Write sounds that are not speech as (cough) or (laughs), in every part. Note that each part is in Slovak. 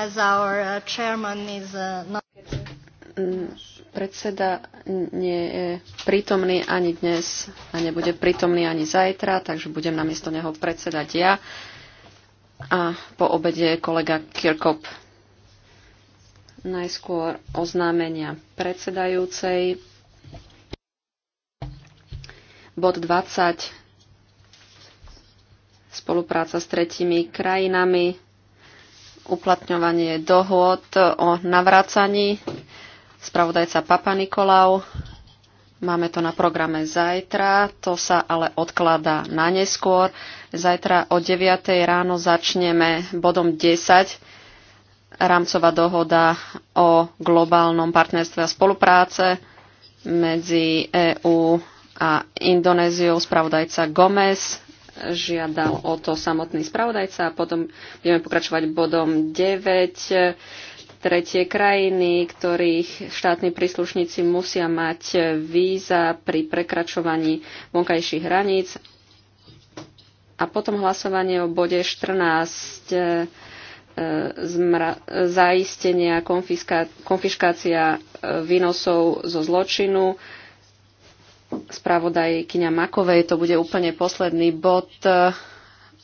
as our uh, chairman is uh, not predseda nie je prítomný ani dnes a nebude prítomný ani zajtra, takže budem namiesto neho predsedať ja. A po obede je kolega Kirkop. Najskôr oznámenia predsedajúcej. Bod 20. Spolupráca s tretími krajinami uplatňovanie dohôd o navrácaní. Spravodajca Papa Nikolau. Máme to na programe zajtra, to sa ale odkladá na neskôr. Zajtra o 9. ráno začneme bodom 10. Rámcová dohoda o globálnom partnerstve a spolupráce medzi EÚ a Indonéziou, spravodajca Gomez žiadal o to samotný spravodajca a potom budeme pokračovať bodom 9 tretie krajiny, ktorých štátni príslušníci musia mať víza pri prekračovaní vonkajších hraníc. A potom hlasovanie o bode 14 e, zaistenia, konfiskácia e, výnosov zo zločinu spravodajkyňa Makovej, to bude úplne posledný bod, e,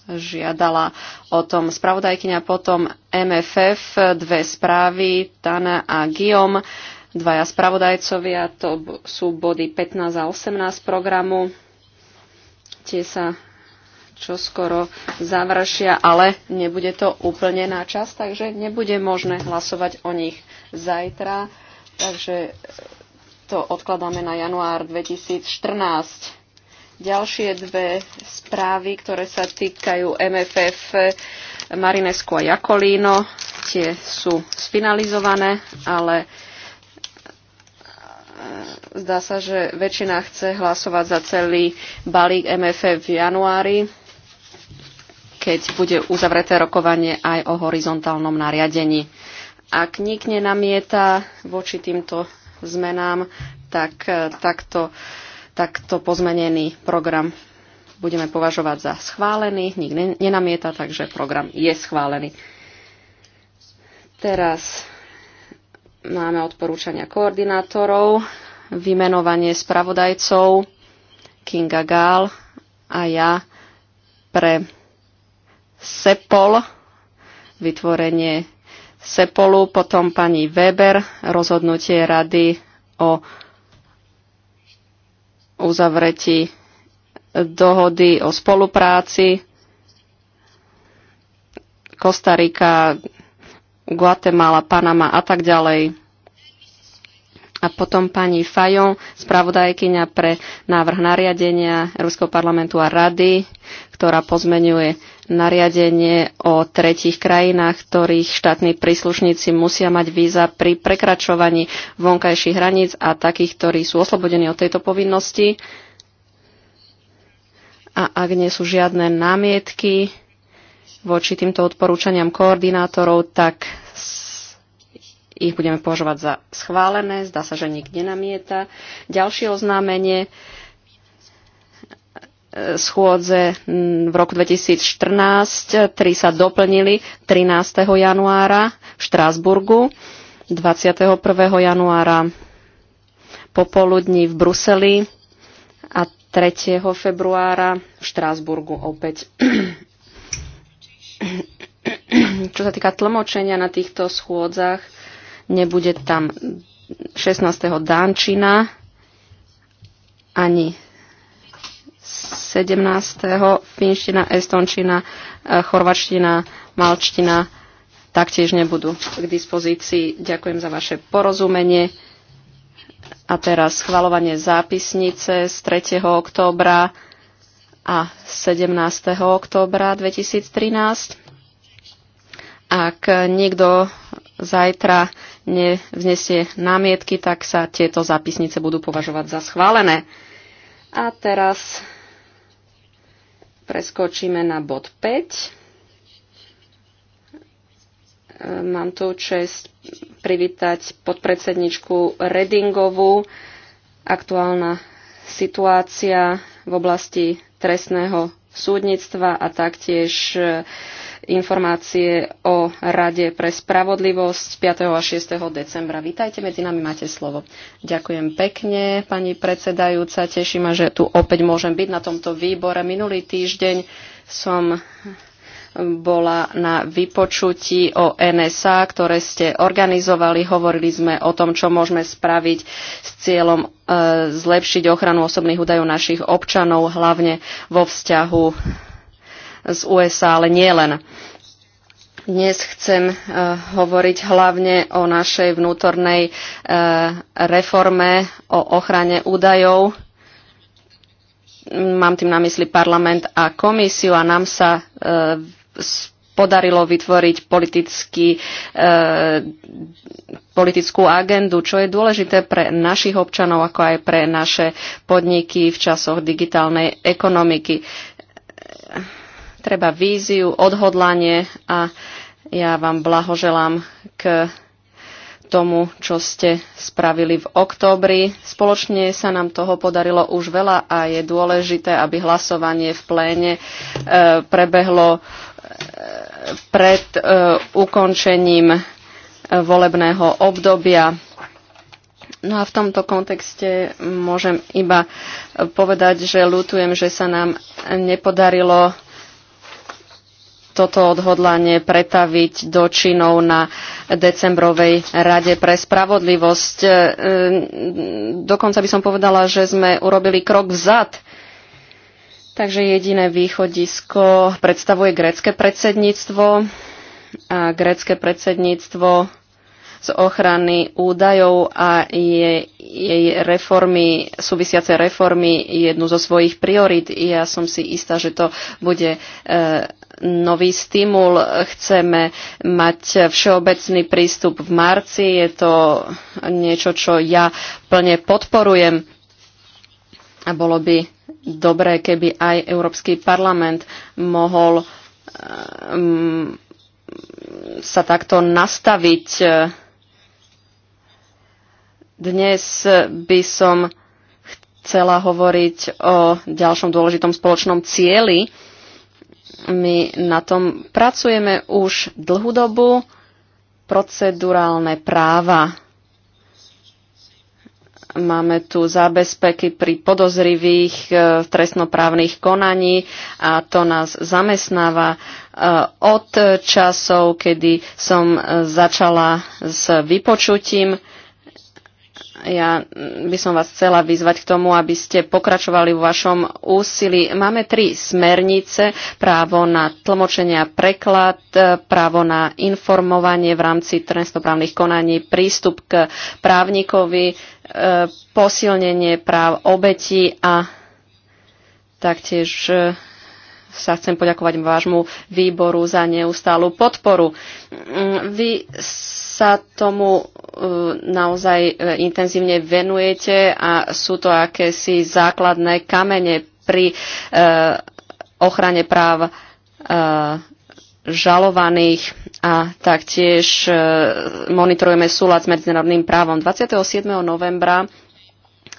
žiadala o tom spravodajkyňa, potom MFF, dve správy, Tana a Guillaume, dvaja spravodajcovia, to sú body 15 a 18 programu. Tie sa čo skoro završia, ale nebude to úplne na čas, takže nebude možné hlasovať o nich zajtra. Takže to odkladáme na január 2014. Ďalšie dve správy, ktoré sa týkajú MFF Marinesku a Jakolíno, tie sú sfinalizované, ale e, zdá sa, že väčšina chce hlasovať za celý balík MFF v januári, keď bude uzavreté rokovanie aj o horizontálnom nariadení. Ak nikne namieta voči týmto zmenám, tak e, takto, takto pozmenený program budeme považovať za schválený. Nik nenamieta, takže program je schválený. Teraz máme odporúčania koordinátorov, vymenovanie spravodajcov Kinga Gál a ja pre SEPOL, vytvorenie Sepolu, potom pani Weber, rozhodnutie rady o uzavretí dohody o spolupráci Kostarika, Guatemala, Panama a tak ďalej. A potom pani Fajon, spravodajkyňa pre návrh nariadenia Európskeho parlamentu a rady, ktorá pozmenuje nariadenie o tretích krajinách, ktorých štátni príslušníci musia mať víza pri prekračovaní vonkajších hraníc a takých, ktorí sú oslobodení od tejto povinnosti. A ak nie sú žiadne námietky voči týmto odporúčaniam koordinátorov, tak ich budeme považovať za schválené. Zdá sa, že nikde namieta. Ďalšie oznámenie schôdze v roku 2014, tri sa doplnili 13. januára v Štrásburgu, 21. januára popoludní v Bruseli a 3. februára v Štrásburgu opäť. (clears throat) Čo sa týka tlmočenia na týchto schôdzach, nebude tam 16. Dančina ani 17. finština, estončina, e, chorvačtina, malčtina taktiež nebudú k dispozícii. Ďakujem za vaše porozumenie. A teraz schvalovanie zápisnice z 3. októbra a 17. októbra 2013. Ak niekto zajtra nevznesie námietky, tak sa tieto zápisnice budú považovať za schválené. A teraz Preskočíme na bod 5. E, mám tu čest privítať podpredsedničku redingovu. Aktuálna situácia v oblasti trestného súdnictva a taktiež e, informácie o Rade pre spravodlivosť 5. a 6. decembra. Vítajte, medzi nami máte slovo. Ďakujem pekne, pani predsedajúca. Teší ma, že tu opäť môžem byť na tomto výbore. Minulý týždeň som bola na vypočutí o NSA, ktoré ste organizovali. Hovorili sme o tom, čo môžeme spraviť s cieľom e, zlepšiť ochranu osobných údajov našich občanov, hlavne vo vzťahu z USA, ale nie len. Dnes chcem eh, hovoriť hlavne o našej vnútornej eh, reforme, o ochrane údajov. Mám tým na mysli parlament a komisiu a nám sa eh, podarilo vytvoriť politický, politickú agendu, čo je dôležité pre našich občanov, ako aj pre naše podniky v časoch digitálnej ekonomiky treba víziu, odhodlanie a ja vám blahoželám k tomu, čo ste spravili v októbri. Spoločne sa nám toho podarilo už veľa a je dôležité, aby hlasovanie v pléne e, prebehlo e, pred e, ukončením e, volebného obdobia. No a v tomto kontexte môžem iba povedať, že ľutujem, že sa nám nepodarilo toto odhodlanie pretaviť do činov na decembrovej Rade pre spravodlivosť. E, dokonca by som povedala, že sme urobili krok vzad. Takže jediné východisko predstavuje grécke predsedníctvo a grécke predsedníctvo z ochrany údajov a jej, jej reformy, súvisiace reformy jednu zo svojich priorít. Ja som si istá, že to bude e, nový stimul. Chceme mať všeobecný prístup v marci. Je to niečo, čo ja plne podporujem. A bolo by dobré, keby aj Európsky parlament mohol um, sa takto nastaviť. Dnes by som chcela hovoriť o ďalšom dôležitom spoločnom cieli, my na tom pracujeme už dlhú dobu. Procedurálne práva. Máme tu zábezpeky pri podozrivých e, trestnoprávnych konaní a to nás zamestnáva e, od časov, kedy som e, začala s vypočutím ja by som vás chcela vyzvať k tomu, aby ste pokračovali v vašom úsilí. Máme tri smernice, právo na tlmočenie a preklad, e, právo na informovanie v rámci trestnoprávnych konaní, prístup k právnikovi, e, posilnenie práv obeti a taktiež e, sa chcem poďakovať vášmu výboru za neustálu podporu. Mm, vy sa tomu E, naozaj e, intenzívne venujete a sú to akési základné kamene pri e, ochrane práv žalovaných a taktiež monitorujeme súlad s medzinárodným právom. 27. novembra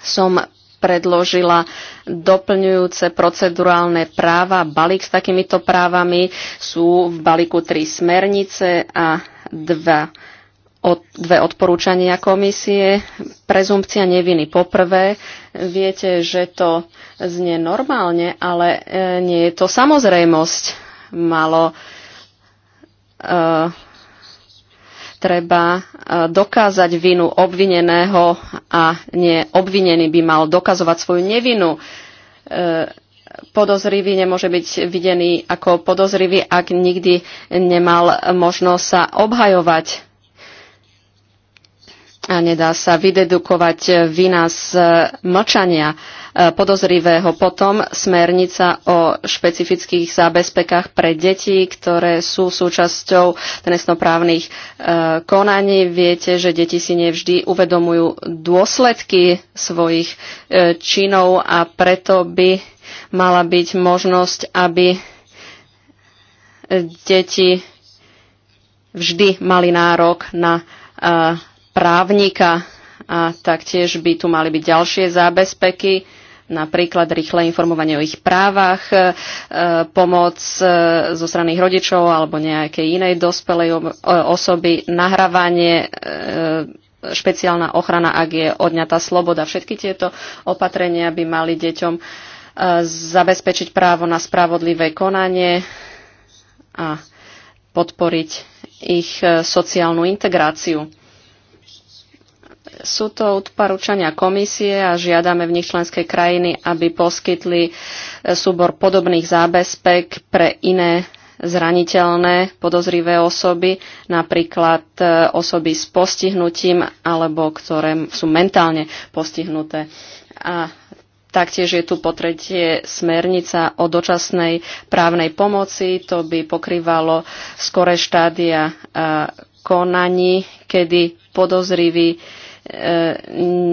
som predložila doplňujúce procedurálne práva. Balík s takýmito právami sú v balíku tri smernice a dva od, dve odporúčania komisie. Prezumpcia neviny poprvé. Viete, že to znie normálne, ale e, nie je to samozrejmosť. Malo e, treba e, dokázať vinu obvineného a nie obvinený by mal dokazovať svoju nevinu. E, podozrivý nemôže byť videný ako podozrivý, ak nikdy nemal možnosť sa obhajovať a nedá sa vydedukovať e, vina z e, mlčania e, podozrivého. Potom smernica o špecifických zábezpekách pre deti, ktoré sú súčasťou trestnoprávnych konaní. Viete, že deti si nevždy uvedomujú dôsledky svojich činov a preto by mala byť možnosť, aby deti vždy mali nárok na právnika a taktiež by tu mali byť ďalšie zábezpeky, napríklad rýchle informovanie o ich právach, e, pomoc e, zo strany rodičov alebo nejakej inej dospelej e, osoby, nahrávanie, špeciálna ochrana, ak je odňatá sloboda. Všetky tieto opatrenia by mali deťom zabezpečiť právo na spravodlivé konanie a podporiť ich sociálnu integráciu. Sú to odporúčania komisie a žiadame v nich členské krajiny, aby poskytli e, súbor podobných zábezpek pre iné zraniteľné podozrivé osoby, napríklad e, osoby s postihnutím alebo ktoré sú mentálne postihnuté. A Taktiež je tu po tretie smernica o dočasnej právnej pomoci. To by pokrývalo skore štádia e, konaní, kedy podozrivý E,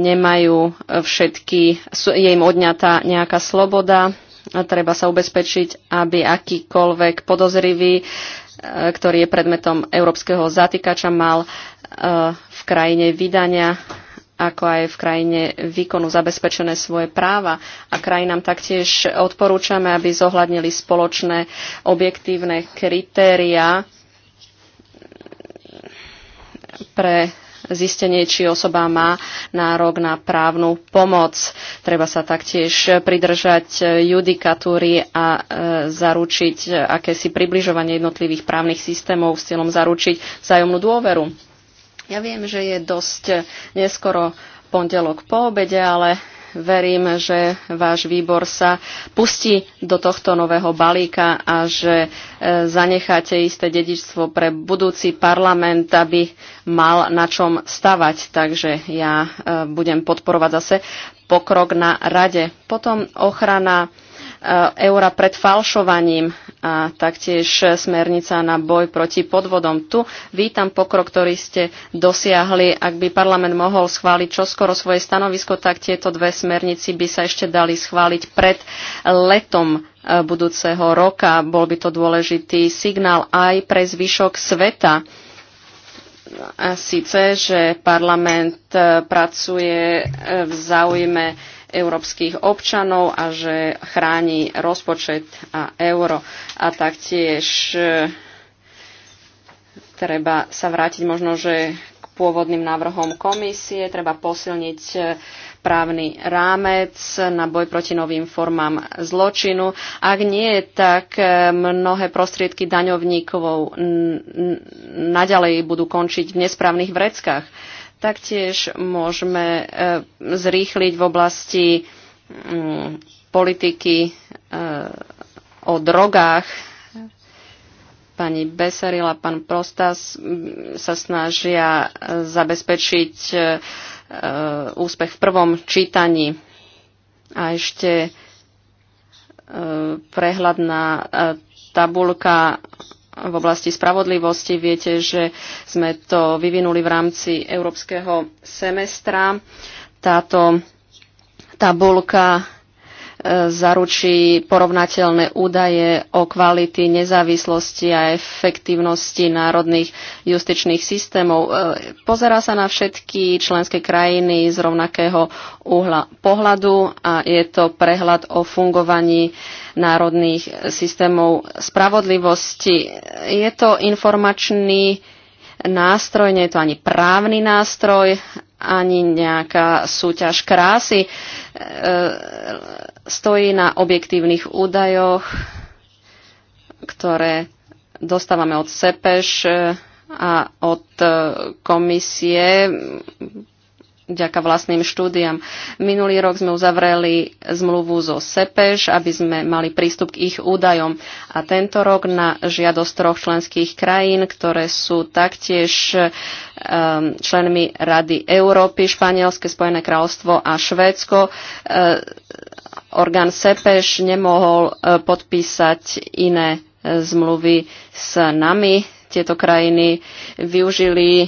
nemajú všetky, je im odňatá nejaká sloboda. a Treba sa ubezpečiť, aby akýkoľvek podozrivý, e, ktorý je predmetom európskeho zatýkača, mal e, v krajine vydania ako aj v krajine výkonu zabezpečené svoje práva. A krajinám taktiež odporúčame, aby zohľadnili spoločné objektívne kritéria pre zistenie, či osoba má nárok na právnu pomoc. Treba sa taktiež pridržať judikatúry a e, zaručiť akési približovanie jednotlivých právnych systémov s cieľom zaručiť vzájomnú dôveru. Ja viem, že je dosť neskoro pondelok po obede, ale verím, že váš výbor sa pustí do tohto nového balíka a že e, zanecháte isté dedičstvo pre budúci parlament, aby mal na čom stavať. Takže ja e, budem podporovať zase pokrok na rade. Potom ochrana Eh, eura pred falšovaním a taktiež smernica na boj proti podvodom. Tu vítam pokrok, ktorý ste dosiahli. Ak by parlament mohol schváliť čoskoro svoje stanovisko, tak tieto dve smernici by sa ešte dali schváliť pred letom eh, budúceho roka. Bol by to dôležitý signál aj pre zvyšok sveta a síce, že parlament eh, pracuje v záujme európskych občanov a že chráni rozpočet a euro. A taktiež e, treba sa vrátiť možno, že k pôvodným návrhom komisie, treba posilniť e, právny rámec na boj proti novým formám zločinu. Ak nie, tak e, mnohé prostriedky daňovníkov naďalej budú končiť v nesprávnych vreckách Taktiež môžeme e, zrýchliť v oblasti mm, politiky e, o drogách. Pani Besaril a pán Prostas sa snažia e, zabezpečiť úspech v prvom čítaní. A ešte prehľadná tabulka v oblasti spravodlivosti. Viete, že sme to vyvinuli v rámci európskeho semestra. Táto tabulka zaručí porovnateľné údaje o kvality nezávislosti a efektívnosti národných justičných systémov. E, pozerá sa na všetky členské krajiny z rovnakého uhla pohľadu a je to prehľad o fungovaní národných systémov spravodlivosti. Je to informačný nástroj, nie je to ani právny nástroj, ani nejaká súťaž krásy. E, stojí na objektívnych údajoch, ktoré dostávame od SEPEŠ e, a od e, komisie vďaka vlastným štúdiam. Minulý rok sme uzavreli zmluvu zo SEPEŠ, aby sme mali prístup k ich údajom. A tento rok na žiadosť troch členských krajín, ktoré sú taktiež um, členmi Rady Európy, Španielske, Spojené kráľovstvo a Švédsko, uh, orgán SEPEŠ nemohol e, podpísať iné e, zmluvy s nami. Tieto krajiny využili e,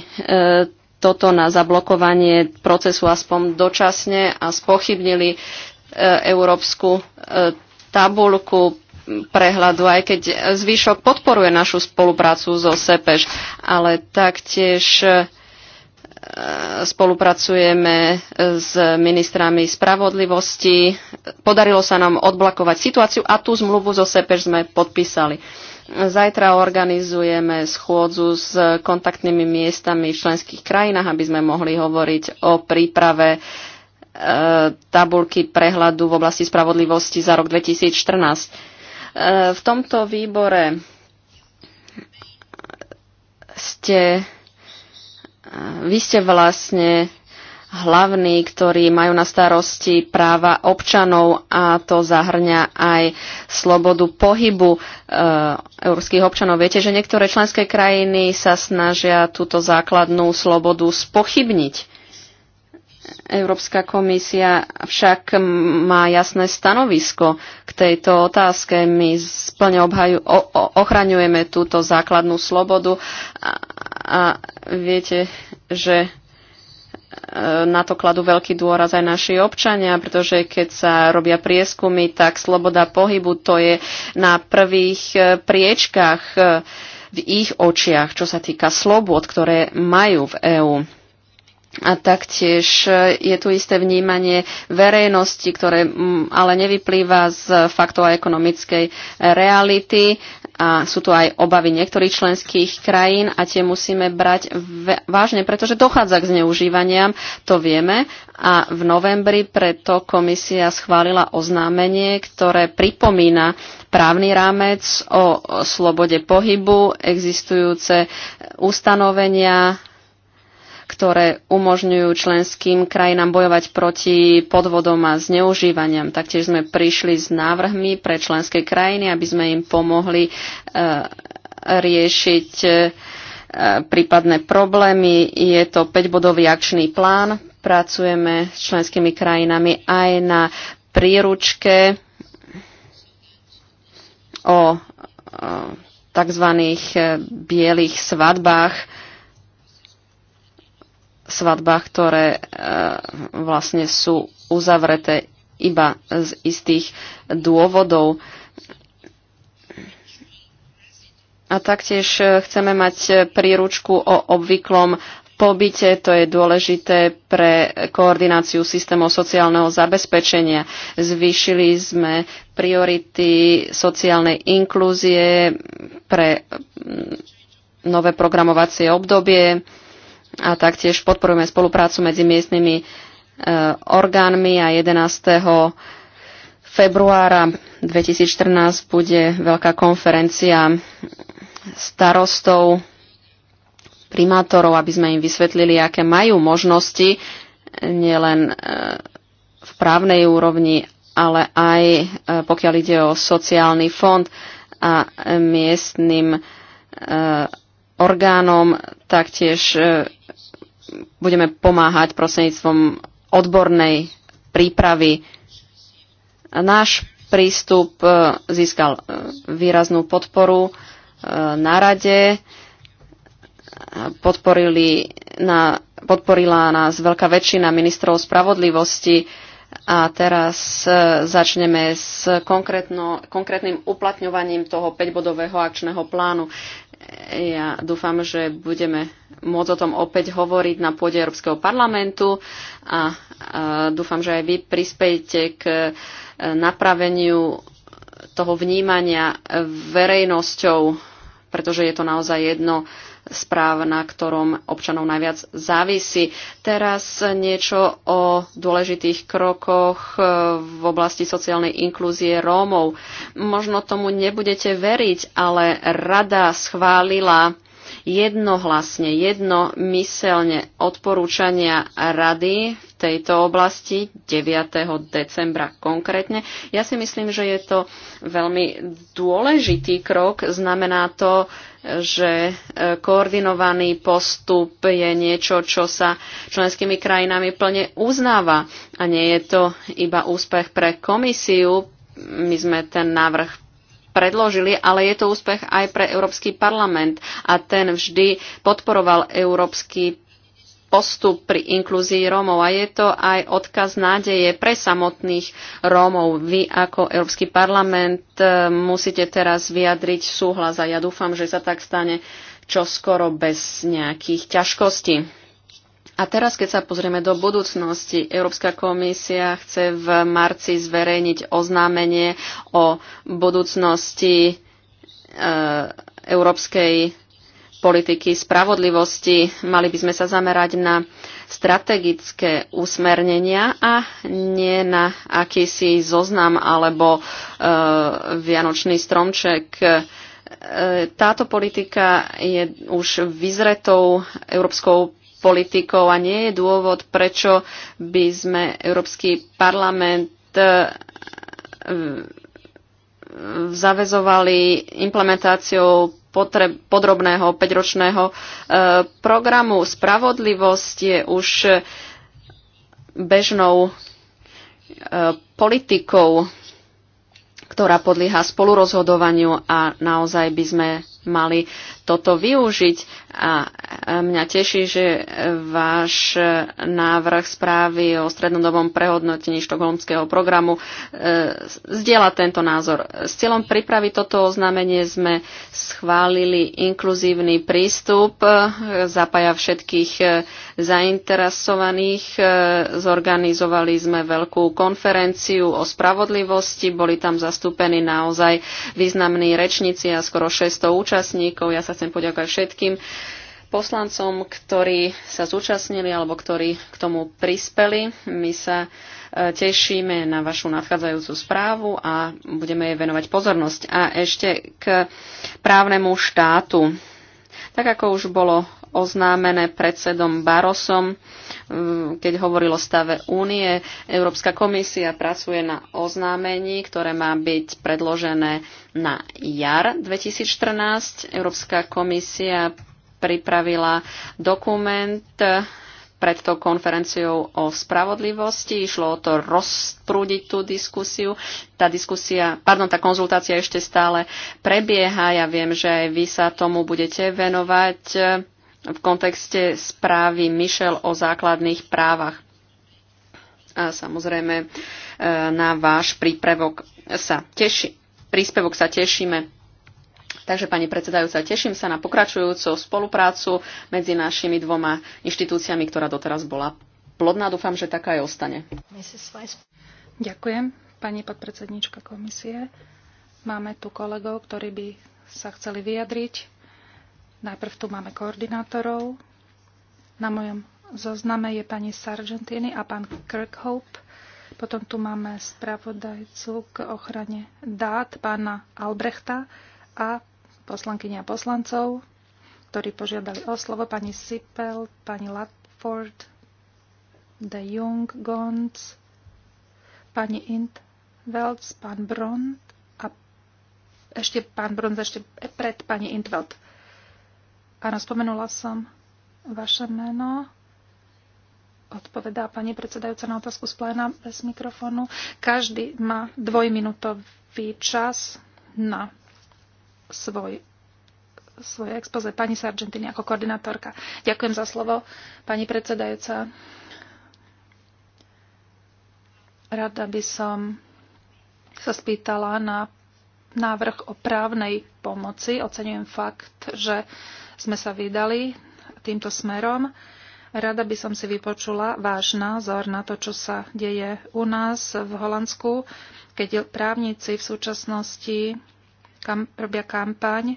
toto na zablokovanie procesu aspoň dočasne a spochybnili európsku tabulku prehľadu, aj keď zvyšok podporuje našu spoluprácu so SEPEŠ, ale taktiež spolupracujeme s ministrami spravodlivosti. Podarilo sa nám odblakovať situáciu a tú zmluvu zo SEPEŠ sme podpísali. Zajtra organizujeme schôdzu s kontaktnými miestami v členských krajinách, aby sme mohli hovoriť o príprave e, tabulky prehľadu v oblasti spravodlivosti za rok 2014. E, v tomto výbore ste vy ste vlastne hlavní, ktorí majú na starosti práva občanov a to zahrňa aj slobodu pohybu e, európskych občanov. Viete, že niektoré členské krajiny sa snažia túto základnú slobodu spochybniť. Európska komisia však má jasné stanovisko k tejto otázke. My plne obhaju, o, o, ochraňujeme túto základnú slobodu a, a viete, že e, na to kladú veľký dôraz aj naši občania, pretože keď sa robia prieskumy, tak sloboda pohybu to je na prvých e, priečkách e, v ich očiach, čo sa týka slobod, ktoré majú v EÚ. A taktiež e, je tu isté vnímanie verejnosti, ktoré ale nevyplýva z faktov a ekonomickej reality. A sú tu aj obavy niektorých členských krajín a tie musíme brať vážne, pretože dochádza k zneužívaniam, to vieme. A v novembri preto komisia schválila oznámenie, ktoré pripomína právny rámec o slobode pohybu, existujúce ustanovenia ktoré umožňujú členským krajinám bojovať proti podvodom a zneužívaniam. Taktiež sme prišli s návrhmi pre členské krajiny, aby sme im pomohli e, riešiť e, prípadné problémy. Je to 5-bodový akčný plán. Pracujeme s členskými krajinami aj na príručke o e, tzv. bielých svadbách svadbách, ktoré e, vlastne sú uzavreté iba z istých dôvodov. A taktiež e, chceme mať e, príručku o obvyklom pobyte. To je dôležité pre koordináciu systémov sociálneho zabezpečenia. Zvýšili sme priority sociálnej inklúzie pre nové programovacie obdobie a taktiež podporujeme spoluprácu medzi miestnymi e, orgánmi a 11. februára 2014 bude veľká konferencia starostov, primátorov, aby sme im vysvetlili, aké majú možnosti e, nielen e, v právnej úrovni, ale aj pokiaľ ide o sociálny fond a miestnym orgánom, taktiež budeme pomáhať prostredníctvom odbornej prípravy. Náš prístup e, získal e, výraznú podporu e, na rade. Podporili na, podporila nás veľká väčšina ministrov spravodlivosti a teraz začneme s konkrétnym uplatňovaním toho 5-bodového akčného plánu. Ja dúfam, že budeme môcť o tom opäť hovoriť na pôde Európskeho parlamentu a, dúfam, že aj vy prispejete k e, napraveniu toho vnímania verejnosťou, pretože je to naozaj jedno správ, na ktorom občanov najviac závisí. Teraz niečo o dôležitých krokoch e, v oblasti sociálnej inklúzie Rómov. Možno tomu nebudete veriť, ale rada schválila jednohlasne, jednomyselne odporúčania rady v tejto oblasti 9. decembra konkrétne. Ja si myslím, že je to veľmi dôležitý krok. Znamená to, že e, koordinovaný postup je niečo, čo sa členskými krajinami plne uznáva. A nie je to iba úspech pre komisiu, my sme ten návrh predložili, ale je to úspech aj pre Európsky parlament a ten vždy podporoval Európsky postup pri inklúzii Rómov a je to aj odkaz nádeje pre samotných Rómov. Vy ako Európsky parlament e, musíte teraz vyjadriť súhlas a ja dúfam, že sa tak stane čoskoro bez nejakých ťažkostí. A teraz, keď sa pozrieme do budúcnosti, Európska komisia chce v marci zverejniť oznámenie o budúcnosti e, európskej politiky spravodlivosti. Mali by sme sa zamerať na strategické usmernenia a nie na akýsi zoznam alebo e, vianočný stromček. E, táto politika je už vyzretou európskou politikou a nie je dôvod, prečo by sme Európsky parlament e, zavezovali implementáciou potreb, podrobného 5-ročného e, programu. Spravodlivosť je už bežnou e, politikou, ktorá podlieha spolurozhodovaniu a naozaj by sme mali toto využiť. A mňa teší, že váš návrh správy o strednodobom prehodnotení štokholmského programu e, zdieľa tento názor. S cieľom pripraviť toto oznámenie sme schválili inkluzívny prístup, e, zapája všetkých e, zainteresovaných. Zorganizovali sme veľkú konferenciu o spravodlivosti, boli tam zastúpení naozaj významní rečníci a skoro 600 účastníkov. Ja sa chcem poďakovať všetkým poslancom, ktorí sa zúčastnili alebo ktorí k tomu prispeli. My sa e, tešíme na vašu nadchádzajúcu správu a budeme jej venovať pozornosť. A ešte k právnemu štátu. Tak ako už bolo oznámené predsedom Barosom, e, keď hovoril o stave únie. Európska komisia pracuje na oznámení, ktoré má byť predložené na jar 2014. Európska komisia pripravila dokument pred tou konferenciou o spravodlivosti. Išlo o to rozprúdiť tú diskusiu. Tá diskusia, pardon, tá konzultácia ešte stále prebieha. Ja viem, že aj vy sa tomu budete venovať v kontexte správy Michel o základných právach. A samozrejme e, na váš prípravok sa teší, príspevok sa tešíme. Takže, pani predsedajúca, teším sa na pokračujúcu spoluprácu medzi našimi dvoma inštitúciami, ktorá doteraz bola plodná. Dúfam, že taká aj ostane. Ďakujem, pani podpredsednička komisie. Máme tu kolegov, ktorí by sa chceli vyjadriť. Najprv tu máme koordinátorov. Na mojom zozname je pani Sargentini a pán Kirkhope. Potom tu máme spravodajcu k ochrane dát pána Albrechta a poslankyňa a poslancov, ktorí požiadali o slovo pani Sipel, pani Latford, De Jung, Gons, pani Int, Velc, pán Brond a ešte pán Brond, ešte pred pani Intveld. Áno, spomenula som vaše meno. Odpovedá pani predsedajúca na otázku z pléna bez mikrofónu. Každý má dvojminútový čas na svoj svoje expoze pani Sargentini ako koordinátorka. Ďakujem za slovo, pani predsedajúca. Rada by som sa spýtala na návrh o právnej pomoci. Oceňujem fakt, že sme sa vydali týmto smerom. Rada by som si vypočula váš názor na to, čo sa deje u nás v Holandsku, keď právnici v súčasnosti kam, robia kampaň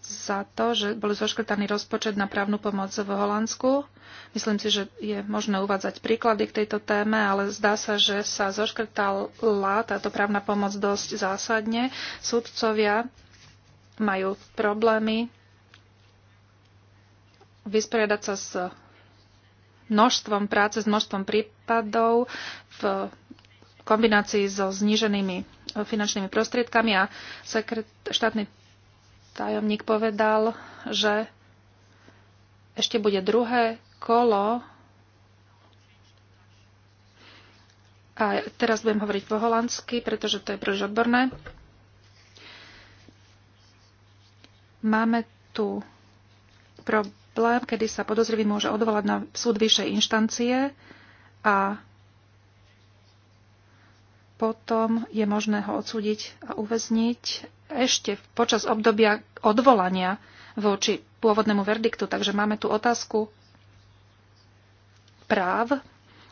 za to, že bol zoškrtaný rozpočet na právnu pomoc v Holandsku. Myslím si, že je možné uvádzať príklady k tejto téme, ale zdá sa, že sa zoškrtala táto právna pomoc dosť zásadne. Súdcovia majú problémy vysporiadať sa s množstvom práce, s množstvom prípadov v kombinácii so zníženými finančnými prostriedkami a sekret, štátny tajomník povedal, že ešte bude druhé kolo a teraz budem hovoriť po holandsky, pretože to je príliš odborné. Máme tu problém problém, kedy sa podozrivý môže odvolať na súd vyššej inštancie a potom je možné ho odsúdiť a uväzniť ešte počas obdobia odvolania voči pôvodnému verdiktu. Takže máme tu otázku práv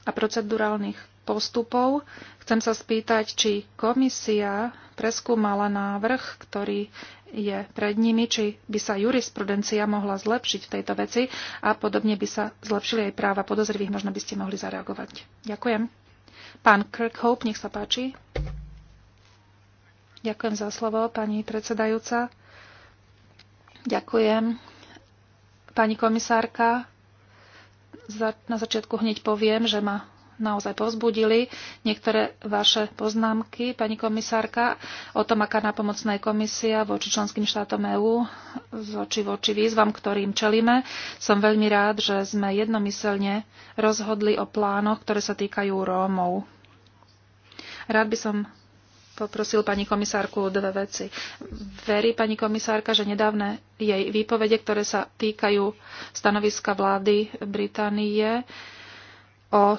a procedurálnych postupov. Chcem sa spýtať, či komisia preskúmala návrh, ktorý je pred nimi, či by sa jurisprudencia mohla zlepšiť v tejto veci a podobne by sa zlepšili aj práva podozrivých. Možno by ste mohli zareagovať. Ďakujem. Pán Kirkhope, nech sa páči. Ďakujem za slovo, pani predsedajúca. Ďakujem. Pani komisárka, za, na začiatku hneď poviem, že ma naozaj povzbudili niektoré vaše poznámky, pani komisárka, o tom, aká napomocná je komisia voči členským štátom EÚ, voči, voči výzvam, ktorým čelíme. Som veľmi rád, že sme jednomyselne rozhodli o plánoch, ktoré sa týkajú Rómov. Rád by som poprosil pani komisárku o dve veci. Verí pani komisárka, že nedávne jej výpovede, ktoré sa týkajú stanoviska vlády Británie o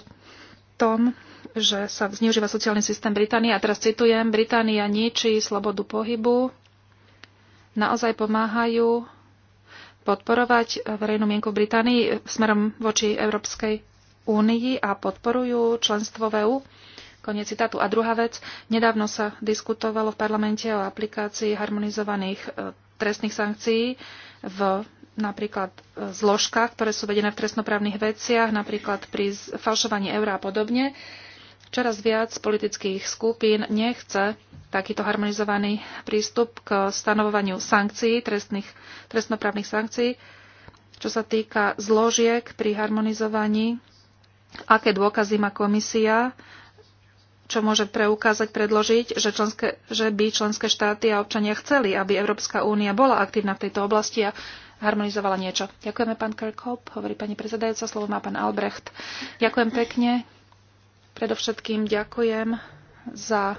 tom, že sa zneužíva sociálny systém Británie. A teraz citujem, Británia ničí slobodu pohybu, naozaj pomáhajú podporovať verejnú mienku v Británii smerom voči Európskej únii a podporujú členstvo Veu, Koniec citátu. A druhá vec, nedávno sa diskutovalo v parlamente o aplikácii harmonizovaných eh, trestných sankcií v napríklad e, zložkách, ktoré sú vedené v trestnoprávnych veciach, napríklad pri falšovaní eur a podobne. Čoraz viac politických skupín nechce takýto harmonizovaný prístup k stanovovaniu sankcií, trestných, trestnoprávnych sankcií, čo sa týka zložiek pri harmonizovaní, aké dôkazy má komisia, čo môže preukázať, predložiť, že, členské, že by členské štáty a občania chceli, aby Európska únia bola aktívna v tejto oblasti a harmonizovala niečo. Ďakujeme, pán Kirkhope, hovorí pani prezidajúca, slovo má pán Albrecht. Ďakujem pekne. Predovšetkým ďakujem za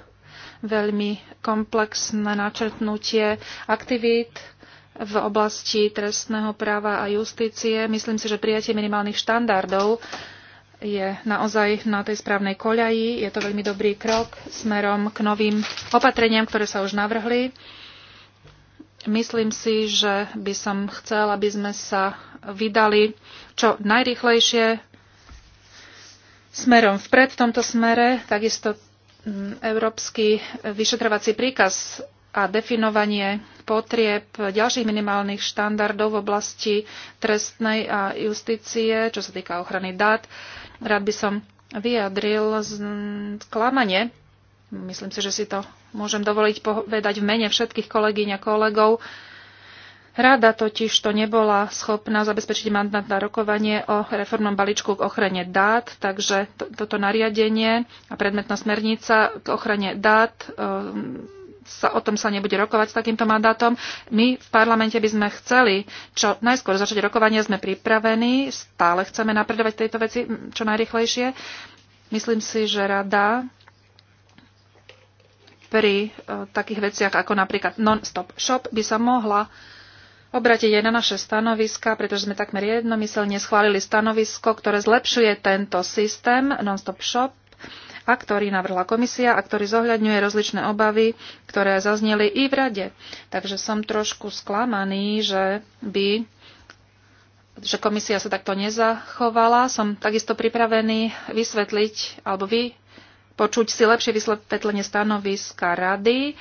veľmi komplexné načrtnutie aktivít v oblasti trestného práva a justície. Myslím si, že prijatie minimálnych štandardov je naozaj na tej správnej koľaji. Je to veľmi dobrý krok smerom k novým opatreniam, ktoré sa už navrhli. Myslím si, že by som chcel, aby sme sa vydali čo najrychlejšie smerom vpred v tomto smere. Takisto mm, európsky vyšetrovací príkaz a definovanie potrieb ďalších minimálnych štandardov v oblasti trestnej a justície, čo sa týka ochrany dát. Rád by som vyjadril klamanie Myslím si, že si to môžem dovoliť povedať v mene všetkých kolegyň a kolegov. Rada totiž to nebola schopná zabezpečiť mandát na rokovanie o reformnom balíčku k ochrane dát, takže to, toto nariadenie a predmetná smernica k ochrane dát um, sa, o tom sa nebude rokovať s takýmto mandátom. My v parlamente by sme chceli čo najskôr začať rokovanie, sme pripravení, stále chceme napredovať tejto veci čo najrychlejšie. Myslím si, že rada pri e, takých veciach ako napríklad non-stop shop by sa mohla obratiť aj na naše stanoviska, pretože sme takmer jednomyselne schválili stanovisko, ktoré zlepšuje tento systém non-stop shop a ktorý navrhla komisia a ktorý zohľadňuje rozličné obavy, ktoré zazneli i v rade. Takže som trošku sklamaný, že by že komisia sa takto nezachovala. Som takisto pripravený vysvetliť alebo vy Počuť si lepšie vysvetlenie stanoviska rady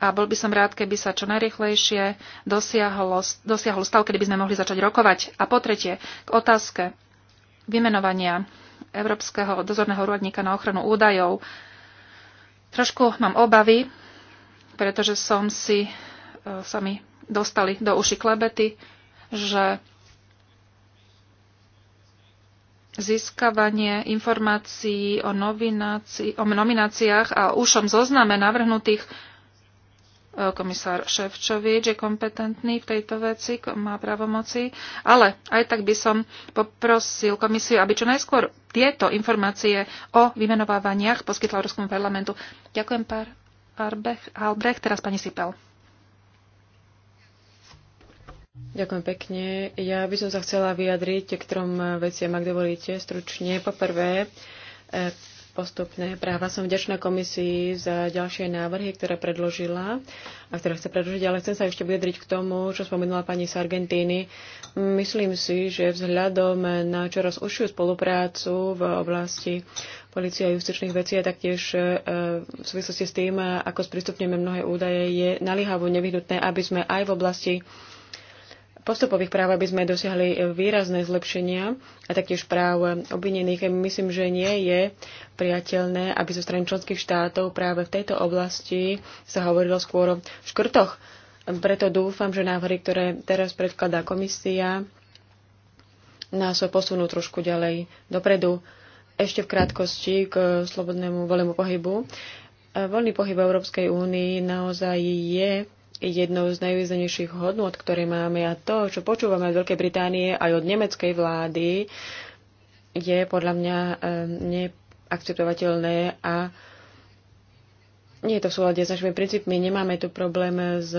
a bol by som rád, keby sa čo najrychlejšie dosiahlo, dosiahol stav, kedy by sme mohli začať rokovať. A po tretie, k otázke vymenovania Európskeho dozorného úradníka na ochranu údajov. Trošku mám obavy, pretože som si, e, sa mi dostali do uši klebety, že získavanie informácií o, o nomináciách a ušom zozname navrhnutých e, komisár Ševčovič je kompetentný v tejto veci, má pravomoci, ale aj tak by som poprosil komisiu, aby čo najskôr tieto informácie o vymenovávaniach poskytla Ruskom parlamentu. Ďakujem, pár Albrecht, teraz pani Sipel. Ďakujem pekne. Ja by som sa chcela vyjadriť k trom veciam, ak dovolíte, stručne. Poprvé, e, postupné práva. Som vďačná komisii za ďalšie návrhy, ktoré predložila a ktoré chce predložiť, ale chcem sa ešte vyjadriť k tomu, čo spomenula pani z Argentíny. Myslím si, že vzhľadom na čoraz užšiu spoluprácu v oblasti policie a justičných vecí a taktiež e, v súvislosti s tým, ako sprístupneme mnohé údaje, je naliehavo nevyhnutné, aby sme aj v oblasti postupových práv, aby sme dosiahli výrazné zlepšenia a taktiež práv obvinených. Myslím, že nie je priateľné, aby zo strany členských štátov práve v tejto oblasti sa hovorilo skôr o škrtoch. Preto dúfam, že návrhy, ktoré teraz predkladá komisia, nás posunú trošku ďalej dopredu. Ešte v krátkosti k slobodnému volému pohybu. Voľný pohyb Európskej únii naozaj je jednou z najvýznamnejších hodnot, ktoré máme a to, čo počúvame od Veľkej Británie aj od nemeckej vlády, je podľa mňa eh, neakceptovateľné a nie je to v súlade s našimi princípmi. Nemáme tu problém s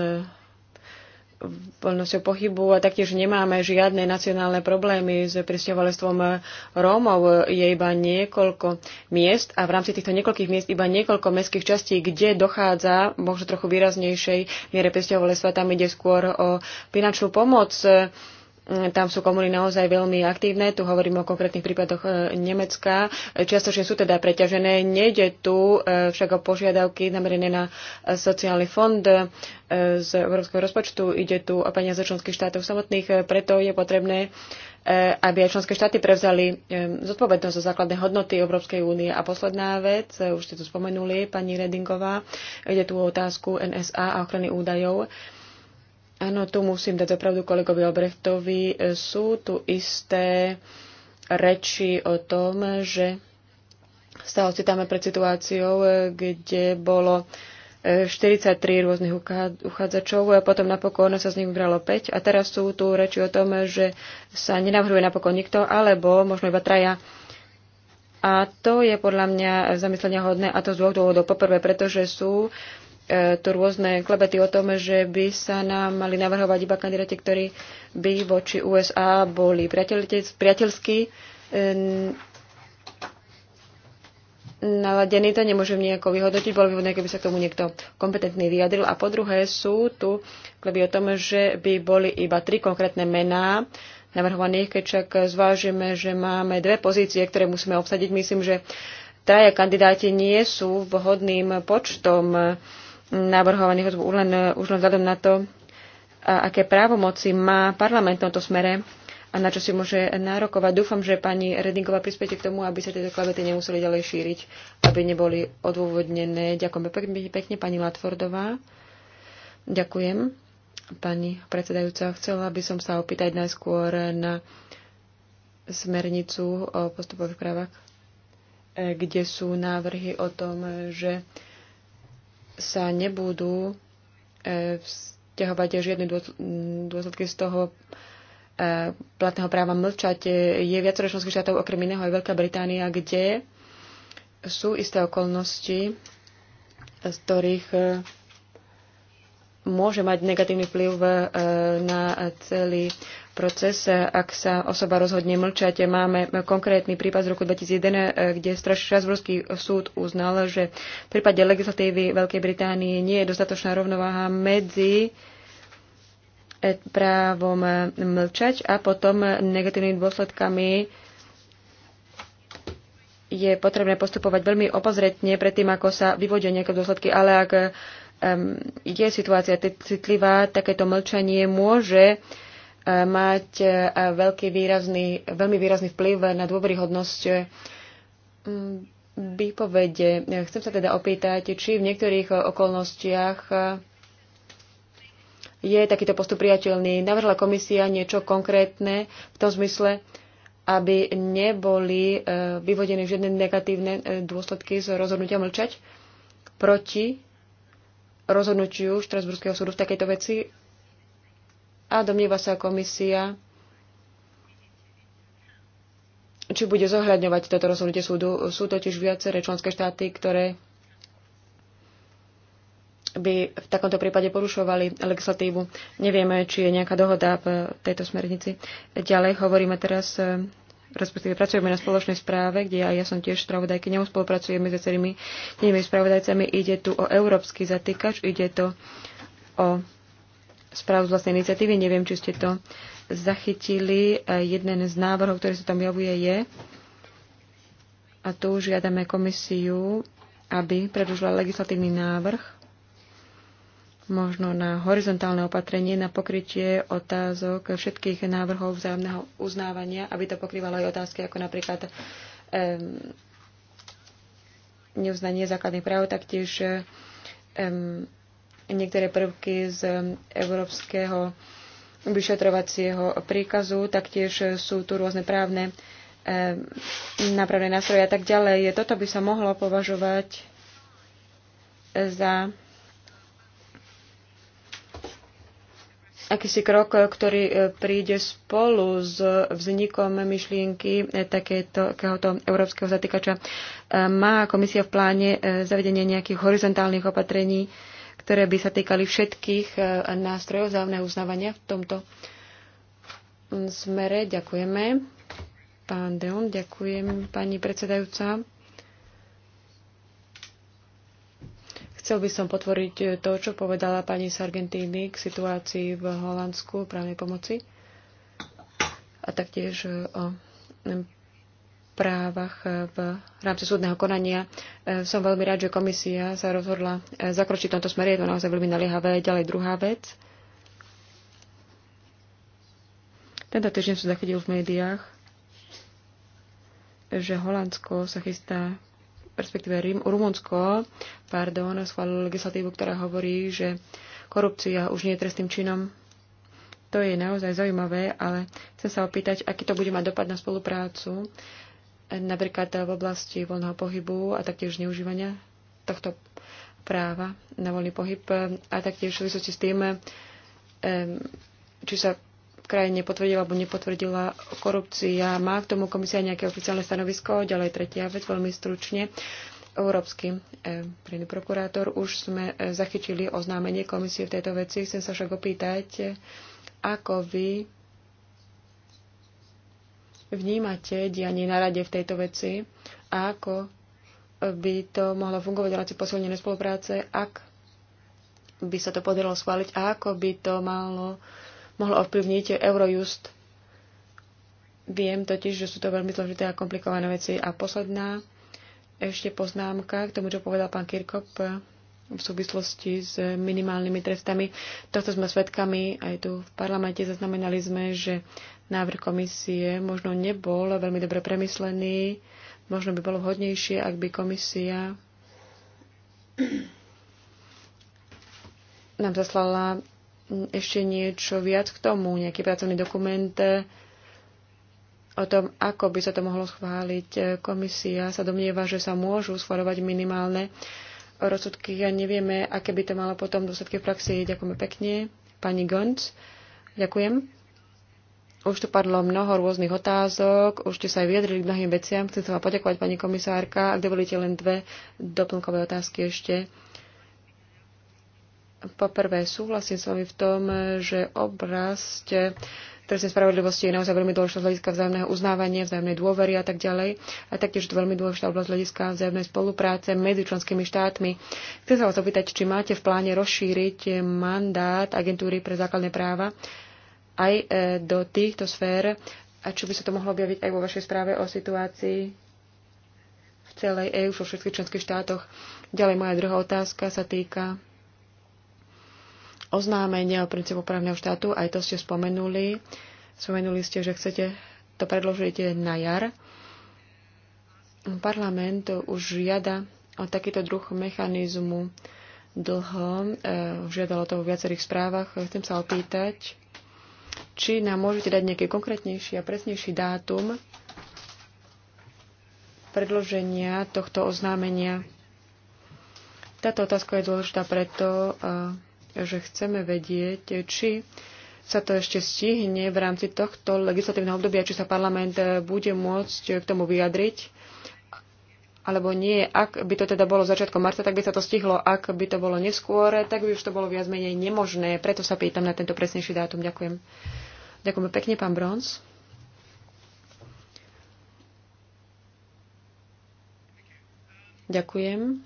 voľnosťou pohybu a taktiež nemáme žiadne nacionálne problémy s prisťovalectvom Rómov. Je iba niekoľko miest a v rámci týchto niekoľkých miest iba niekoľko mestských častí, kde dochádza možno trochu výraznejšej miere prisťovalectva. Tam ide skôr o finančnú pomoc Mm, tam sú komuny naozaj veľmi aktívne. Tu hovorím o konkrétnych prípadoch e, Nemecka. E, Čiastočne sú teda preťažené. Nejde tu e, však o požiadavky namerené na sociálny fond z európskeho rozpočtu. Ide tu o peniaze členských štátov samotných. Preto je potrebné, aby aj členské štáty prevzali zodpovednosť za základné hodnoty Európskej únie. A posledná vec, už ste tu spomenuli, pani Redingová, ide tu o otázku NSA a ochrany údajov. Áno, tu musím dať opravdu kolegovi Obrechtovi. E, sú tu isté reči o tom, že sa ocitáme pred situáciou, e, kde bolo 43 e, rôznych uchádzačov, a potom napokon sa z nich vybralo 5 a teraz sú tu reči o tom, že sa nenavrhuje napokon nikto, alebo možno iba traja. A to je podľa mňa zamyslenia hodné a to z dvoch dôvodov. Poprvé, pretože sú E, tu rôzne klebety o tom, že by sa nám mali navrhovať iba kandidáti, ktorí by voči USA boli priateľskí e, naladený, to nemôžem nejako vyhodnotiť. Bolo by vhodné, keby sa k tomu niekto kompetentný vyjadril. A po druhé sú tu kleby o tom, že by boli iba tri konkrétne mená navrhovaných, keď však zvážime, že máme dve pozície, ktoré musíme obsadiť. Myslím, že traja kandidáti nie sú vhodným počtom navrhovaných odbú, len, už len vzhľadom na to, a aké právomoci má parlament v tomto smere a na čo si môže nárokovať. Dúfam, že pani Redingová prispiete k tomu, aby sa tieto klavety nemuseli ďalej šíriť, aby neboli odôvodnené. Ďakujem pekne, pekne pani Latfordová. Ďakujem. Pani predsedajúca, chcela by som sa opýtať najskôr na smernicu o postupových právach, e, kde sú návrhy o tom, že sa nebudú e, vzťahovať žiadne dôsledky z toho e, platného práva mlčať. E, je viacero členských štátov, okrem iného aj Veľká Británia, kde sú isté okolnosti, z ktorých môže mať negatívny vplyv na celý proces, ak sa osoba rozhodne mlčať. Máme konkrétny prípad z roku 2001, eh, kde Strasburský súd uznal, že v prípade legislatívy Veľkej Británie nie je dostatočná rovnováha medzi eh, právom eh, mlčať a potom negatívnymi dôsledkami je potrebné postupovať veľmi opozretne predtým, ako sa vyvodia nejaké dôsledky, ale ak um, je situácia citlivá, takéto mlčanie môže uh, mať e, veľký výrazný, veľmi výrazný vplyv na dôveryhodnosť výpovede. Chcem sa teda opýtať, či v niektorých okolnostiach je takýto postup priateľný. Navrhla komisia niečo konkrétne v tom zmysle, aby neboli e, vyvodené žiadne negatívne e, dôsledky z rozhodnutia mlčať proti rozhodnutiu Štrasburského súdu v takejto veci a domnieva sa komisia, či bude zohľadňovať toto rozhodnutie súdu. Sú totiž viaceré členské štáty, ktoré by v takomto prípade porušovali legislatívu. Nevieme, či je nejaká dohoda v tejto smernici. Ďalej hovoríme teraz, e, respektíve pracujeme na spoločnej správe, kde aj ja som tiež spravodajky, spolupracujeme s viacerými inými spravodajcami. Ide tu o európsky zatýkač, ide to o správu z vlastnej iniciatívy. Neviem, či ste to zachytili. Jeden z návrhov, ktorý sa tam javuje, je, a tu žiadame komisiu, aby predložila legislatívny návrh, možno na horizontálne opatrenie, na pokrytie otázok všetkých návrhov vzájomného uznávania, aby to pokrývalo aj otázky ako napríklad um, neuznanie základných práv, taktiež um, niektoré prvky z európskeho vyšetrovacieho príkazu, taktiež sú tu rôzne právne eh, nápravné nástroje a tak ďalej. Toto by sa mohlo považovať za akýsi krok, ktorý eh, príde spolu s vznikom myšlienky eh, takéhoto európskeho zatýkača. Má komisia v pláne zavedenie nejakých horizontálnych opatrení, ktoré by sa týkali všetkých e, nástrojov vzájomného uznávania v tomto mm, smere. Ďakujeme. Pán Deon, ďakujem pani predsedajúca. Chcel by som potvoriť e, to, čo povedala pani Sargentini k situácii v Holandsku právnej pomoci a taktiež e, o právach e, v rámci súdneho konania. E, som veľmi rád, že komisia sa rozhodla e, zakročiť v tomto smere. Je to naozaj veľmi naliehavé. Ďalej druhá vec. Tento týždeň som zachytil v médiách, že Holandsko sa chystá respektíve Rím, Rumunsko, pardon, schválilo legislatívu, ktorá hovorí, že korupcia už nie je trestným činom. To je naozaj zaujímavé, ale chcem sa opýtať, aký to bude mať dopad na spoluprácu napríklad v oblasti voľného pohybu a taktiež neužívania tohto práva na voľný pohyb a taktiež v súvislosti s tým, či sa v krajine potvrdila alebo nepotvrdila korupcia. Má k tomu komisia nejaké oficiálne stanovisko? Ďalej tretia vec, veľmi stručne. Európsky prírodný prokurátor. Už sme zachytili oznámenie komisie v tejto veci. Chcem sa však opýtať, ako vy vnímate dianie na rade v tejto veci a ako by to mohlo fungovať v rámci posilnenej spolupráce, ak by sa to podarilo schváliť a ako by to malo, mohlo ovplyvniť Eurojust. Viem totiž, že sú to veľmi zložité a komplikované veci. A posledná ešte poznámka k tomu, čo povedal pán Kirkop v súvislosti s minimálnymi trestami. Tohto sme svedkami aj tu v parlamente. Zaznamenali sme, že návrh komisie možno nebol veľmi dobre premyslený. Možno by bolo vhodnejšie, ak by komisia nám zaslala ešte niečo viac k tomu, nejaký pracovný dokument o tom, ako by sa to mohlo schváliť. Komisia sa domnieva, že sa môžu schváľovať minimálne rozsudky a nevieme, aké by to malo potom dôsledky v praxi. Ďakujeme pekne. Pani Gonc, ďakujem. Už tu padlo mnoho rôznych otázok, už ste sa aj vyjadrili k mnohým veciam. Chcem sa vám poďakovať, pani komisárka. Ak dovolíte len dve doplnkové otázky ešte. Poprvé, súhlasím s vami v tom, že oblasť trestnej spravodlivosti je naozaj veľmi dôležitá z hľadiska vzájomného uznávania, vzájomnej dôvery a tak ďalej. A taktiež je veľmi dôležitá oblasť hľadiska vzájomnej spolupráce medzi členskými štátmi. Chcem sa vás opýtať, či máte v pláne rozšíriť mandát agentúry pre základné práva aj e, do týchto sfér a či by sa to mohlo objaviť aj vo vašej správe o situácii v celej EU, vo všetkých členských štátoch. Ďalej moja druhá otázka sa týka oznámenia o princípu právneho štátu. Aj to ste spomenuli. Spomenuli ste, že chcete to predložiť na jar. Parlament už žiada o takýto druh mechanizmu dlho. E, žiadalo to vo viacerých správach. Chcem sa opýtať, či nám môžete dať nejaký konkrétnejší a presnejší dátum predloženia tohto oznámenia? Táto otázka je dôležitá preto, eh, že chceme vedieť, či sa to ešte stihne v rámci tohto legislatívneho obdobia, či sa parlament bude môcť k tomu vyjadriť alebo nie. Ak by to teda bolo začiatkom marca, tak by sa to stihlo. Ak by to bolo neskôr, tak by už to bolo viac menej nemožné. Preto sa pýtam na tento presnejší dátum. Ďakujem. Ďakujem pekne, pán Bronz. Ďakujem.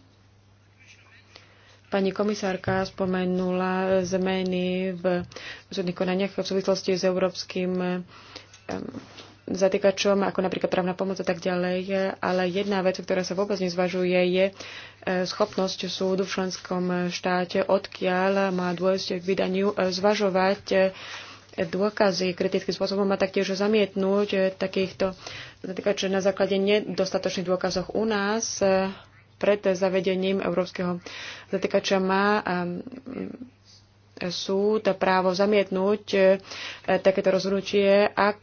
Pani komisárka spomenula zmeny v súdnych konaniach v súvislosti s európskym zatýkačom, ako napríklad právna pomoc a tak ďalej. Ale jedna vec, ktorá sa vôbec nezvažuje, je e, schopnosť súdu v členskom štáte, odkiaľ má dôjsť k vydaniu, e, zvažovať e, dôkazy kritickým spôsobom a taktiež zamietnúť takýchto zatýkačov na základe nedostatočných dôkazov u nás pred zavedením európskeho zatýkača má súd právo zamietnúť takéto rozhodnutie, ak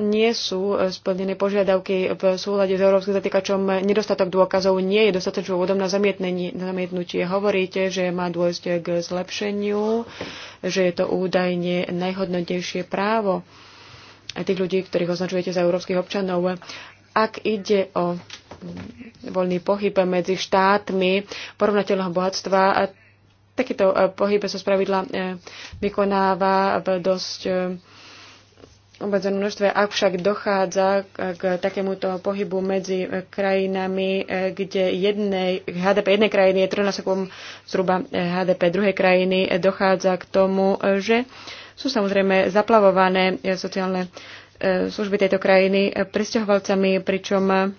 nie sú eh, splnené požiadavky v súlade s európskym zatýkačom. Nedostatok dôkazov nie je dostatočným dôvodom na, zamietnutie. Hovoríte, že má dôjsť k zlepšeniu, že je to údajne najhodnotnejšie právo tých ľudí, ktorých označujete za európskych občanov. Ak ide o voľný pohyb medzi štátmi porovnateľného bohatstva, takýto eh, pohyb sa spravidla eh, vykonáva v dosť obmedzenom množstve. Ak však dochádza k takémuto pohybu medzi e, krajinami, e, kde jednej, HDP jednej krajiny je trojnásobkom zhruba e, HDP druhej krajiny, dochádza k tomu, že sú samozrejme zaplavované sociálne služby tejto krajiny presťahovalcami, pričom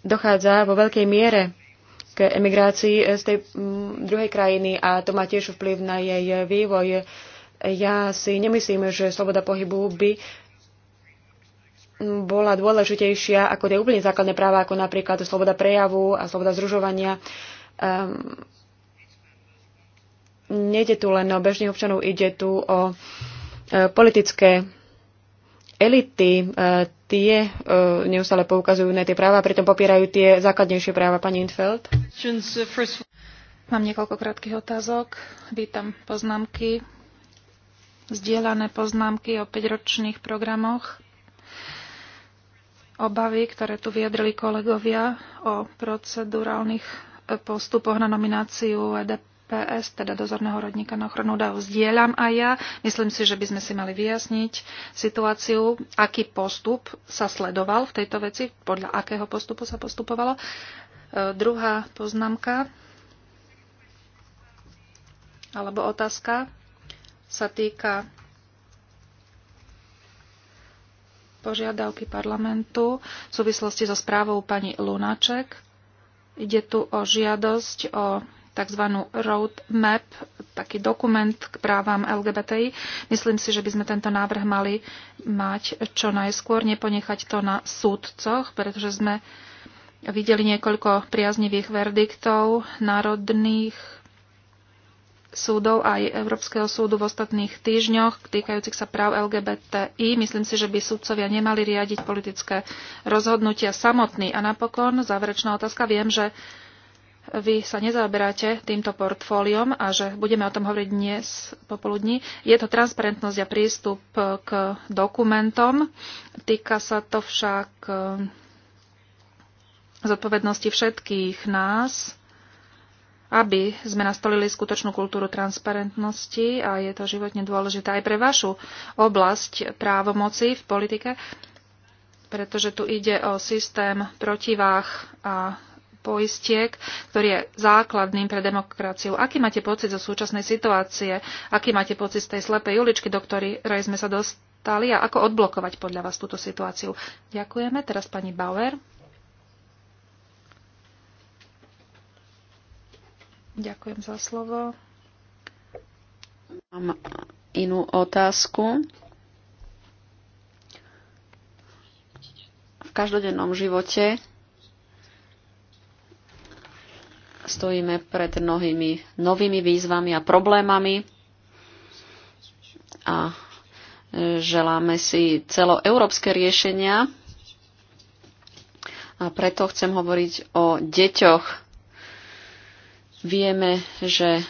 dochádza vo veľkej miere k emigrácii z tej druhej krajiny a to má tiež vplyv na jej vývoj. Ja si nemyslím, že sloboda pohybu by bola dôležitejšia ako tie úplne základné práva, ako napríklad sloboda prejavu a sloboda zružovania. Um, ehm, nejde tu len o bežných občanov, ide tu o e, politické elity. E, tie e, neustále poukazujú na tie práva, pritom popierajú tie základnejšie práva. Pani Infeld. Mám niekoľko krátkých otázok. Vítam poznámky zdieľané poznámky o 5-ročných programoch, obavy, ktoré tu vyjadrili kolegovia o procedurálnych e, postupoch na nomináciu EDPS, teda dozorného rodníka na ochranu dáv. zdieľam aj ja. Myslím si, že by sme si mali vyjasniť situáciu, aký postup sa sledoval v tejto veci, podľa akého postupu sa postupovalo. E, druhá poznámka alebo otázka sa týka požiadavky parlamentu v súvislosti so správou pani Lunaček. Ide tu o žiadosť o tzv. roadmap, taký dokument k právam LGBTI. Myslím si, že by sme tento návrh mali mať čo najskôr, neponechať to na súdcoch, pretože sme videli niekoľko priaznivých verdiktov národných súdov aj Európskeho súdu v ostatných týždňoch týkajúcich sa práv LGBTI. Myslím si, že by súdcovia nemali riadiť politické rozhodnutia samotný. A napokon, záverečná otázka, viem, že vy sa nezaoberáte týmto portfóliom a že budeme o tom hovoriť dnes popoludní. Je to transparentnosť a prístup k dokumentom. Týka sa to však eh, zodpovednosti všetkých nás aby sme nastolili skutočnú kultúru transparentnosti a je to životne dôležité aj pre vašu oblasť právomoci v politike, pretože tu ide o systém protivách a poistiek, ktorý je základným pre demokraciu. Aký máte pocit zo súčasnej situácie? Aký máte pocit z tej slepej uličky, do ktorej sme sa dostali a ako odblokovať podľa vás túto situáciu? Ďakujeme. Teraz pani Bauer. Ďakujem za slovo. Mám inú otázku. V každodennom živote stojíme pred mnohými novými výzvami a problémami a želáme si celoeurópske riešenia a preto chcem hovoriť o deťoch Vieme, že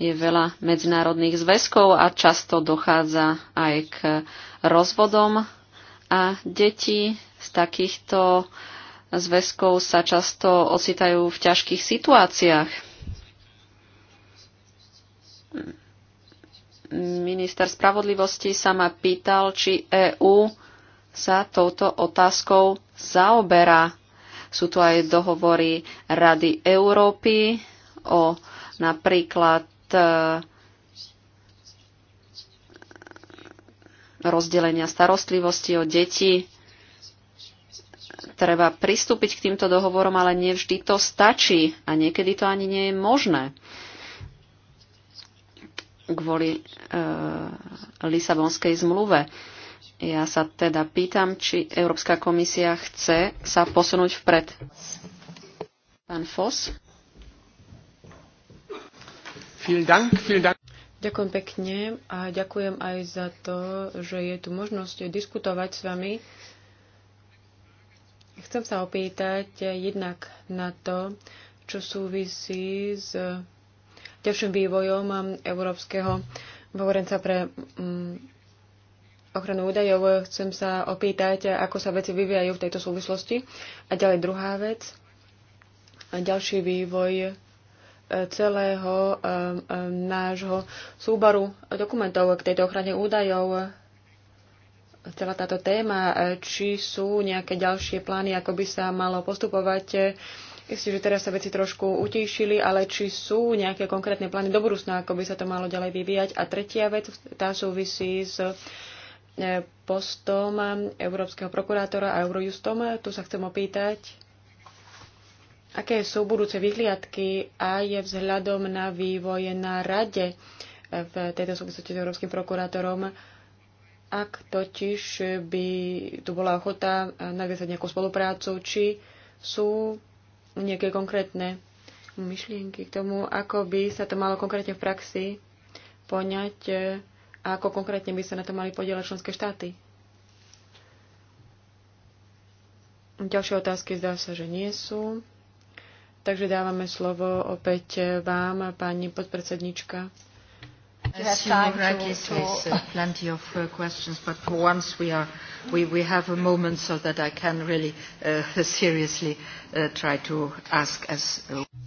je veľa medzinárodných zväzkov a často dochádza aj k rozvodom a deti z takýchto zväzkov sa často ocitajú v ťažkých situáciách. Minister spravodlivosti sa ma pýtal, či EÚ sa touto otázkou zaoberá sú tu aj dohovory Rady Európy o napríklad e, rozdelenia starostlivosti o deti. Treba pristúpiť k týmto dohovorom, ale nevždy to stačí a niekedy to ani nie je možné. kvôli e, Lisabonskej zmluve. E, ja sa teda pýtam, či Európska komisia chce sa posunúť vpred. Pán Foss. Ďakujem pekne a ďakujem aj za to, že je tu možnosť diskutovať s vami. Chcem sa opýtať jednak na to, čo súvisí s ďalším vývojom európskeho hovorenca pre mm, ochranu údajov, chcem sa opýtať, ako sa veci vyvíjajú v tejto súvislosti. A ďalej druhá vec, a ďalší vývoj e, celého e, e, nášho súboru dokumentov k tejto ochrane údajov, celá táto téma, či sú nejaké ďalšie plány, ako by sa malo postupovať. Myslím, že teraz sa veci trošku utíšili, ale či sú nejaké konkrétne plány do budúcna, ako by sa to malo ďalej vyvíjať. A tretia vec, tá súvisí s E, postom Európskeho prokurátora a Eurojustom. E, tu sa chcem opýtať, aké sú budúce vyhliadky a je vzhľadom na vývoje na rade e, v tejto súvislosti s Európskym prokurátorom, ak totiž by tu bola ochota nadviazať nejakú spoluprácu, či sú nejaké konkrétne myšlienky k tomu, ako by sa to malo konkrétne v praxi poňať a ako konkrétne by sa na to mali podielať členské štáty. Ďalšie otázky zdá sa, že nie sú. Takže dávame slovo opäť vám, pani podpredsednička. Ďakujem. (laughs)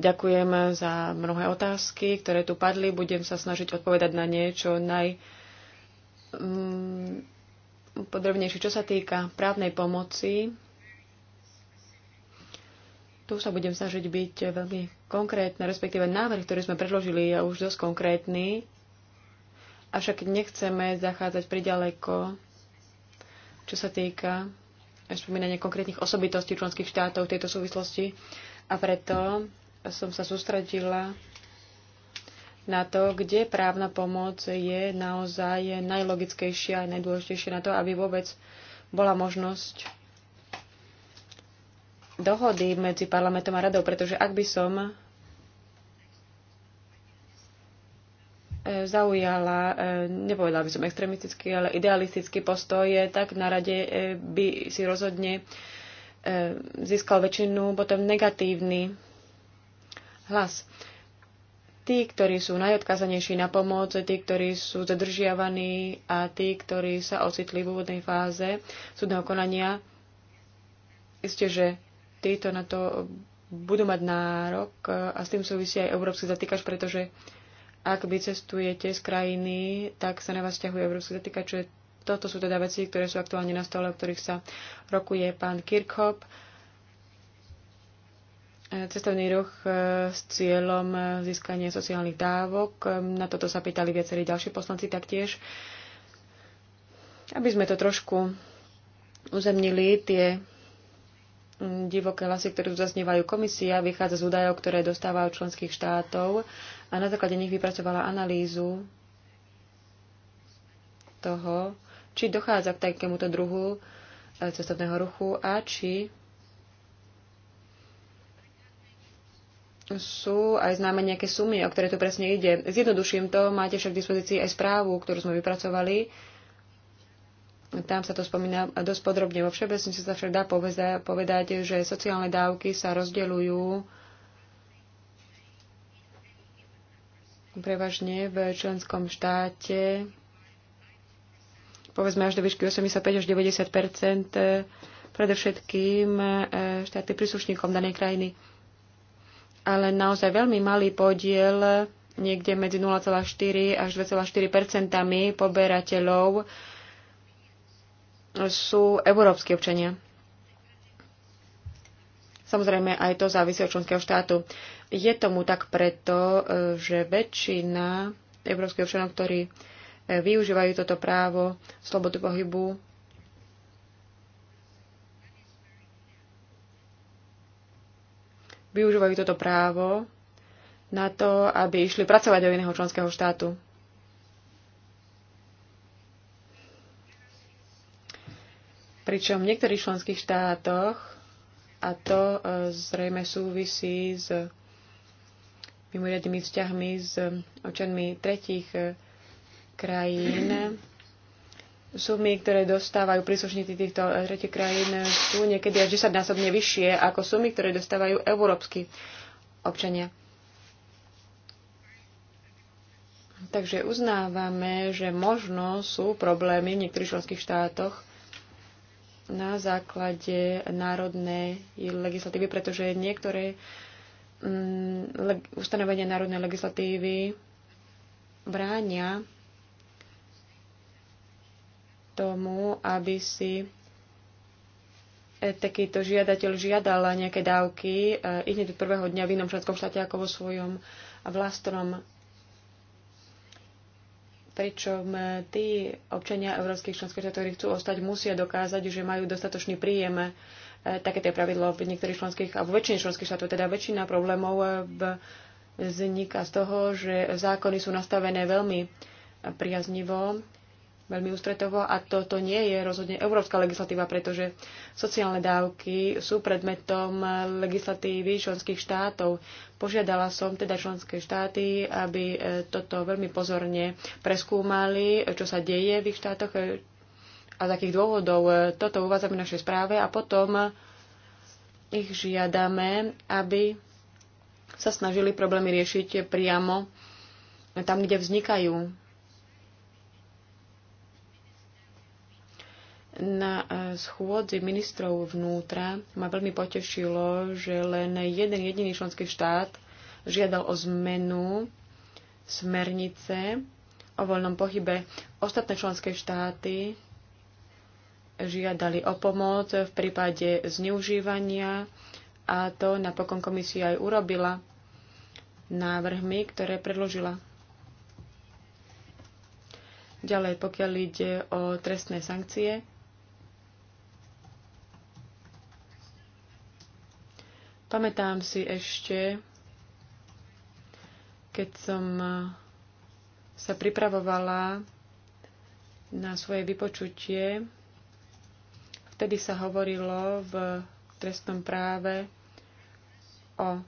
Ďakujem za mnohé otázky, ktoré tu padli. Budem sa snažiť odpovedať na niečo naj mm, podrobnejšie, čo sa týka právnej pomoci. Tu sa budem snažiť byť veľmi konkrétna, respektíve návrh, ktorý sme predložili, je už dosť konkrétny, avšak nechceme zachádzať priďaleko, čo sa týka spomínania konkrétnych osobitostí členských štátov v tejto súvislosti a preto som sa sústredila na to, kde právna pomoc je naozaj najlogickejšia a najdôležitejšia na to, aby vôbec bola možnosť dohody medzi parlamentom a radou, pretože ak by som e, zaujala, e, nepovedala by som extremistický, ale idealistický postoj, e, tak na rade by si rozhodne získal väčšinu potom negatívny hlas. Tí, ktorí sú najodkázanejší na pomoc, tí, ktorí sú zadržiavaní a tí, ktorí sa ocitli v úvodnej fáze súdneho konania, isté, že títo na to budú mať nárok a s tým súvisí aj európsky zatýkač, pretože ak vy cestujete z krajiny, tak sa na vás ťahuje európsky zatýkač, toto sú teda veci, ktoré sú aktuálne na stole, o ktorých sa rokuje pán Kirchhoff cestovný ruch e, s cieľom e, získania sociálnych dávok. E, na toto sa pýtali viacerí ďalší poslanci taktiež. Aby sme to trošku uzemnili, tie divoké hlasy, ktoré zaznievajú komisia, vychádza z údajov, ktoré dostáva od členských štátov a na základe nich vypracovala analýzu toho, či dochádza k takémuto druhu cestovného ruchu a či sú aj známe nejaké sumy, o ktoré tu presne ide. Zjednoduším to, máte však k dispozícii aj správu, ktorú sme vypracovali. Tam sa to spomína dosť podrobne. Vo všeobecnosti sa však dá povedať, že sociálne dávky sa rozdeľujú prevažne v členskom štáte povedzme až do výšky 85 až 90 predovšetkým eh, štátnym príslušníkom danej krajiny ale naozaj veľmi malý podiel, niekde medzi 0,4 až 2,4 poberateľov sú európsky občania. Samozrejme, aj to závisí od členského štátu. Je tomu tak preto, že väčšina európskych občanov, ktorí využívajú toto právo slobodu pohybu, využívajú toto právo na to, aby išli pracovať do iného členského štátu. Pričom v niektorých členských štátoch, a to e, zrejme súvisí s mimoriadnými vzťahmi s e, občanmi tretích e, krajín, sumy, ktoré dostávajú príslušníci týchto eh, tretich krajín, eh, sú niekedy až 10-násobne vyššie ako sumy, ktoré dostávajú európsky občania. Takže uznávame, že možno sú problémy v niektorých členských štátoch na základe národnej legislatívy, pretože niektoré mm, ustanovenia národnej legislatívy bránia tomu, aby si e, takýto žiadateľ žiadal nejaké dávky e, i hneď od prvého dňa v inom členskom štáte ako vo svojom vlastnom. Pričom e, tí občania európskych členských štátov, ktorí chcú ostať, musia dokázať, že majú dostatočný príjem. Také je pravidlo v niektorých členských, alebo väčšine členských štátov, teda väčšina problémov vzniká z toho, že zákony sú nastavené veľmi priaznivo veľmi ústretovo a toto nie je rozhodne európska legislatíva, pretože sociálne dávky sú predmetom legislatívy členských štátov. Požiadala som teda členské štáty, aby e, toto veľmi pozorne preskúmali, e, čo sa deje v ich štátoch e, a z akých dôvodov. Toto uvádzame v našej správe a potom ich žiadame, aby sa snažili problémy riešiť priamo tam, kde vznikajú Na e, schôdzi ministrov vnútra ma veľmi potešilo, že len jeden jediný členský štát žiadal o zmenu smernice o voľnom pohybe. Ostatné členské štáty žiadali o pomoc v prípade zneužívania a to napokon komisia aj urobila návrhmi, ktoré predložila. Ďalej, pokiaľ ide o trestné sankcie, Pamätám si ešte, keď som eh, sa pripravovala na svoje vypočutie, vtedy sa hovorilo v trestnom práve o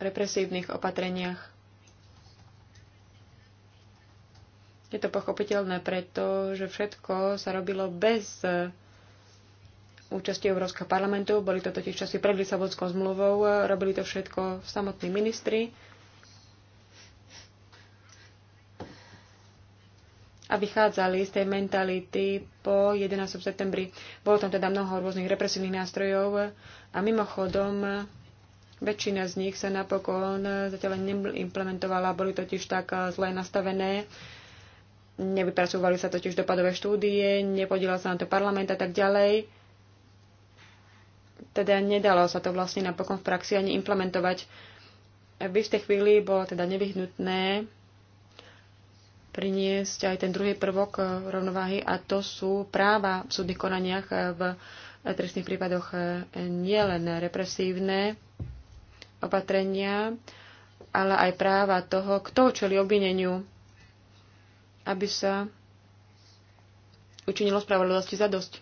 represívnych opatreniach. Je to pochopiteľné preto, že všetko sa robilo bez eh, účasti Európskeho parlamentu. Boli to totiž časy pred Lisabonskou zmluvou, robili to všetko samotní ministri. A vychádzali z tej mentality po 11. septembri. Bolo tam teda mnoho rôznych represívnych nástrojov a mimochodom väčšina z nich sa napokon zatiaľ neimplementovala, boli totiž tak zle nastavené, nevypracovali sa totiž dopadové štúdie, nepodielal sa na to parlament a tak ďalej teda nedalo sa to vlastne napokon v praxi ani implementovať. By v tej chvíli bolo teda nevyhnutné priniesť aj ten druhý prvok e, rovnováhy a to sú práva v súdnych konaniach e, v e, trestných prípadoch nielen represívne opatrenia, ale aj práva toho, kto čeli obvineniu, aby sa učinilo spravodlivosti za dosť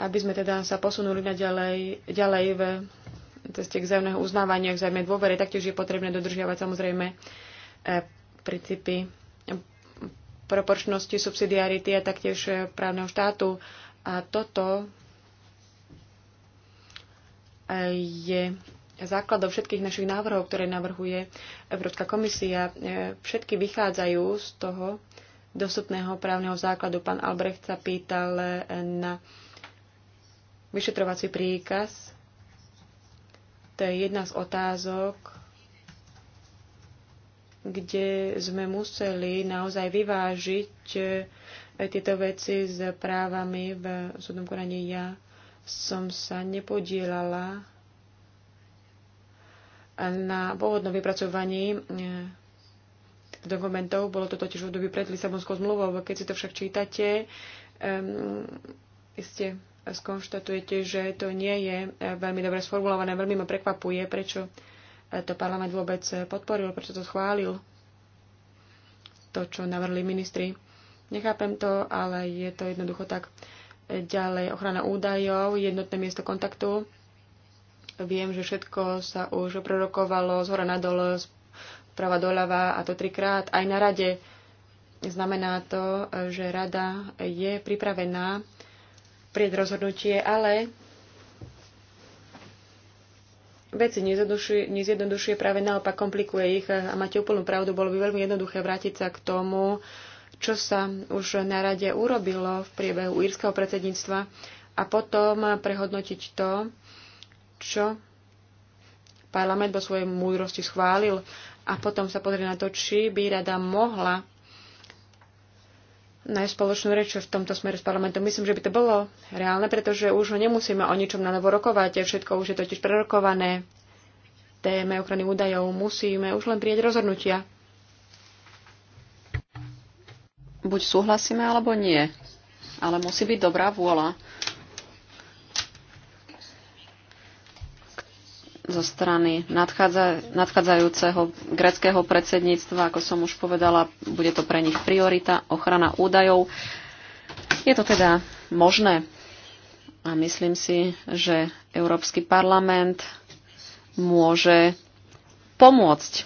aby sme teda sa posunuli na ďalej, ďalej v ceste k vzájomného uznávania, k vzájomnej dôvere, taktiež je potrebné dodržiavať samozrejme e, princípy proporčnosti, subsidiarity a taktiež právneho štátu. A toto e, je základom všetkých našich návrhov, ktoré navrhuje Európska komisia. E, všetky vychádzajú z toho dostupného právneho základu. Pán Albrecht sa pýtal na Vyšetrovací príkaz, to je jedna z otázok, kde sme museli naozaj vyvážiť e, tieto veci s právami v súdnom konaní. Ja som sa nepodielala na pôvodnom vypracovaní e, dokumentov. Bolo to totiž v období pred Lisabonskou zmluvou. Keď si to však čítate, um, skonštatujete, že to nie je e, veľmi dobre sformulované. Veľmi ma prekvapuje, prečo e, to parlament vôbec podporil, prečo to schválil, to, čo navrhli ministri. Nechápem to, ale je to jednoducho tak. Ďalej, ochrana údajov, jednotné miesto kontaktu. Viem, že všetko sa už prorokovalo z hora na z prava doľava a to trikrát. Aj na rade znamená to, že rada je pripravená pred rozhodnutie, ale veci nezjednodušuje, nezjednodušuje, práve naopak komplikuje ich a máte úplnú pravdu, bolo by veľmi jednoduché vrátiť sa k tomu, čo sa už na rade urobilo v priebehu írskeho predsedníctva a potom prehodnotiť to, čo parlament vo svojej múdrosti schválil a potom sa pozrieť na to, či by rada mohla nájsť spoločnú reč v tomto smere s parlamentom. Myslím, že by to bolo reálne, pretože už nemusíme o ničom na novo rokovať. Všetko už je totiž prerokované. Téme ochrany údajov musíme už len prijať rozhodnutia. Buď súhlasíme, alebo nie. Ale musí byť dobrá vôľa. zo strany nadchádza, nadchádzajúceho greckého predsedníctva. Ako som už povedala, bude to pre nich priorita, ochrana údajov. Je to teda možné a myslím si, že Európsky parlament môže pomôcť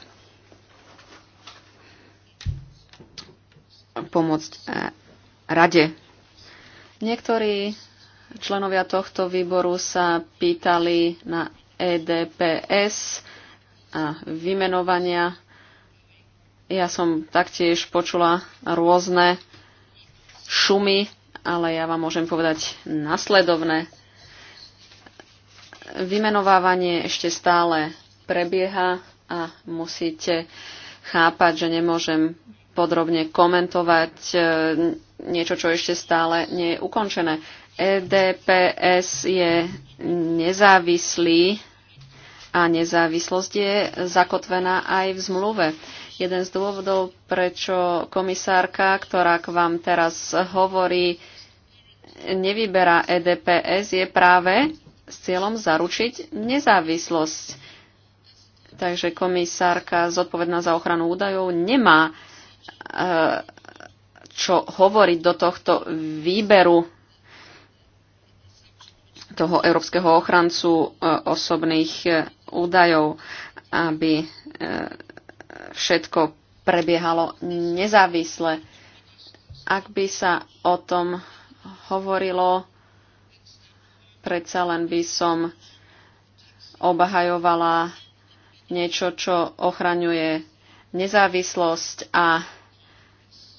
pomôcť e, rade. Niektorí členovia tohto výboru sa pýtali na EDPS a vymenovania. Ja som taktiež počula rôzne šumy, ale ja vám môžem povedať nasledovné. Vymenovávanie ešte stále prebieha a musíte chápať, že nemôžem podrobne komentovať e, niečo, čo ešte stále nie je ukončené. EDPS je nezávislý a nezávislosť je zakotvená aj v zmluve. Jeden z dôvodov, prečo komisárka, ktorá k vám teraz hovorí, nevyberá EDPS, je práve s cieľom zaručiť nezávislosť. Takže komisárka zodpovedná za ochranu údajov nemá e, čo hovoriť do tohto výberu toho európskeho ochrancu e, osobných e, údajov, aby e, všetko prebiehalo nezávisle. Ak by sa o tom hovorilo, predsa len by som obhajovala niečo, čo ochraňuje nezávislosť a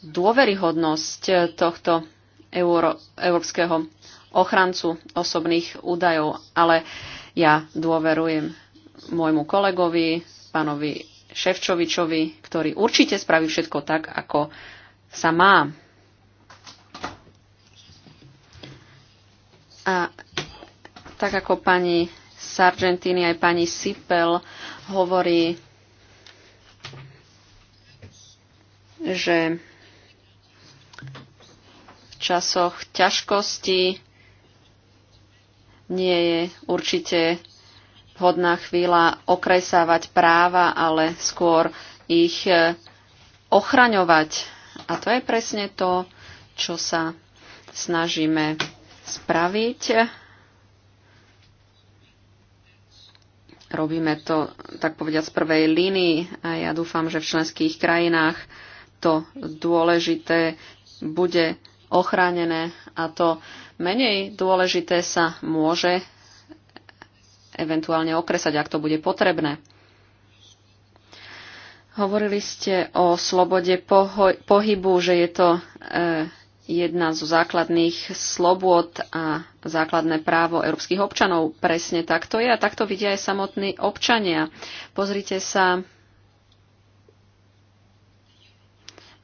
dôveryhodnosť tohto euro, európskeho ochrancu osobných údajov, ale ja dôverujem môjmu kolegovi, pánovi Ševčovičovi, ktorý určite spraví všetko tak, ako sa má. A tak ako pani Sargentini aj pani Sipel hovorí, že v časoch ťažkosti nie je určite vhodná chvíľa okresávať práva, ale skôr ich e, ochraňovať. A to je presne to, čo sa snažíme spraviť. Robíme to, tak povediať, z prvej línii a ja dúfam, že v členských krajinách to dôležité bude ochránené a to menej dôležité sa môže eventuálne okresať, ak to bude potrebné. Hovorili ste o slobode pohybu, že je to e, jedna zo základných slobod a základné právo európskych občanov. Presne takto je a takto vidia aj samotní občania. Pozrite sa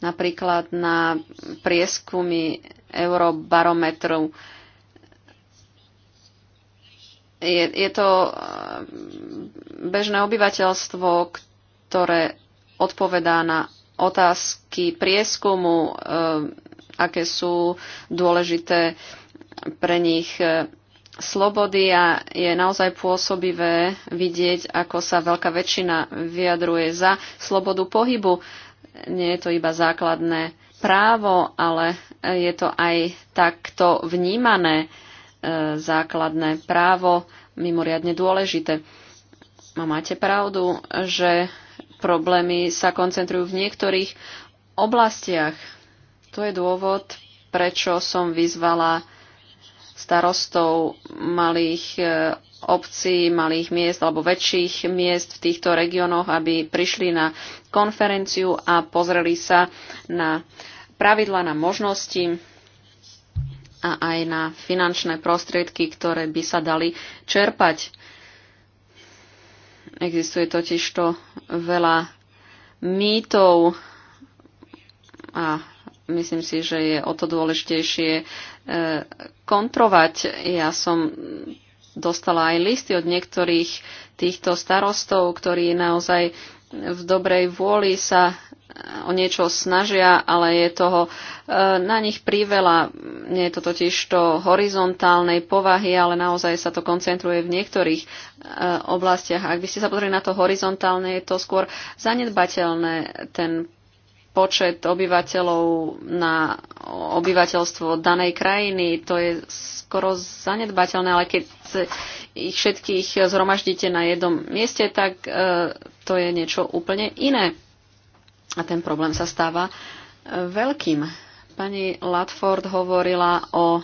napríklad na prieskumy eurobarometru. Je, je to eh, bežné obyvateľstvo, ktoré odpovedá na otázky prieskumu, eh, aké sú dôležité pre nich eh, slobody a je naozaj pôsobivé vidieť, ako sa veľká väčšina vyjadruje za slobodu pohybu nie je to iba základné právo, ale je to aj takto vnímané e, základné právo mimoriadne dôležité. A máte pravdu, že problémy sa koncentrujú v niektorých oblastiach. To je dôvod, prečo som vyzvala starostov malých e, obcí, malých miest alebo väčších miest v týchto regiónoch, aby prišli na konferenciu a pozreli sa na pravidla, na možnosti a aj na finančné prostriedky, ktoré by sa dali čerpať. Existuje totiž to veľa mýtov a myslím si, že je o to dôležitejšie e, kontrovať. Ja som dostala aj listy od niektorých týchto starostov, ktorí naozaj v dobrej vôli sa eh, o niečo snažia, ale je toho eh, na nich priveľa. Nie je to totiž to horizontálnej povahy, ale naozaj sa to koncentruje v niektorých eh, oblastiach. Ak by ste sa pozreli na to horizontálne, je to skôr zanedbateľné. Ten počet obyvateľov na obyvateľstvo danej krajiny. To je skoro zanedbateľné, ale keď ich všetkých zhromaždíte na jednom mieste, tak e, to je niečo úplne iné. A ten problém sa stáva e, veľkým. Pani Latford hovorila o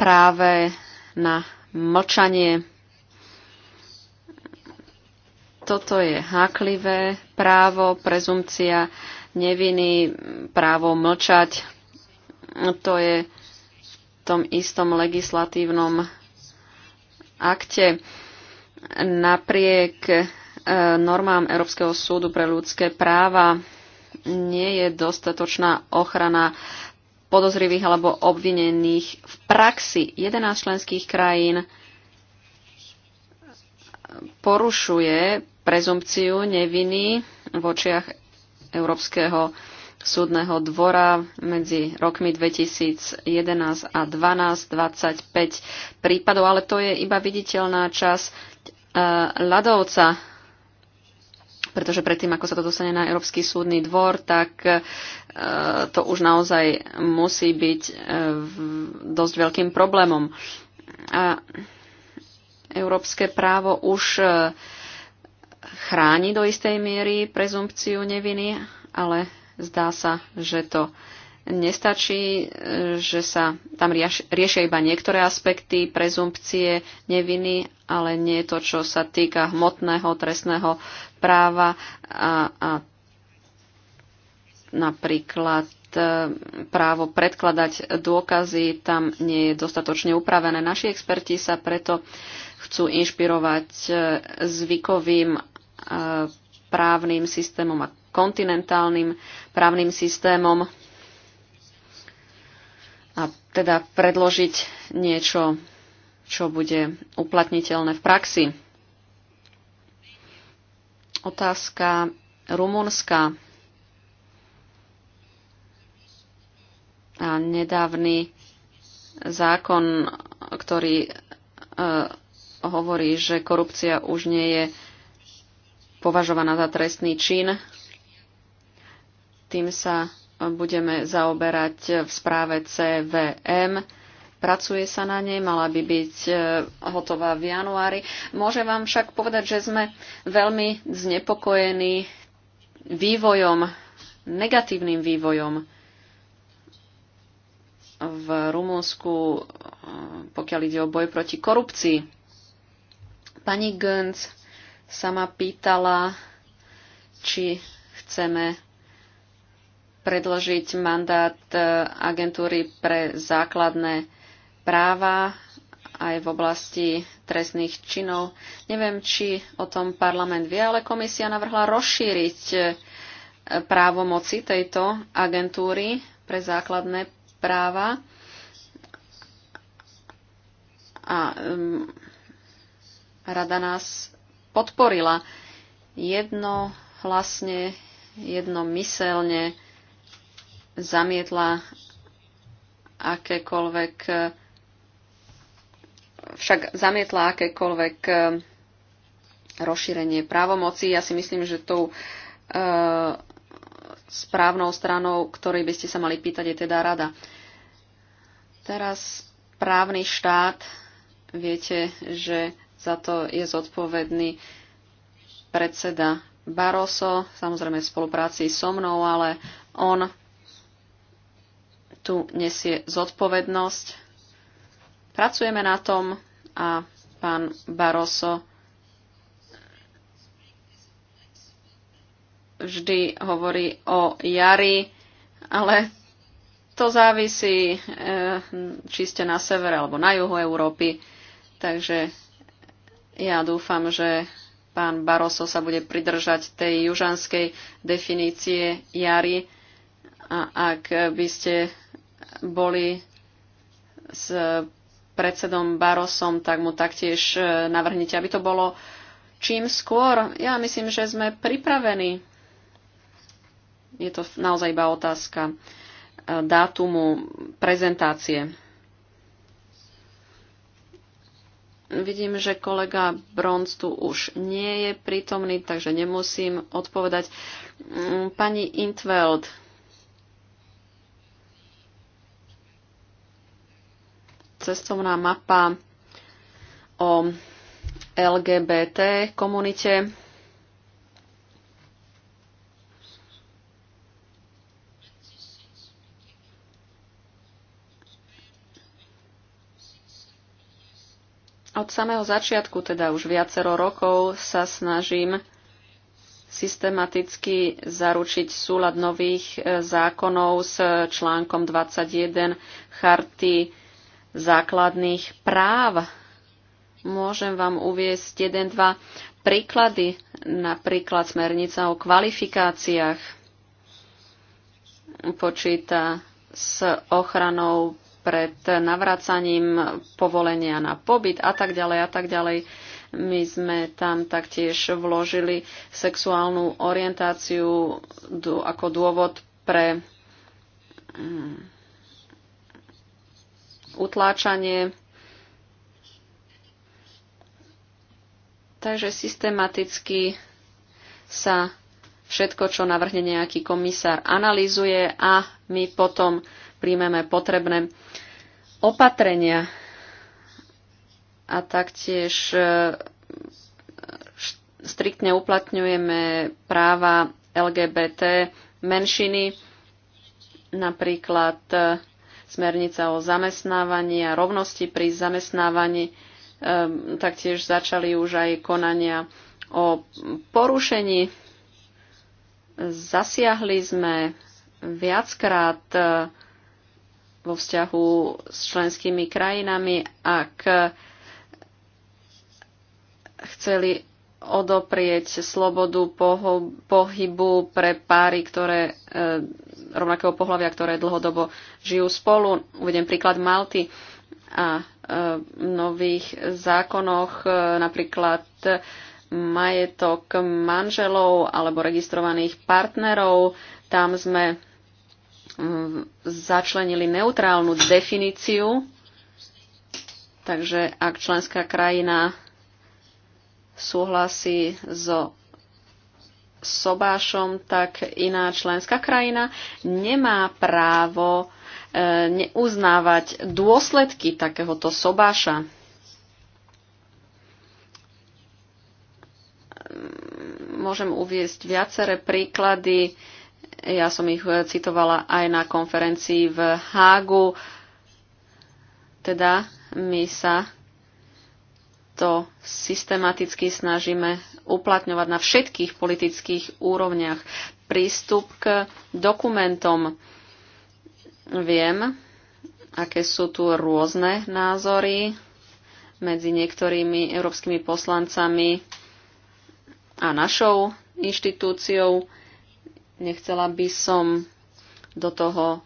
práve na mlčanie. Toto je háklivé právo, prezumcia neviny, právo mlčať. To je v tom istom legislatívnom akte. Napriek e, normám Európskeho súdu pre ľudské práva nie je dostatočná ochrana podozrivých alebo obvinených v praxi 11 členských krajín porušuje prezumpciu neviny v očiach Európskeho súdneho dvora medzi rokmi 2011 a 12 25 prípadov, ale to je iba viditeľná čas eh, ľadovca, pretože predtým, ako sa to dostane na Európsky súdny dvor, tak eh, to už naozaj musí byť eh, dosť veľkým problémom. A európske právo už chráni do istej miery prezumpciu neviny, ale zdá sa, že to nestačí, že sa tam riešia iba niektoré aspekty prezumpcie neviny, ale nie to, čo sa týka hmotného trestného práva a, a napríklad e, právo predkladať dôkazy tam nie je dostatočne upravené. Naši experti sa preto chcú inšpirovať e, zvykovým právnym systémom a kontinentálnym právnym systémom a teda predložiť niečo, čo bude uplatniteľné v praxi. Otázka Rumunska a nedávny zákon, ktorý e, hovorí, že korupcia už nie je považovaná za trestný čin. Tým sa budeme zaoberať v správe CVM. Pracuje sa na nej, mala by byť e, hotová v januári. Môžem vám však povedať, že sme veľmi znepokojení vývojom, negatívnym vývojom v Rumunsku, e, pokiaľ ide o boj proti korupcii. Pani Gönc sa ma pýtala, či chceme predložiť mandát e, agentúry pre základné práva aj v oblasti trestných činov. Neviem, či o tom parlament vie, ale komisia navrhla rozšíriť e, právomoci tejto agentúry pre základné práva. A um, rada nás podporila jedno hlasne, jednomyselne zamietla akékoľvek však zamietla akékoľvek eh, rozšírenie právomoci. Ja si myslím, že tou e, správnou stranou, ktorej by ste sa mali pýtať, je teda rada. Teraz právny štát, viete, že za to je zodpovedný predseda Barroso, samozrejme v spolupráci so mnou, ale on tu nesie zodpovednosť. Pracujeme na tom a pán Barroso vždy hovorí o jari, ale to závisí, eh, či ste na severe alebo na juhu Európy. Takže ja dúfam, že pán Barroso sa bude pridržať tej južanskej definície jary. A ak by ste boli s predsedom Barosom, tak mu taktiež e, navrhnite, aby to bolo čím skôr. Ja myslím, že sme pripravení. Je to naozaj iba otázka e, dátumu prezentácie. Vidím, že kolega Bronc tu už nie je prítomný, takže nemusím odpovedať. Mm, pani Intveld. Cestovná mapa o LGBT komunite. Od samého začiatku, teda už viacero rokov, sa snažím systematicky zaručiť súlad nových e, zákonov s článkom 21 charty základných práv. Môžem vám uviesť jeden, dva príklady, napríklad smernica o kvalifikáciách počíta s ochranou pred navracaním povolenia na pobyt a tak ďalej a tak ďalej. My sme tam taktiež vložili sexuálnu orientáciu ako dôvod pre mm, utláčanie. Takže systematicky sa všetko, čo navrhne nejaký komisár, analýzuje a my potom príjmeme potrebné opatrenia a taktiež e, striktne uplatňujeme práva LGBT menšiny, napríklad e, smernica o zamestnávaní a rovnosti pri zamestnávaní. E, taktiež začali už aj konania o porušení. Zasiahli sme viackrát vo vzťahu s členskými krajinami, ak chceli odoprieť slobodu poho- pohybu pre páry, ktoré e, rovnakého pohľavia, ktoré dlhodobo žijú spolu. Uvediem príklad Malty a e, nových zákonoch, e, napríklad majetok manželov alebo registrovaných partnerov. Tam sme Mm, začlenili neutrálnu definíciu, takže ak členská krajina súhlasí so sobášom, tak iná členská krajina nemá právo e, neuznávať dôsledky takéhoto sobáša. Môžem uviesť viaceré príklady ja som ich eh, citovala aj na konferencii v Hágu. Teda my sa to systematicky snažíme uplatňovať na všetkých politických úrovniach. Prístup k dokumentom. Viem, aké sú tu rôzne názory medzi niektorými európskymi poslancami a našou inštitúciou. Nechcela by som do toho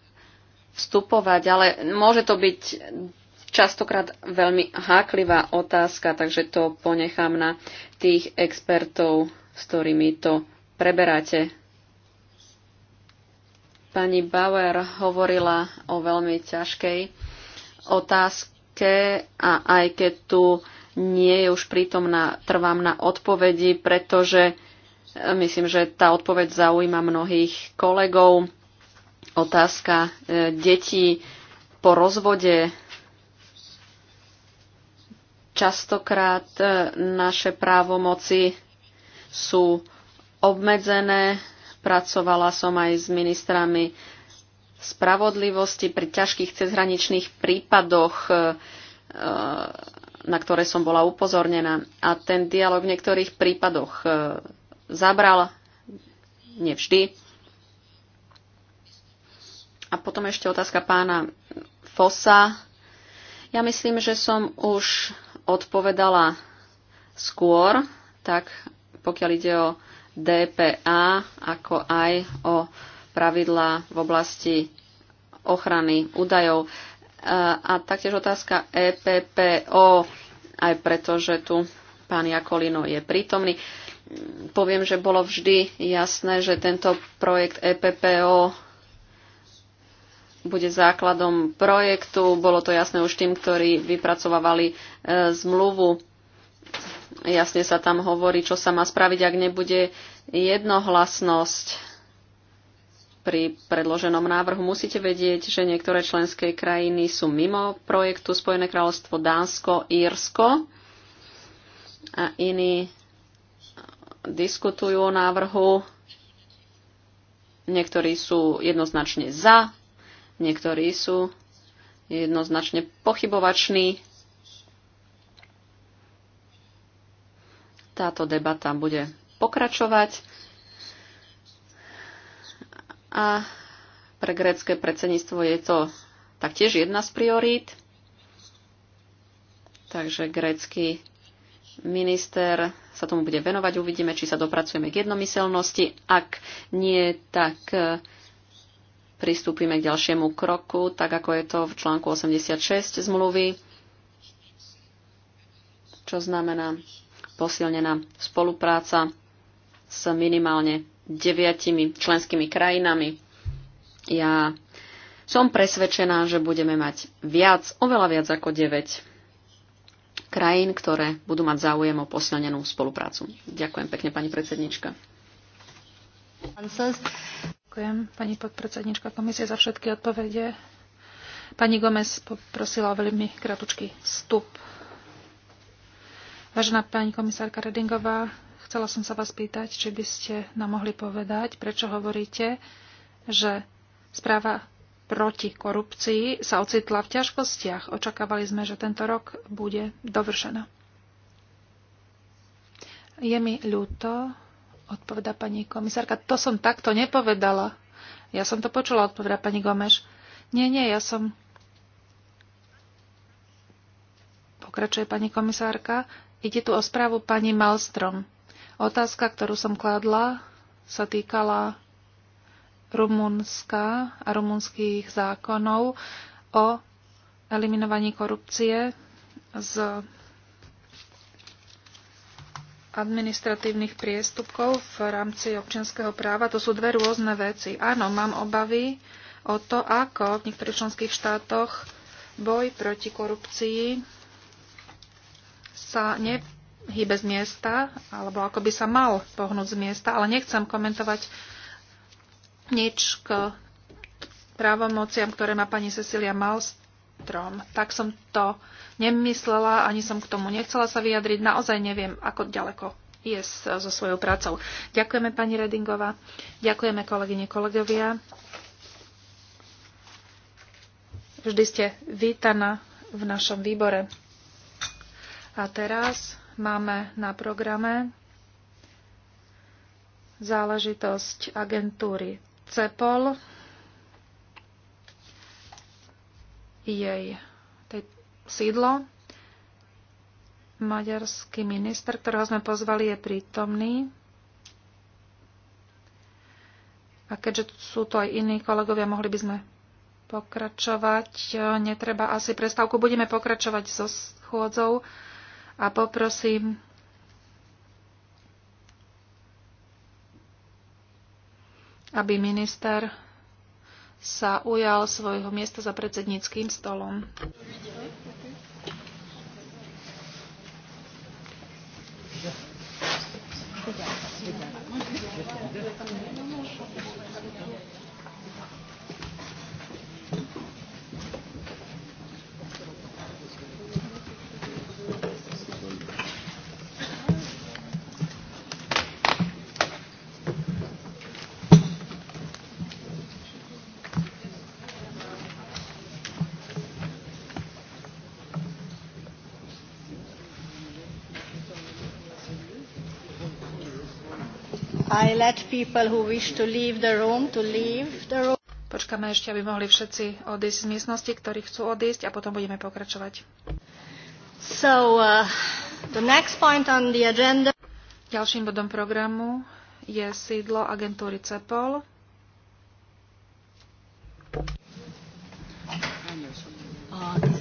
vstupovať, ale môže to byť častokrát veľmi háklivá otázka, takže to ponechám na tých expertov, s ktorými to preberáte. Pani Bauer hovorila o veľmi ťažkej otázke a aj keď tu nie je už prítomná, trvám na odpovedi, pretože Myslím, že tá odpoveď zaujíma mnohých kolegov. Otázka e, detí po rozvode. Častokrát e, naše právomoci sú obmedzené. Pracovala som aj s ministrami spravodlivosti pri ťažkých cezhraničných prípadoch e, na ktoré som bola upozornená. A ten dialog v niektorých prípadoch zabral, nevždy. A potom ešte otázka pána Fosa. Ja myslím, že som už odpovedala skôr, tak pokiaľ ide o DPA, ako aj o pravidlá v oblasti ochrany údajov. E, a taktiež otázka EPPO, aj preto, že tu pán Jakolino je prítomný poviem, že bolo vždy jasné, že tento projekt EPPO bude základom projektu. Bolo to jasné už tým, ktorí vypracovávali e, zmluvu. Jasne sa tam hovorí, čo sa má spraviť, ak nebude jednohlasnosť pri predloženom návrhu. Musíte vedieť, že niektoré členské krajiny sú mimo projektu Spojené kráľovstvo Dánsko, Írsko a iní diskutujú o návrhu. Niektorí sú jednoznačne za, niektorí sú jednoznačne pochybovační. Táto debata bude pokračovať. A pre grécké predsedníctvo je to taktiež jedna z priorít. Takže grécky Minister sa tomu bude venovať, uvidíme, či sa dopracujeme k jednomyselnosti. Ak nie, tak e, pristúpime k ďalšiemu kroku, tak ako je to v článku 86 zmluvy, čo znamená posilnená spolupráca s minimálne deviatimi členskými krajinami. Ja som presvedčená, že budeme mať viac, oveľa viac ako 9 krajín, ktoré budú mať záujem o posilnenú spoluprácu. Ďakujem pekne, pani predsednička. Ďakujem, pani podpredsednička komisie, za všetky odpovede. Pani Gomez poprosila o veľmi kratučký vstup. Vážená pani komisárka Redingová, chcela som sa vás pýtať, či by ste nám mohli povedať, prečo hovoríte, že správa proti korupcii sa ocitla v ťažkostiach. Očakávali sme, že tento rok bude dovršená. Je mi ľúto, odpoveda pani komisárka. To som takto nepovedala. Ja som to počula, odpoveda pani Gomeš. Nie, nie, ja som... Pokračuje pani komisárka. Ide tu o správu pani Malstrom. Otázka, ktorú som kladla, sa týkala Rumunska a rumunských zákonov o eliminovaní korupcie z administratívnych priestupkov v rámci občianského práva. To sú dve rôzne veci. Áno, mám obavy o to, ako v niektorých členských štátoch boj proti korupcii sa nehybe z miesta, alebo ako by sa mal pohnúť z miesta, ale nechcem komentovať nič k právomociam, ktoré má pani Cecilia Malstrom. Tak som to nemyslela, ani som k tomu nechcela sa vyjadriť. Naozaj neviem, ako ďaleko je so svojou prácou. Ďakujeme pani Redingová, ďakujeme kolegyne, kolegovia. Vždy ste vítaná v našom výbore. A teraz máme na programe záležitosť agentúry CEPOL, jej sídlo. Maďarský minister, ktorého sme pozvali, je prítomný. A keďže sú to aj iní kolegovia, mohli by sme pokračovať. Netreba asi prestávku. Budeme pokračovať so schôdzou a poprosím aby minister sa ujal svojho miesta za predsedníckým stolom. you. I let people who wish to leave the room to leave the room. Počkáme ešte, aby mohli všetci odísť z miestnosti, ktorí chcú odísť a potom budeme pokračovať. So, uh, the next point on the agenda... Ďalším bodom programu je sídlo agentúry CEPOL. Uh, 16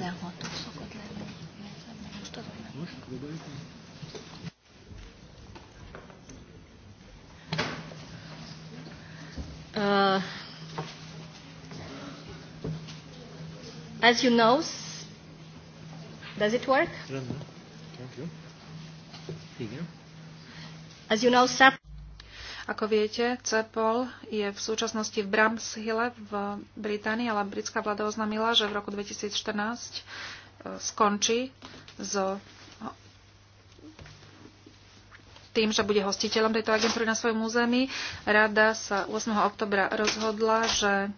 Uh, as you know, does it work? As you know, SAP ako viete, CEPOL je v súčasnosti v Bramshille v Británii, ale britská vláda oznámila, že v roku 2014 eh, skončí so tým, že bude hostiteľom tejto agentúry na svojom území. Rada sa 8. oktobra rozhodla, že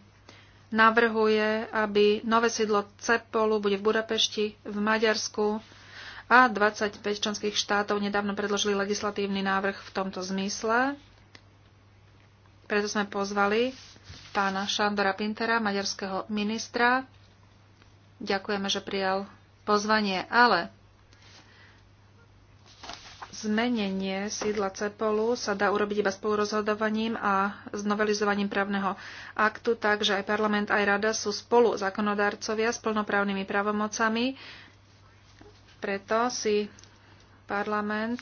navrhuje, aby nové sídlo CEPOLu bude v Budapešti, v Maďarsku a 25 členských štátov nedávno predložili legislatívny návrh v tomto zmysle. Preto sme pozvali pána Šandora Pintera, maďarského ministra. Ďakujeme, že prijal pozvanie, ale Zmenenie sídla CEPOLu sa dá urobiť iba spolurozhodovaním a znovelizovaním právneho aktu, takže aj parlament, aj rada sú spolu zákonodárcovia s plnoprávnymi právomocami. Preto si parlament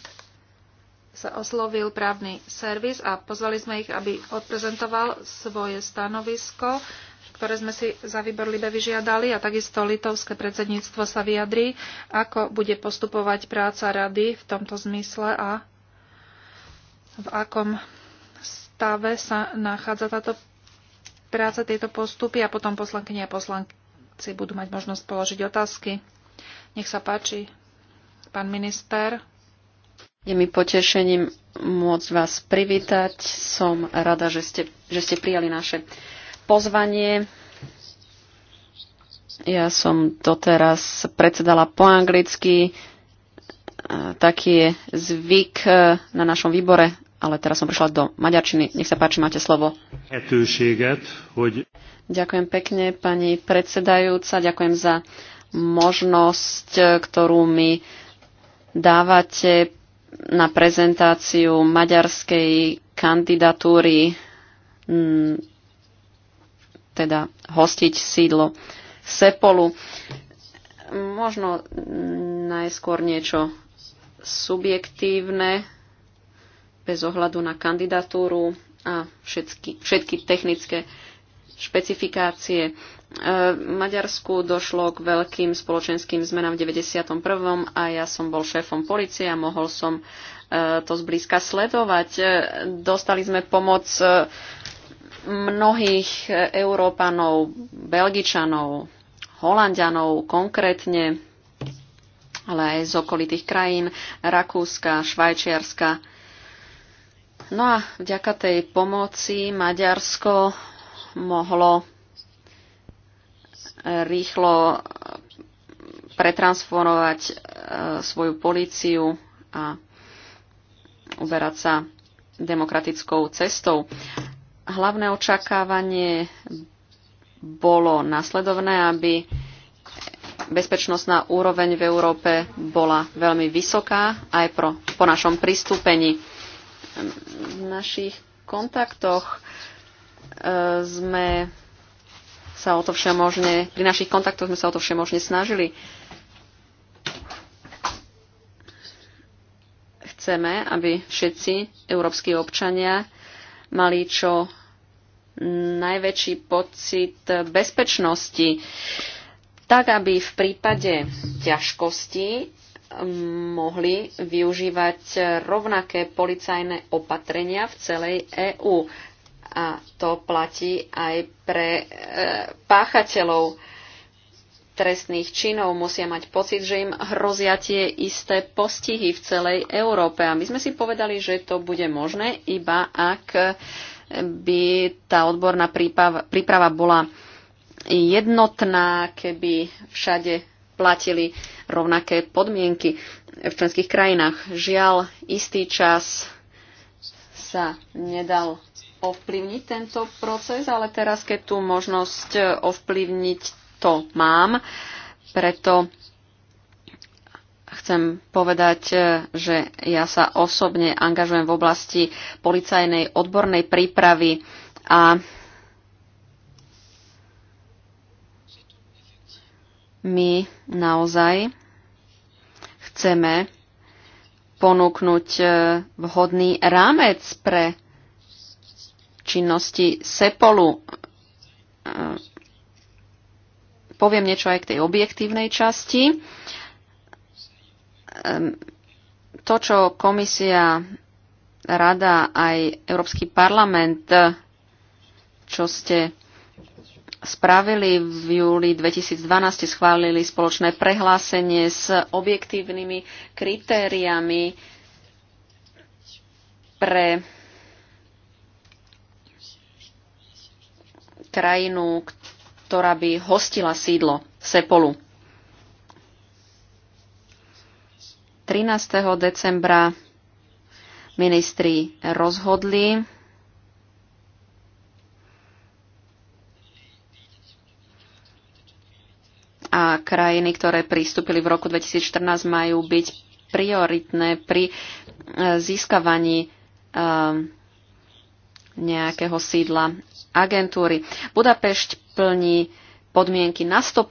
sa oslovil právny servis a pozvali sme ich, aby odprezentoval svoje stanovisko ktoré sme si za výbor Libe vyžiadali a takisto litovské predsedníctvo sa vyjadrí, ako bude postupovať práca rady v tomto zmysle a v akom stave sa nachádza táto práca, tieto postupy a potom poslankyne a poslanci budú mať možnosť položiť otázky. Nech sa páči, pán minister. Je mi potešením môcť vás privítať. Som rada, že ste, že ste prijali naše pozvanie. Ja som doteraz predsedala po anglicky. E, taký je zvyk e, na našom výbore, ale teraz som prišla do Maďarčiny. Nech sa páči, máte slovo. Ďakujem pekne, pani predsedajúca. Ďakujem za možnosť, e, ktorú mi dávate na prezentáciu maďarskej kandidatúry mm, teda hostiť sídlo Sepolu. Možno najskôr niečo subjektívne, bez ohľadu na kandidatúru a všetky, všetky technické špecifikácie. V e, Maďarsku došlo k veľkým spoločenským zmenám v 91. a ja som bol šéfom policie a mohol som e, to zblízka sledovať. E, dostali sme pomoc mnohých e, Európanov, Belgičanov, Holandianov konkrétne, ale aj z okolitých krajín, Rakúska, Švajčiarska. No a vďaka tej pomoci Maďarsko mohlo e, rýchlo e, pretransformovať svoju políciu a uberať sa demokratickou cestou hlavné očakávanie bolo nasledovné, aby bezpečnostná úroveň v Európe bola veľmi vysoká aj pro, po našom pristúpení. V našich kontaktoch e, sme sa o to všemožne, pri našich kontaktoch sme sa o to všemožne snažili. Chceme, aby všetci európsky občania mali čo najväčší pocit bezpečnosti, tak aby v prípade ťažkosti mohli využívať rovnaké policajné opatrenia v celej EÚ. A to platí aj pre e, páchateľov trestných činov. Musia mať pocit, že im hrozia tie isté postihy v celej Európe. A my sme si povedali, že to bude možné iba ak by tá odborná príprava, príprava bola jednotná, keby všade platili rovnaké podmienky v členských krajinách. Žiaľ, istý čas sa nedal ovplyvniť tento proces, ale teraz, keď tú možnosť ovplyvniť to mám, preto chcem povedať, e, že ja sa osobne angažujem v oblasti policajnej odbornej prípravy a my naozaj chceme ponúknuť e, vhodný rámec pre činnosti SEPOLu. E, poviem niečo aj k tej objektívnej časti to, čo komisia, rada aj Európsky parlament, čo ste spravili v júli 2012, schválili spoločné prehlásenie s objektívnymi kritériami pre krajinu, ktorá by hostila sídlo Sepolu. 13. decembra ministri rozhodli, a krajiny, ktoré pristúpili v roku 2014, majú byť prioritné pri e, získavaní e, nejakého sídla agentúry. Budapešť plní podmienky na 100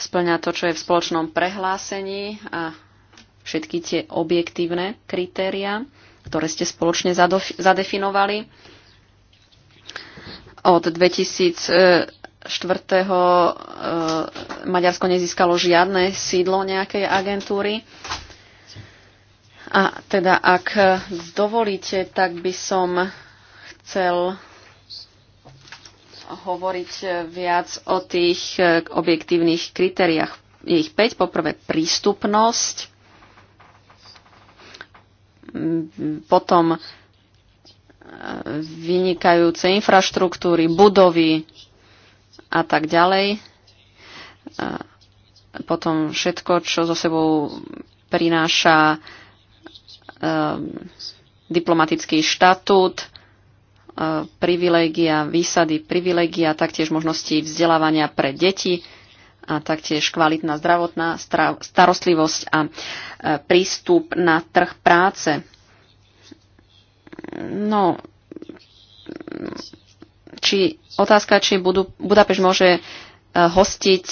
splňa to, čo je v spoločnom prehlásení a všetky tie objektívne kritéria, ktoré ste spoločne zadefinovali. Od 2004. E, Maďarsko nezískalo žiadne sídlo nejakej agentúry. A teda, ak dovolíte, tak by som chcel hovoriť e, viac o tých e, objektívnych kritériách. Je ich 5. Poprvé prístupnosť, mm, potom e, vynikajúce infraštruktúry, budovy a tak ďalej. Potom všetko, čo so sebou prináša diplomatický štatút, E, privilégia, výsady privilégia, taktiež možnosti vzdelávania pre deti a taktiež kvalitná zdravotná starostlivosť a e, prístup na trh práce. No, či, otázka, či budú, Budapešť môže e, hostiť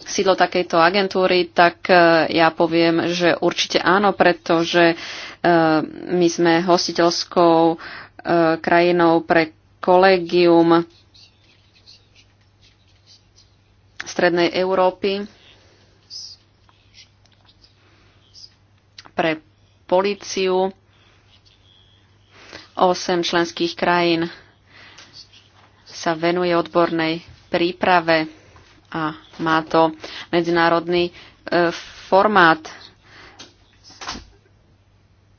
sídlo takejto agentúry, tak ja poviem, že určite áno, pretože my sme hostiteľskou krajinou pre kolegium Strednej Európy pre policiu 8 členských krajín sa venuje odbornej príprave a má to medzinárodný e, formát.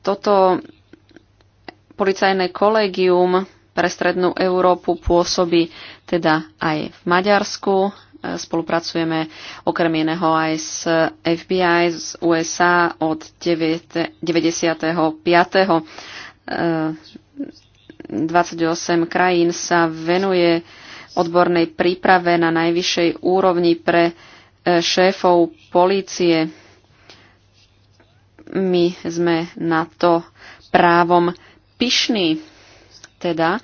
Toto Policajné kolegium pre Strednú Európu pôsobí teda aj v Maďarsku. E, spolupracujeme okrem iného aj s FBI z USA od 95. 28 e, krajín sa venuje odbornej príprave na najvyššej úrovni pre e, šéfov policie. My sme na to právom pyšní, teda,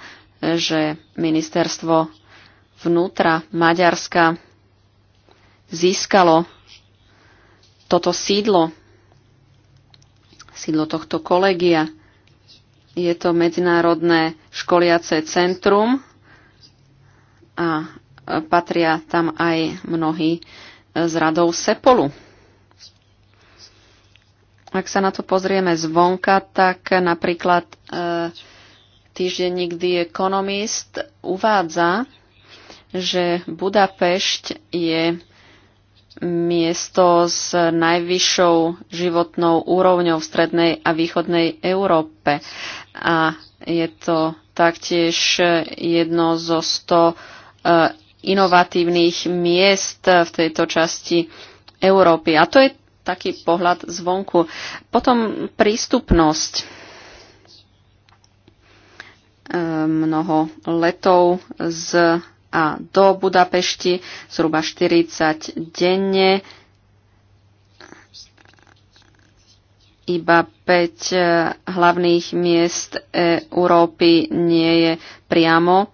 že ministerstvo vnútra Maďarska získalo toto sídlo, sídlo tohto kolegia. Je to medzinárodné školiace centrum a patria tam aj mnohí z radov Sepolu. Ak sa na to pozrieme zvonka, tak napríklad e, týždenník The Economist uvádza, že Budapešť je miesto s najvyššou životnou úrovňou v strednej a východnej Európe. A je to taktiež jedno zo 100 e, inovatívnych miest v tejto časti Európy. A to je taký pohľad zvonku. Potom prístupnosť. E, mnoho letov z a do Budapešti, zhruba 40 denne. iba 5 e, hlavných miest Európy nie je priamo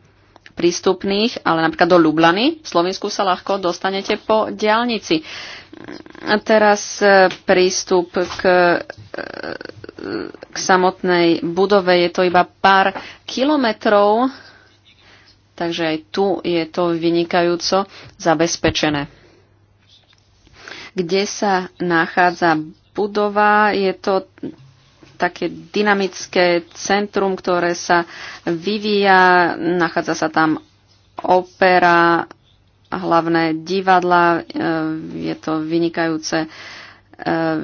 prístupných, ale napríklad do Lublany v Slovensku sa ľahko dostanete po diálnici. A teraz e, prístup k, e, k samotnej budove je to iba pár kilometrov, takže aj tu je to vynikajúco zabezpečené. Kde sa nachádza budova? Je to také dynamické centrum, ktoré sa vyvíja. Nachádza sa tam opera, hlavné divadla. E, je to vynikajúce, e,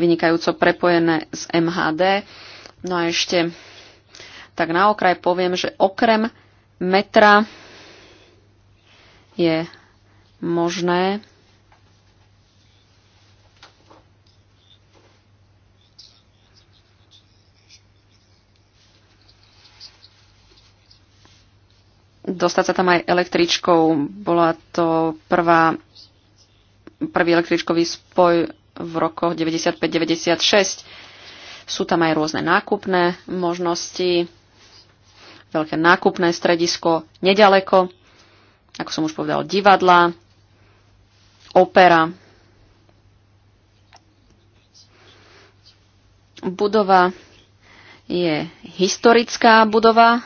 vynikajúco prepojené s MHD. No a ešte tak na okraj poviem, že okrem metra je možné dostať sa tam aj električkou. Bola to prvá, prvý električkový spoj v rokoch 95-96. Sú tam aj rôzne nákupné možnosti, veľké nákupné stredisko nedaleko, ako som už povedal, divadla, opera, budova je historická budova,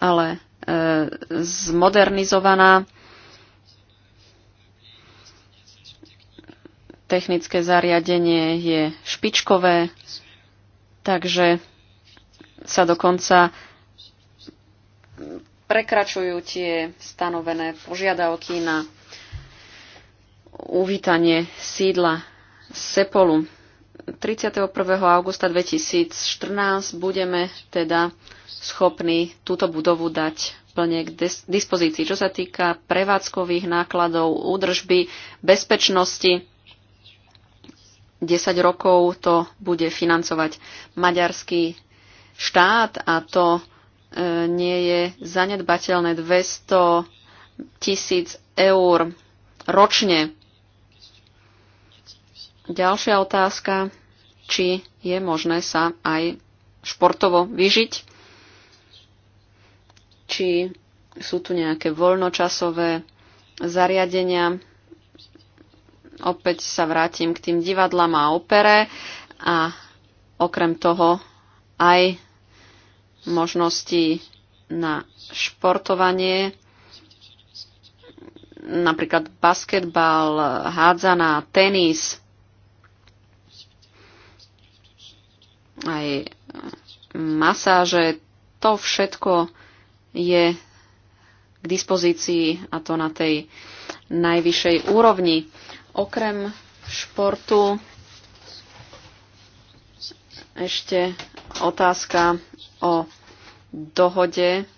ale e, zmodernizovaná. Technické zariadenie je špičkové, takže sa dokonca prekračujú tie stanovené požiadavky na uvítanie sídla Sepolu. 31. augusta 2014 budeme teda schopní túto budovu dať plne k dispozícii. Čo sa týka prevádzkových nákladov, údržby, bezpečnosti, 10 rokov to bude financovať maďarský štát a to e, nie je zanedbateľné 200 tisíc eur ročne Ďalšia otázka, či je možné sa aj športovo vyžiť, či sú tu nejaké voľnočasové zariadenia. Opäť sa vrátim k tým divadlám a opere a okrem toho aj možnosti na športovanie, napríklad basketbal, hádzaná, tenis, aj masáže. To všetko je k dispozícii a to na tej najvyššej úrovni. Okrem športu ešte otázka o dohode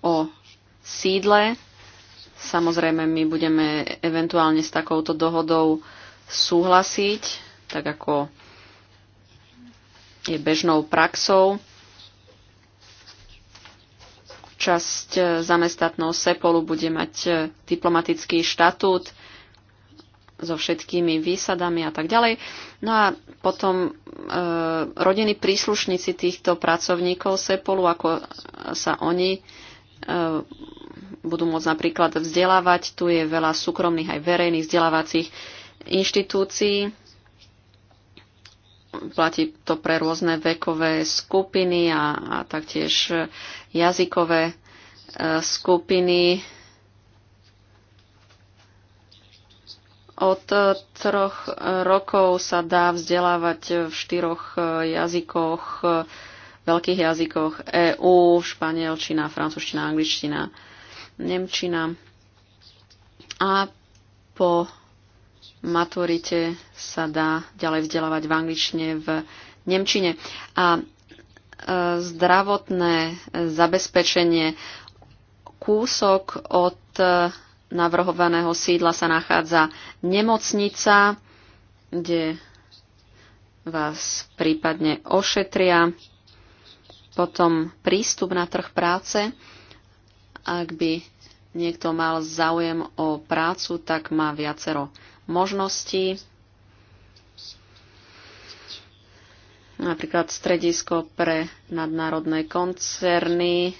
o sídle. Samozrejme, my budeme eventuálne s takouto dohodou súhlasiť, tak ako je bežnou praxou. Časť e, zamestnatného Sepolu bude mať e, diplomatický štatút so všetkými výsadami a tak ďalej. No a potom e, rodiny príslušníci týchto pracovníkov Sepolu, ako sa oni e, budú môcť napríklad vzdelávať. Tu je veľa súkromných aj verejných vzdelávacích inštitúcií platí to pre rôzne vekové skupiny a, a taktiež jazykové e, skupiny. Od e, troch e, rokov sa dá vzdelávať v štyroch jazykoch, veľkých jazykoch EU, španielčina, francúzština, angličtina, nemčina. A po maturite sa dá ďalej vzdelávať v angličtine, v nemčine. A e, zdravotné zabezpečenie kúsok od e, navrhovaného sídla sa nachádza nemocnica, kde vás prípadne ošetria. Potom prístup na trh práce. Ak by niekto mal záujem o prácu, tak má viacero možnosti, napríklad stredisko pre nadnárodné koncerny,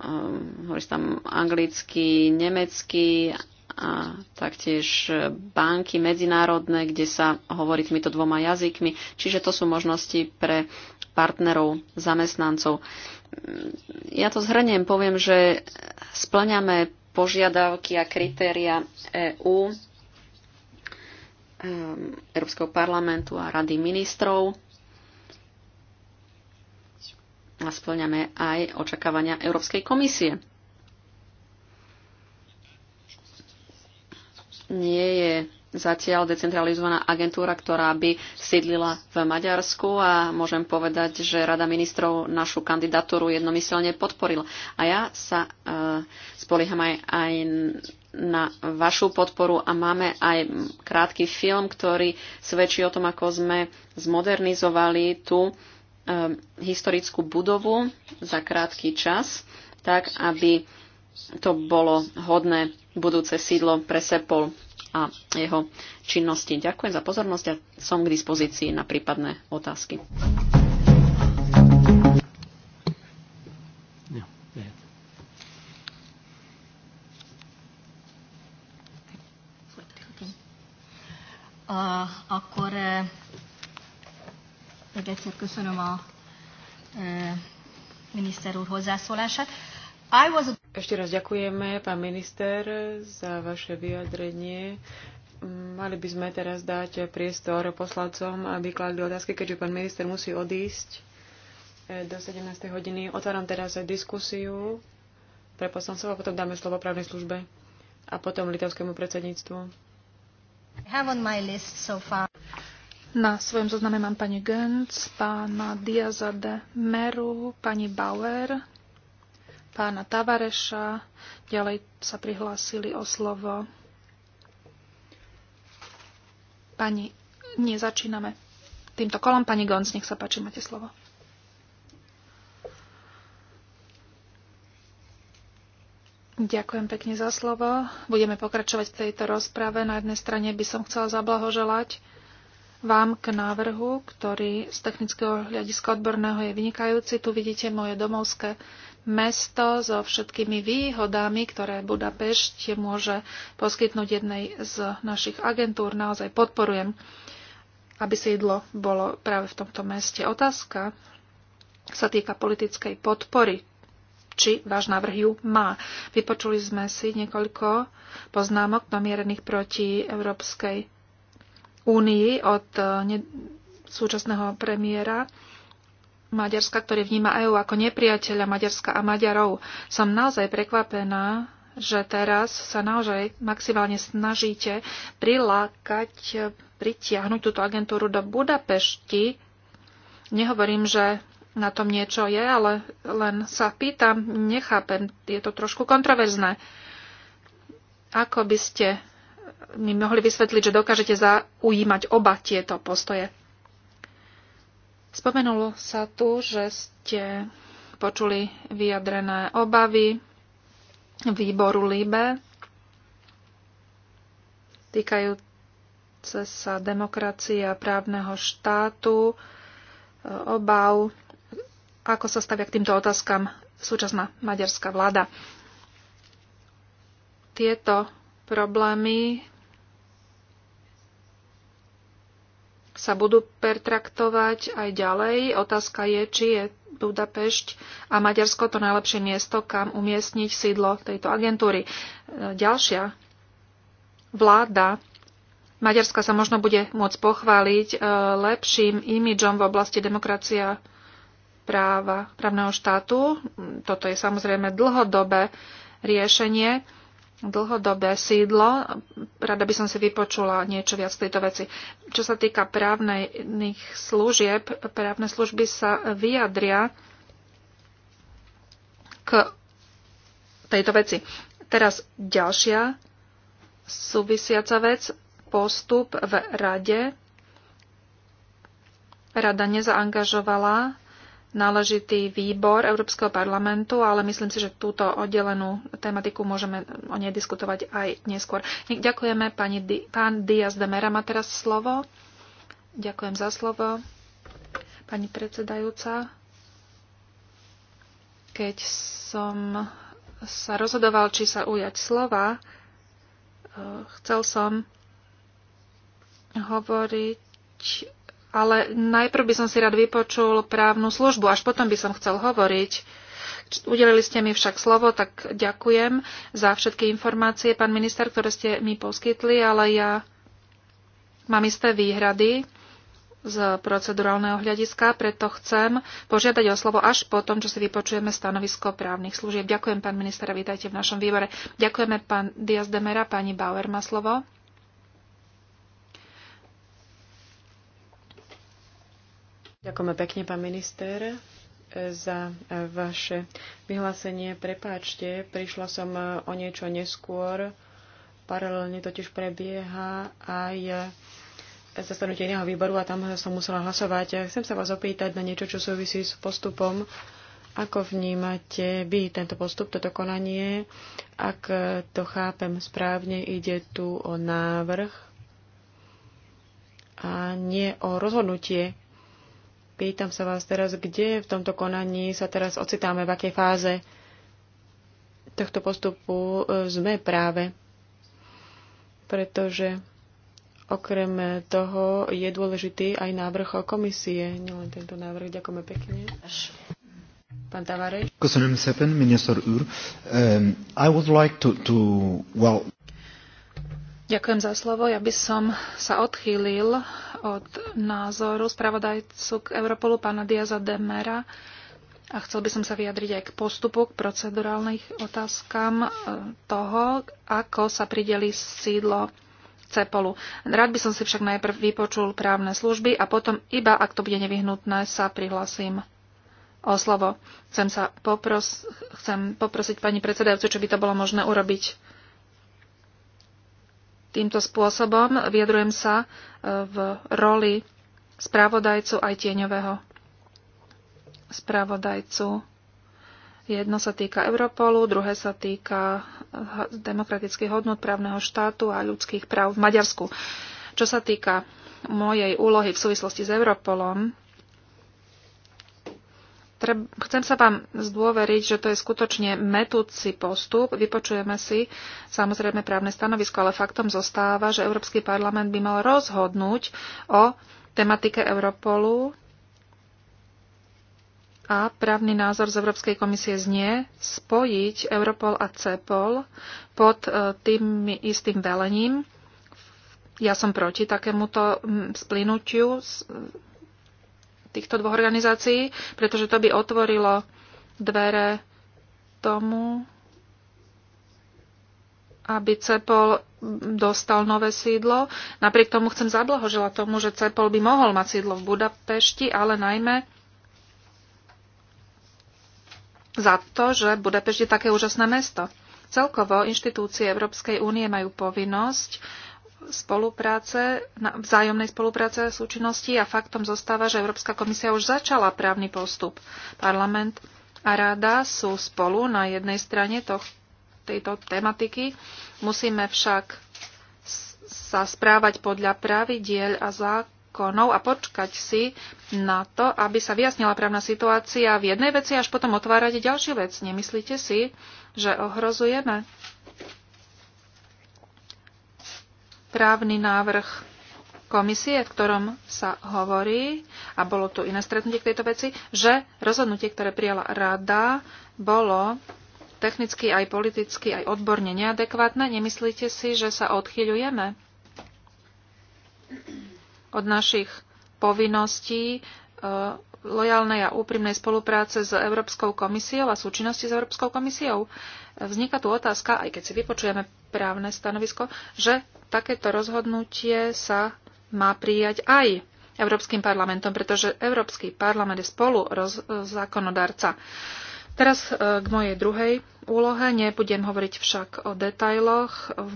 um, hovorí tam anglicky, nemecky a taktiež banky medzinárodné, kde sa hovorí týmito dvoma jazykmi. Čiže to sú možnosti pre partnerov, zamestnancov. Ja to zhrniem, poviem, že splňame požiadavky a kritéria EU Ehm, Európskeho parlamentu a Rady ministrov a splňame aj očakávania Európskej komisie. Nie je zatiaľ decentralizovaná agentúra, ktorá by sídlila v Maďarsku a môžem povedať, že Rada ministrov našu kandidatúru jednomyselne podporila. A ja sa uh, spolieham aj, aj na vašu podporu a máme aj krátky film, ktorý svedčí o tom, ako sme zmodernizovali tú e, historickú budovu za krátky čas, tak aby to bolo hodné budúce sídlo pre Sepol a jeho činnosti. Ďakujem za pozornosť a som k dispozícii na prípadné otázky. Yeah, yeah. Uh, akkor uh, még egyszer köszönöm a uh, miniszter úr hozzászólását. I was a... Ešte raz ďakujeme, pán minister, za vaše vyjadrenie. Mali by sme teraz dať priestor poslancom, aby kladli otázky, keďže pán minister musí odísť eh, do 17. hodiny. Otváram teraz diskusiu pre poslancov a potom dáme slovo právnej službe a potom litovskému predsedníctvu. Na svojom zozname mám pani Gönc, pána Diaza de Meru, pani Bauer, pána Tavareša. Ďalej sa prihlásili o slovo pani... Nie, začíname týmto kolom. Pani Gönc, nech sa páči, máte slovo. Ďakujem pekne za slovo. Budeme pokračovať v tejto rozprave. Na jednej strane by som chcela zablahoželať vám k návrhu, ktorý z technického hľadiska odborného je vynikajúci. Tu vidíte moje domovské mesto so všetkými výhodami, ktoré Budapešť môže poskytnúť jednej z našich agentúr. Naozaj podporujem, aby sídlo bolo práve v tomto meste. Otázka sa týka politickej podpory či váš návrh ju má. Vypočuli sme si niekoľko poznámok namierených proti Európskej únii od e, súčasného premiéra Maďarska, ktorý vníma EÚ ako nepriateľa Maďarska a Maďarov. Som naozaj prekvapená, že teraz sa naozaj maximálne snažíte prilákať, e, pritiahnuť túto agentúru do Budapešti. Nehovorím, že na tom niečo je, ale len sa pýtam, nechápem, je to trošku kontroverzné. Ako by ste mi mohli vysvetliť, že dokážete zaujímať oba tieto postoje? Spomenulo sa tu, že ste počuli vyjadrené obavy výboru LIBE týkajúce sa demokracie a právneho štátu, obav ako sa stavia k týmto otázkam súčasná maďarská vláda. Tieto problémy sa budú pertraktovať aj ďalej. Otázka je, či je Budapešť a Maďarsko to najlepšie miesto, kam umiestniť sídlo tejto agentúry. E, ďalšia vláda Maďarska sa možno bude môcť pochváliť e, lepším imidžom v oblasti demokracia práva, právneho štátu. Toto je samozrejme dlhodobé riešenie, dlhodobé sídlo. Rada by som si vypočula niečo viac tejto veci. Čo sa týka právnych služieb, právne služby sa vyjadria k tejto veci. Teraz ďalšia súvisiaca vec, postup v rade. Rada nezaangažovala náležitý výbor Európskeho parlamentu, ale myslím si, že túto oddelenú tematiku môžeme o nej diskutovať aj neskôr. Ďakujeme. Pani Di- pán Diaz de Mera má teraz slovo. Ďakujem za slovo. Pani predsedajúca, keď som sa rozhodoval, či sa ujať slova, eh, chcel som hovoriť ale najprv by som si rád vypočul právnu službu, až potom by som chcel hovoriť. Udelili ste mi však slovo, tak ďakujem za všetky informácie, pán minister, ktoré ste mi poskytli, ale ja mám isté výhrady z procedurálneho hľadiska, preto chcem požiadať o slovo až po tom, čo si vypočujeme stanovisko právnych služieb. Ďakujem, pán minister, a vítajte v našom výbore. Ďakujeme, pán Diaz Demera, pani Bauer má slovo. Ďakujeme pekne, pán minister, e, za e, vaše vyhlásenie. Prepáčte, prišla som e, o niečo neskôr. Paralelne totiž prebieha aj zastanutie iného výboru a tam som musela hlasovať. Chcem sa vás opýtať na niečo, čo súvisí s postupom. Ako vnímate vy tento postup, toto konanie? Ak to chápem správne, ide tu o návrh a nie o rozhodnutie Pýtam sa vás teraz, kde v tomto konaní sa teraz ocitáme, v akej fáze tohto postupu e, sme práve. Pretože okrem toho je dôležitý aj návrh komisie, nielen tento návrh. Ďakujeme pekne. Pán Tavarej. Köszönöm szépen, miniszter úr. Um, I would like to, to well... Ďakujem za slovo. Ja by som sa odchýlil od názoru spravodajcu k Europolu pána Diaza Demera a chcel by som sa vyjadriť aj k postupu, k procedurálnych otázkam e, toho, ako sa prideli sídlo CEPOLu. Rád by som si však najprv vypočul právne služby a potom iba, ak to bude nevyhnutné, sa prihlasím o slovo. Chcem, sa popros- chcem poprosiť pani predsedajúcu, či by to bolo možné urobiť týmto spôsobom. Vyjadrujem sa e, v roli správodajcu aj tieňového spravodajcu. Jedno sa týka Europolu, druhé sa týka e, demokratických hodnot právneho štátu a ľudských práv v Maďarsku. Čo sa týka mojej úlohy v súvislosti s Europolom, Treb, chcem sa vám zdôveriť, že to je skutočne metúci postup. Vypočujeme si samozrejme právne stanovisko, ale faktom zostáva, že Európsky parlament by mal rozhodnúť o tematike Europolu a právny názor z Európskej komisie znie spojiť Europol a CEPOL pod e, tým istým velením. Ja som proti takémuto splinutiu týchto dvoch organizácií, pretože to by otvorilo dvere tomu, aby CEPOL dostal nové sídlo. Napriek tomu chcem zablahoželať tomu, že CEPOL by mohol mať sídlo v Budapešti, ale najmä za to, že Budapešť je také úžasné mesto. Celkovo inštitúcie Európskej únie majú povinnosť spolupráce, vzájomnej spolupráce, súčinnosti a faktom zostáva, že Európska komisia už začala právny postup. Parlament a rada sú spolu na jednej strane to, tejto tematiky. Musíme však sa správať podľa pravidiel a zákonov a počkať si na to, aby sa vyjasnila právna situácia v jednej veci až potom otvárať ďalšiu vec. Nemyslíte si, že ohrozujeme právny návrh komisie, v ktorom sa hovorí, a bolo tu iné stretnutie k tejto veci, že rozhodnutie, ktoré prijala rada, bolo technicky, aj politicky, aj odborne neadekvátne. Nemyslíte si, že sa odchyľujeme od našich povinností e, lojálnej a úprimnej spolupráce s Európskou komisiou a súčinnosti s Európskou komisiou? Vzniká tu otázka, aj keď si vypočujeme právne stanovisko, že takéto rozhodnutie sa má prijať aj Európskym parlamentom, pretože Európsky parlament je spolu roz, zákonodarca. Teraz e, k mojej druhej úlohe. Nebudem hovoriť však o detailoch. V,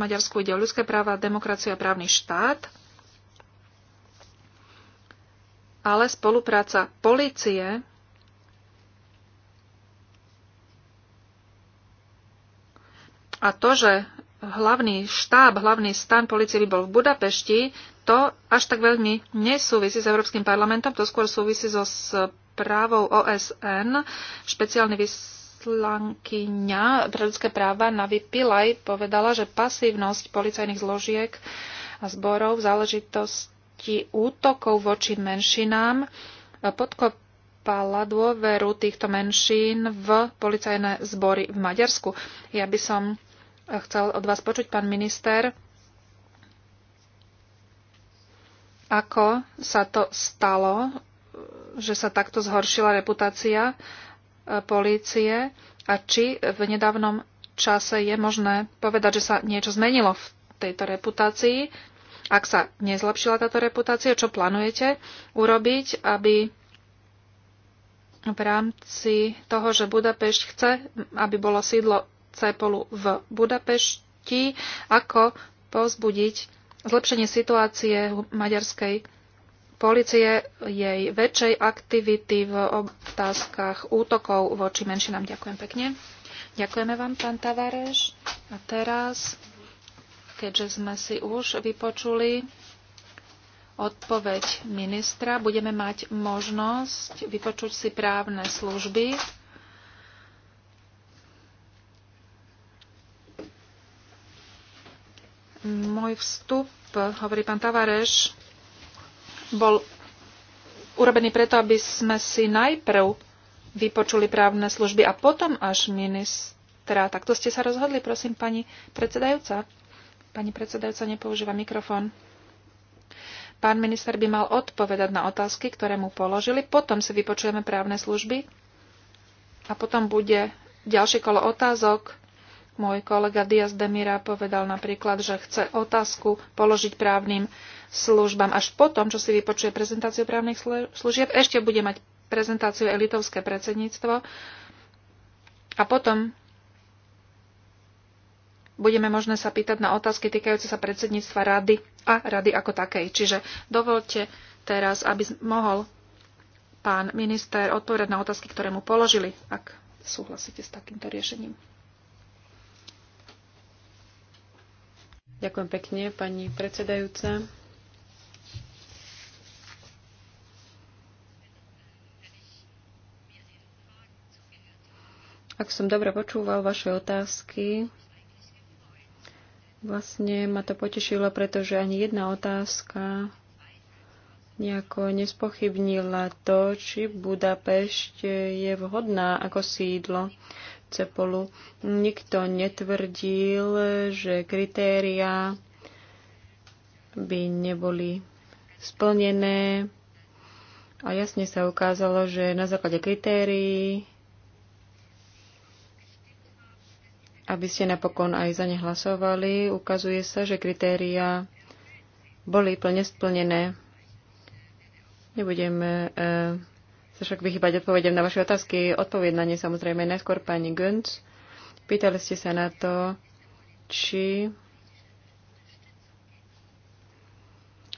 Maďarsku ide o ľudské práva, demokraciu a právny štát ale spolupráca policie a to, že hlavný štáb, hlavný stan policie by bol v Budapešti, to až tak veľmi nesúvisí s Európskym parlamentom, to skôr súvisí so správou OSN. Špeciálny vyslankyňa pre ľudské práva Navi Pilaj povedala, že pasívnosť policajných zložiek a zborov v záležitosti oblasti útokov voči menšinám e, podkopala dôveru týchto menšín v policajné zbory v Maďarsku. Ja by som e, chcel od vás počuť, pán minister, ako sa to stalo, že sa takto zhoršila reputácia e, polície a či v nedávnom čase je možné povedať, že sa niečo zmenilo v tejto reputácii ak sa nezlepšila táto reputácia, čo plánujete urobiť, aby v rámci toho, že Budapešť chce, aby bolo sídlo CEPOLu v Budapešti, ako pozbudiť zlepšenie situácie maďarskej policie, jej väčšej aktivity v otázkach útokov voči menšinám. Ďakujem pekne. Ďakujeme vám, pán Tavareš. A teraz keďže sme si už vypočuli odpoveď ministra, budeme mať možnosť vypočuť si právne služby. Môj vstup, hovorí pán Tavareš, bol urobený preto, aby sme si najprv vypočuli právne služby a potom až ministra. Takto ste sa rozhodli, prosím, pani predsedajúca. Pani predsedajúca nepoužíva mikrofón. Pán minister by mal odpovedať na otázky, ktoré mu položili, potom si vypočujeme právne služby a potom bude ďalšie kolo otázok. Môj kolega Diaz Demira povedal napríklad, že chce otázku položiť právnym službám. Až potom, čo si vypočuje prezentáciu právnych služieb, ešte bude mať prezentáciu elitovské predsedníctvo a potom budeme možné sa pýtať na otázky týkajúce sa predsedníctva rady a rady ako takej. Čiže dovolte teraz, aby mohol pán minister odpovedať na otázky, ktoré mu položili, ak súhlasíte s takýmto riešením. Ďakujem pekne, pani predsedajúca. Ak som dobre počúval vaše otázky, Vlastne ma to potešilo, pretože ani jedna otázka nejako nespochybnila to, či Budapešť je vhodná ako sídlo Cepolu. Nikto netvrdil, že kritéria by neboli splnené a jasne sa ukázalo, že na základe kritérií aby ste napokon aj za ne hlasovali. Ukazuje sa, že kritéria boli plne splnené. Nebudeme sa však vyhybať odpovedem na vaše otázky. Odpovedanie samozrejme najskôr pani Gönc. Pýtali ste sa na to, či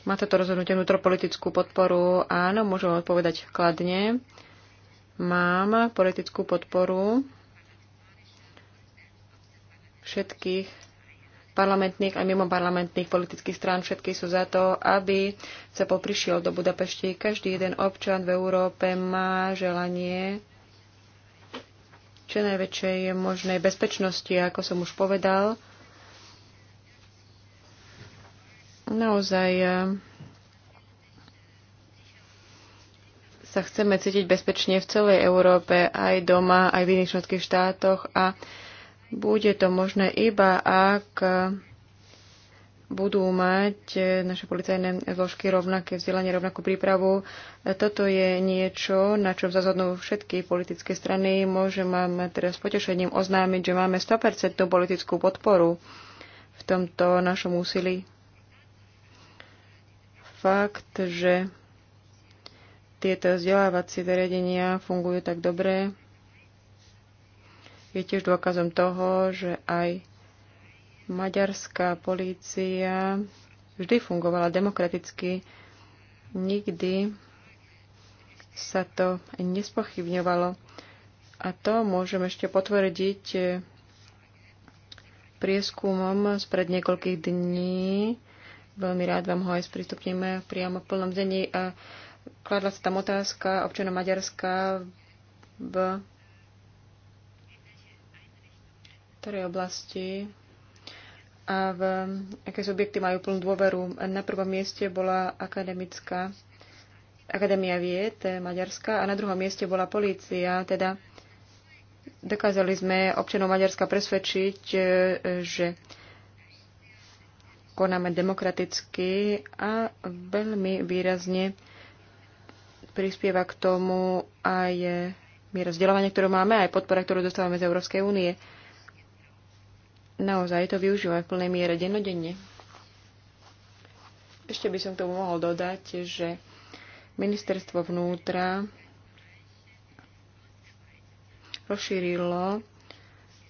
má toto rozhodnutie vnútropolitickú podporu. Áno, môžem odpovedať kladne. Mám politickú podporu všetkých parlamentných a mimoparlamentných politických strán. Všetky sú za to, aby sa poprišiel do Budapešti. Každý jeden občan v Európe má želanie čo najväčšej možnej bezpečnosti, ako som už povedal. Naozaj eh, sa chceme cítiť bezpečne v celej Európe, aj doma, aj v iných členských štátoch a bude to možné iba, ak budú mať naše policajné zložky rovnaké vzdelanie, rovnakú prípravu. Toto je niečo, na čo zazhodnú všetky politické strany. Môžem vám teraz s potešením oznámiť, že máme 100% politickú podporu v tomto našom úsilí. Fakt, že tieto vzdelávacie zariadenia fungujú tak dobre, je tiež dôkazom toho, že aj maďarská polícia vždy fungovala demokraticky, nikdy sa to nespochybňovalo. A to môžem ešte potvrdiť prieskumom spred niekoľkých dní. Veľmi rád vám ho aj sprístupníme priamo v plnom A Kladla sa tam otázka občana Maďarska v ktorej oblasti a v aké subjekty majú plnú dôveru. Na prvom mieste bola akademická Akadémia vied Maďarská a na druhom mieste bola polícia, teda dokázali sme občanov Maďarska presvedčiť, e, že konáme demokraticky a veľmi výrazne prispieva k tomu aj mi vzdelávania, ktorú máme, aj podpora, ktorú dostávame z Európskej únie naozaj to využívajú v plnej miere dennodenne. Ešte by som k tomu mohol dodať, že ministerstvo vnútra rozšírilo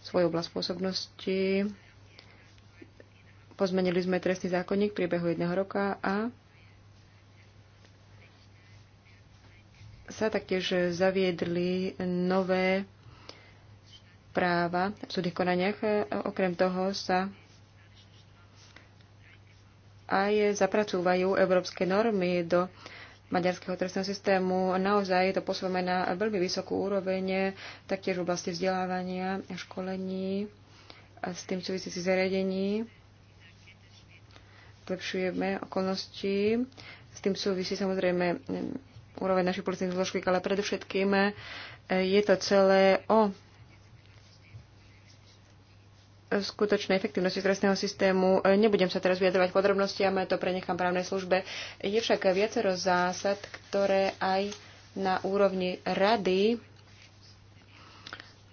svoju oblasť pôsobnosti. Pozmenili sme trestný zákonník v priebehu jedného roka a sa taktiež zaviedli nové práva v súdnych konaniach. E, okrem toho sa aj zapracúvajú európske normy do maďarského trestného systému. Naozaj to posúvame na veľmi vysokú úroveň, taktiež v oblasti vzdelávania, školení a s tým si zariadení. Zlepšujeme okolnosti. S tým súvisí samozrejme mm, úroveň našich policajných zložiek, ale predovšetkým e, je to celé o skutočnej efektivnosti trestného systému. Nebudem sa teraz vyjadrovať podrobnostiam, to prenechám právnej službe. Je však viacero zásad, ktoré aj na úrovni rady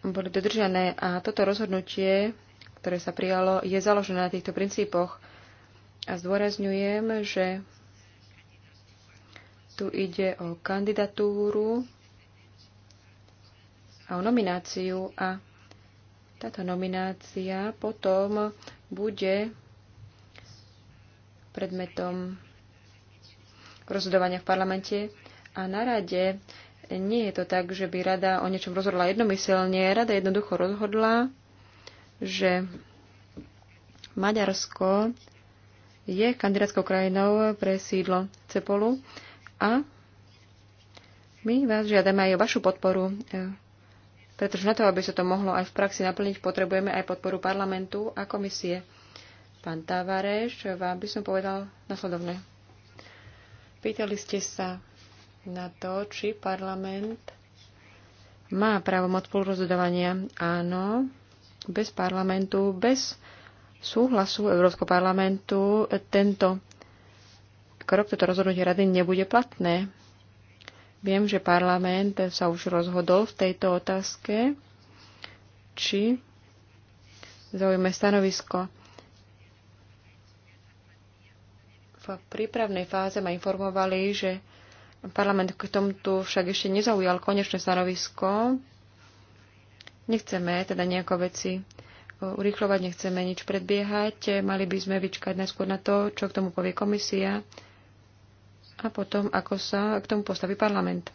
boli dodržané a toto rozhodnutie, ktoré sa prijalo, je založené na týchto princípoch. A zdôrazňujem, že tu ide o kandidatúru a o nomináciu a táto nominácia potom bude predmetom rozhodovania v parlamente a na rade nie je to tak, že by rada o niečom rozhodla jednomyselne. Rada jednoducho rozhodla, že Maďarsko je kandidátskou krajinou pre sídlo Cepolu a my vás žiadame aj o vašu podporu e, pretože na to, aby sa to mohlo aj v praxi naplniť, potrebujeme aj podporu parlamentu a komisie. Pán Tavareš, vám by som povedal nasledovné. Pýtali ste sa na to, či parlament má právomoc spolurozhodovania. Áno, bez parlamentu, bez súhlasu Európskeho parlamentu tento krok, toto rozhodnutie rady nebude platné. Viem, že parlament sa už rozhodol v tejto otázke, či zaujme stanovisko. V prípravnej fáze ma informovali, že parlament k tomuto však ešte nezaujal konečné stanovisko. Nechceme teda nejako veci urychľovať, nechceme nič predbiehať. Mali by sme vyčkať najskôr na to, čo k tomu povie komisia a potom, ako sa k tomu postaví parlament.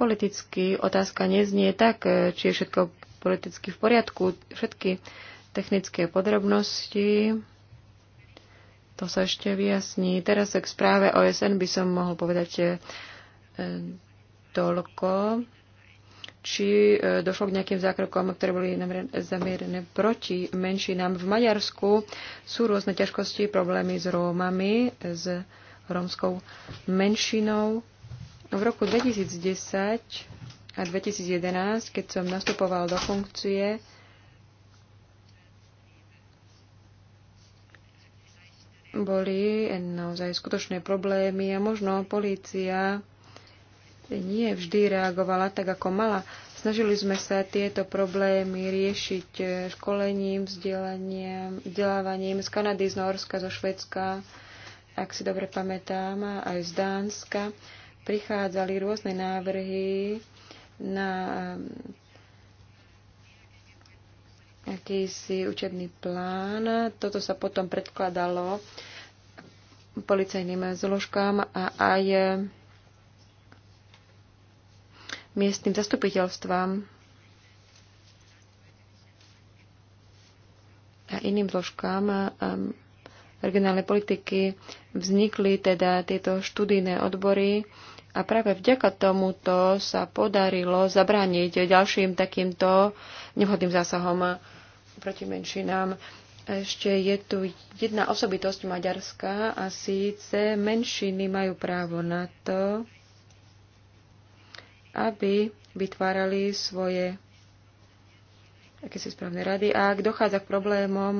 Politicky otázka neznie tak, či je všetko politicky v poriadku. Všetky technické podrobnosti, to sa ešte vyjasní. Teraz k správe OSN by som mohol povedať eh, toľko či e, došlo k nejakým zákrokom, ktoré boli zamierené proti menšinám. V Maďarsku sú rôzne ťažkosti, problémy s Rómami, s rómskou menšinou. V roku 2010 a 2011, keď som nastupoval do funkcie, boli naozaj skutočné problémy a možno polícia nie vždy reagovala tak, ako mala. Snažili sme sa tieto problémy riešiť e, školením, vzdelávaním z Kanady, z Norska, zo Švedska, ak si dobre pamätám, aj z Dánska. Prichádzali rôzne návrhy na e, akýsi učebný plán. Toto sa potom predkladalo policajným zložkám a aj miestnym zastupiteľstvám a iným zložkám um, regionálnej politiky vznikli teda tieto študijné odbory a práve vďaka tomuto sa podarilo zabrániť ďalším takýmto nevhodným zásahom proti menšinám. Ešte je tu jedna osobitosť Maďarska a síce menšiny majú právo na to, aby vytvárali svoje si správne rady. A ak dochádza k problémom,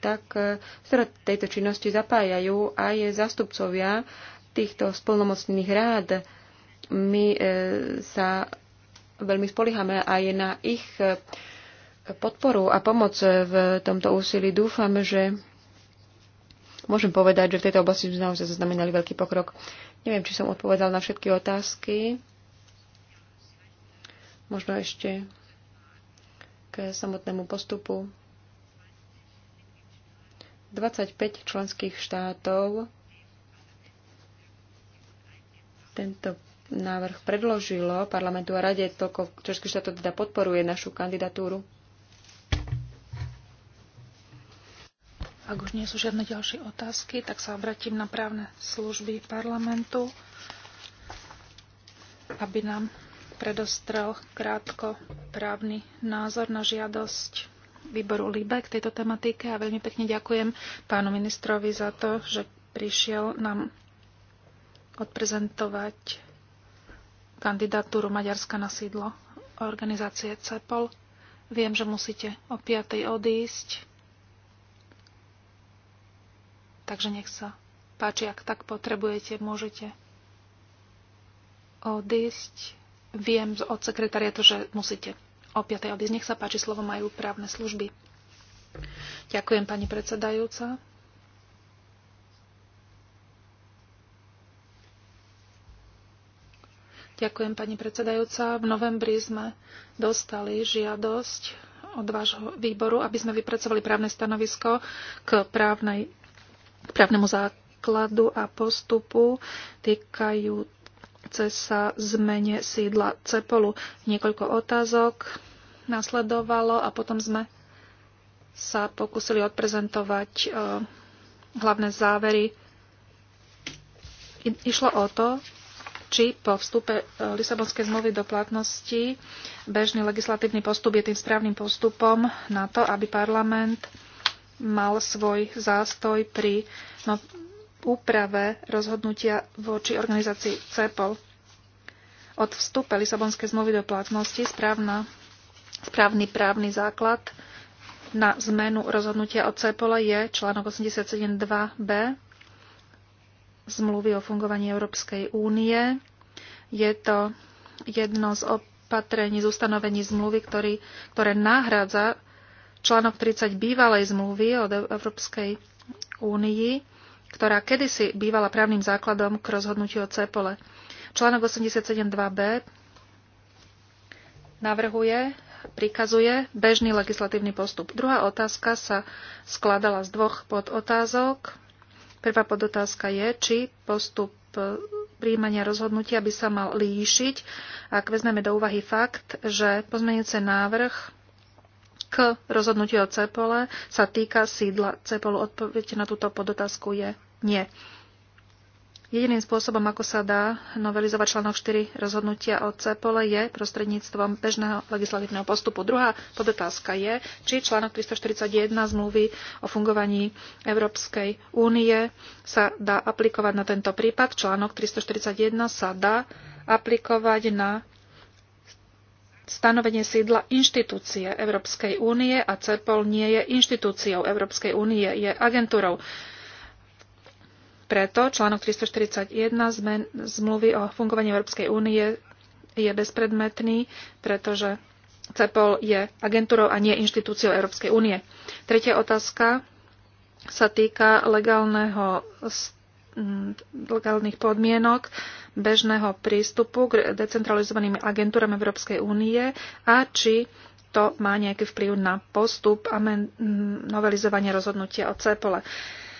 tak v e, tejto činnosti zapájajú aj zastupcovia týchto splnomocných rád. My e, sa veľmi spolíhame aj na ich e, podporu a pomoc v tomto úsilí. Dúfam, že môžem povedať, že v tejto oblasti sme naozaj zaznamenali veľký pokrok. Neviem, či som odpovedal na všetky otázky. Možno ešte k samotnému postupu. 25 členských štátov tento návrh predložilo parlamentu a rade, toľko Český štát teda podporuje našu kandidatúru. Ak už nie sú žiadne ďalšie otázky, tak sa obratím na právne služby parlamentu, aby nám predostrel krátko právny názor na žiadosť výboru LIBE k tejto tematike a veľmi pekne ďakujem pánu ministrovi za to, že prišiel nám odprezentovať kandidatúru Maďarska na sídlo organizácie CEPOL. Viem, že musíte o 5. odísť, takže nech sa páči, ak tak potrebujete, môžete odísť. Viem od sekretariatu, že musíte o 5. odísť. Nech sa páči, slovo majú právne služby. Ďakujem, pani predsedajúca. Ďakujem, pani predsedajúca. V novembri sme dostali žiadosť od vášho výboru, aby sme vypracovali právne stanovisko k, právnej, k právnemu základu a postupu týkajú, obce sa zmene sídla Cepolu. Niekoľko otázok nasledovalo a potom sme sa pokúsili odprezentovať e, hlavné závery. Išlo o to, či po vstupe e, Lisabonskej zmluvy do platnosti bežný legislatívny postup je tým správnym postupom na to, aby parlament mal svoj zástoj pri no, úprave rozhodnutia voči organizácii CEPOL. Od vstupe Lisabonskej zmluvy do platnosti správna, správny právny základ na zmenu rozhodnutia o CEPOL je článok 87.2b zmluvy o fungovaní Európskej únie. Je to jedno z opatrení z ustanovení zmluvy, ktorý, ktoré nahrádza článok 30 bývalej zmluvy od Európskej únii ktorá kedysi bývala právnym základom k rozhodnutiu o CEPOLE. Článok 87.2b navrhuje, prikazuje bežný legislatívny postup. Druhá otázka sa skladala z dvoch podotázok. Prvá podotázka je, či postup e, príjmania rozhodnutia by sa mal líšiť, ak vezmeme do úvahy fakt, že pozmenujúce návrh k rozhodnutiu o Cepole sa týka sídla Cepolu. Odpoveď na túto podotázku je nie. Jediným spôsobom, ako sa dá novelizovať článok 4 rozhodnutia o CEPOLE, je prostredníctvom bežného legislatívneho postupu. Druhá podotázka je, či článok 341 zmluvy o fungovaní Európskej únie sa dá aplikovať na tento prípad. Článok 341 sa dá aplikovať na stanovenie sídla inštitúcie Európskej únie a CEPOL nie je inštitúciou Európskej únie, je agentúrou. Preto článok 341 zmluvy o fungovaní Európskej únie je bezpredmetný, pretože CEPOL je agentúrou a nie inštitúciou Európskej únie. Tretia otázka sa týka legálneho, legálnych podmienok bežného prístupu k decentralizovaným agentúram Európskej únie a či to má nejaký vplyv na postup a novelizovanie rozhodnutia o CEPOLE.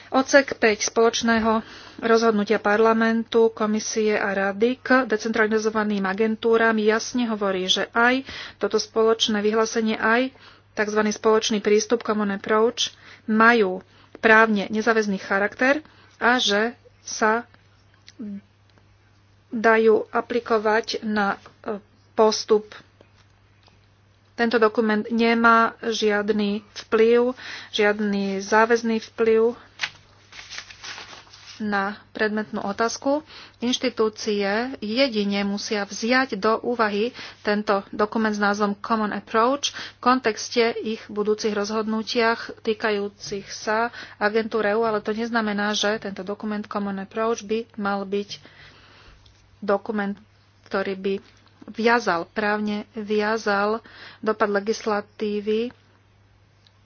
Ocek 5 spoločného rozhodnutia parlamentu, komisie a rady k decentralizovaným agentúram jasne hovorí, že aj toto spoločné vyhlásenie, aj tzv. spoločný prístup Common Approach majú právne nezáväzný charakter a že sa dajú aplikovať na e, postup. Tento dokument nemá žiadny vplyv, žiadny záväzný vplyv na predmetnú otázku. Inštitúcie jedine musia vziať do úvahy tento dokument s názvom Common Approach v kontekste ich budúcich rozhodnutiach týkajúcich sa agentúre EU, ale to neznamená, že tento dokument Common Approach by mal byť dokument, ktorý by viazal, právne viazal dopad legislatívy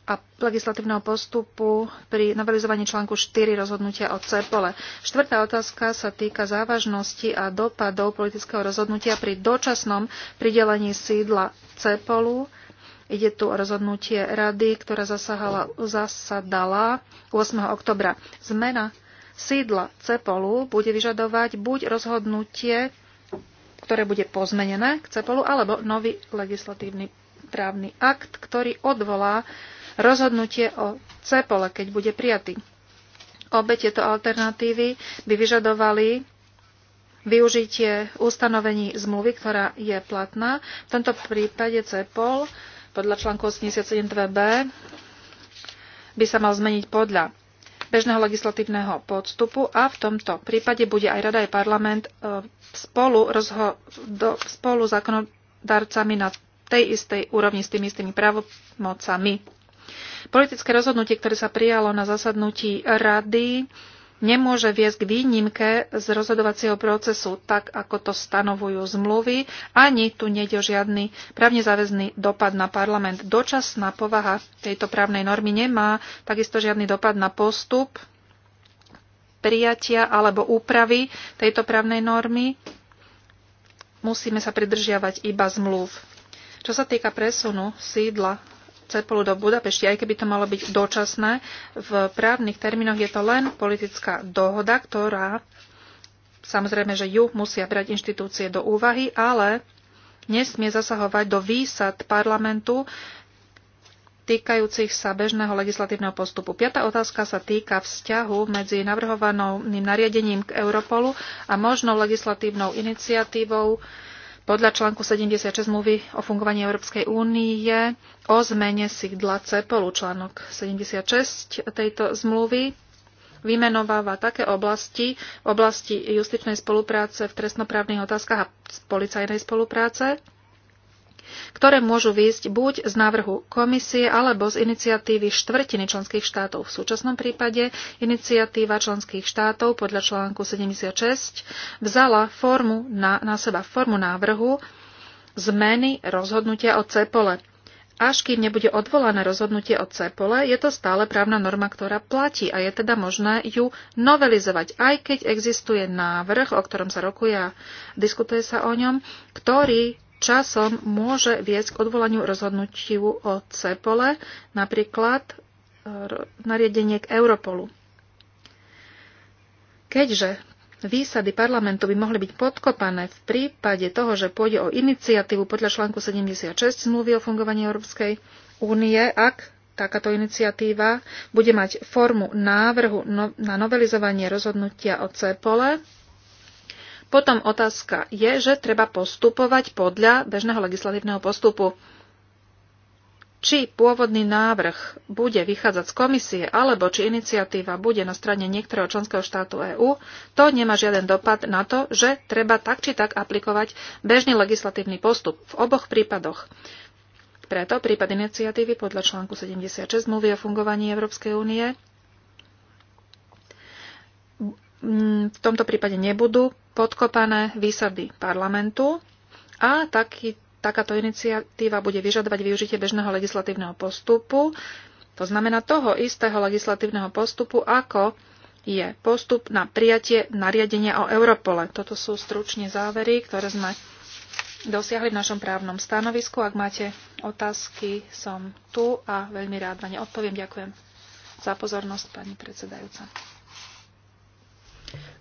a legislatívneho postupu pri novelizovaní článku 4 rozhodnutia o CEPOLE. Štvrtá otázka sa týka závažnosti a dopadov politického rozhodnutia pri dočasnom pridelení sídla CEPOLu. Ide tu o rozhodnutie rady, ktorá zasahala, zasadala 8. oktobra. Zmena sídla CEPOLu bude vyžadovať buď rozhodnutie, ktoré bude pozmenené k CEPOLu, alebo nový legislatívny právny akt, ktorý odvolá rozhodnutie o CEPOLe, keď bude prijatý. Obe tieto alternatívy by vyžadovali využitie ustanovení zmluvy, ktorá je platná. V tomto prípade CEPOL podľa článku 87.2b by sa mal zmeniť podľa bežného legislatívneho podstupu a v tomto prípade bude aj Rada aj parlament e, spolu, rozho- do, spolu zákonodarcami na tej istej úrovni s tými istými právomocami. Politické rozhodnutie, ktoré sa prijalo na zasadnutí rady, nemôže viesť k výnimke z rozhodovacieho procesu, tak ako to stanovujú zmluvy, ani tu nejde o žiadny právne záväzný dopad na parlament. Dočasná povaha tejto právnej normy nemá takisto žiadny dopad na postup prijatia alebo úpravy tejto právnej normy. Musíme sa pridržiavať iba zmluv. Čo sa týka presunu sídla CEPOLu do Budapešti, aj keby to malo byť dočasné. V právnych termínoch je to len politická dohoda, ktorá samozrejme, že ju musia brať inštitúcie do úvahy, ale nesmie zasahovať do výsad parlamentu týkajúcich sa bežného legislatívneho postupu. Piatá otázka sa týka vzťahu medzi navrhovaným nariadením k Europolu a možnou legislatívnou iniciatívou podľa článku 76 zmluvy o fungovaní Európskej únie o zmene sídla CEPOLu. Článok 76 tejto zmluvy vymenováva také oblasti, oblasti justičnej spolupráce v trestnoprávnych otázkach a policajnej spolupráce, ktoré môžu výjsť buď z návrhu komisie alebo z iniciatívy štvrtiny členských štátov. V súčasnom prípade iniciatíva členských štátov podľa článku 76 vzala formu na, na seba formu návrhu zmeny rozhodnutia o CEPOLE. Až kým nebude odvolané rozhodnutie o CEPOLE, je to stále právna norma, ktorá platí a je teda možné ju novelizovať, aj keď existuje návrh, o ktorom sa rokuje a diskutuje sa o ňom, ktorý časom môže viesť k odvolaniu rozhodnutiu o CEPOLE, napríklad nariadenie k Europolu. Keďže výsady parlamentu by mohli byť podkopané v prípade toho, že pôjde o iniciatívu podľa článku 76 zmluvy o fungovaní Európskej únie, ak takáto iniciatíva bude mať formu návrhu no, na novelizovanie rozhodnutia o CEPOLE, potom otázka je, že treba postupovať podľa bežného legislatívneho postupu. Či pôvodný návrh bude vychádzať z komisie, alebo či iniciatíva bude na strane niektorého členského štátu EÚ, to nemá žiaden dopad na to, že treba tak či tak aplikovať bežný legislatívny postup v oboch prípadoch. Preto prípad iniciatívy podľa článku 76 zmluvy o fungovaní Európskej únie Mm, v tomto prípade nebudú podkopané výsady parlamentu a taký, takáto iniciatíva bude vyžadovať využitie bežného legislatívneho postupu, to znamená toho istého legislatívneho postupu, ako je postup na prijatie nariadenia o Europole. Toto sú stručne závery, ktoré sme dosiahli v našom právnom stanovisku. Ak máte otázky, som tu a veľmi rád na ne odpoviem. Ďakujem za pozornosť, pani predsedajúca.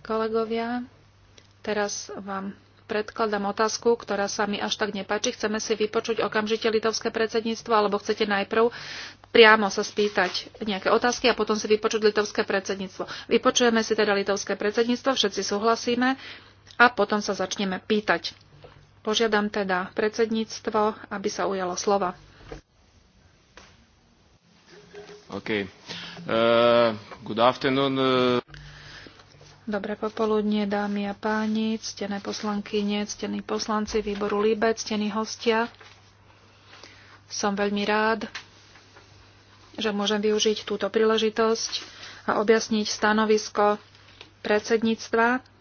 Kolegovia, teraz vám predkladám otázku, ktorá sa mi až tak nepáči. Chceme si vypočuť okamžite litovské predsedníctvo, alebo chcete najprv priamo sa spýtať nejaké otázky a potom si vypočuť litovské predsedníctvo. Vypočujeme si teda litovské predsedníctvo, všetci súhlasíme a potom sa začneme pýtať. Požiadam teda predsedníctvo, aby sa ujalo slova. OK. Uh, good afternoon. Eh. Dobré popoludnie, dámy a páni, ctené poslankyne, ctení poslanci výboru LIBE, ctení hostia. Som veľmi rád, že môžem využiť túto príležitosť a objasniť stanovisko predsedníctva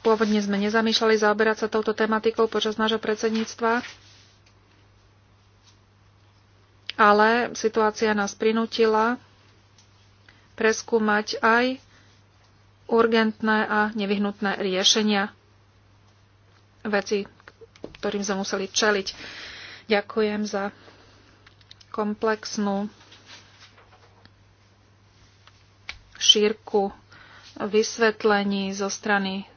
Pôvodne sme nezamýšľali zaoberať sa touto tematikou počas nášho predsedníctva, ale situácia nás prinútila preskúmať aj urgentné a nevyhnutné riešenia veci, ktorým sme museli čeliť. Ďakujem za komplexnú šírku vysvetlení zo strany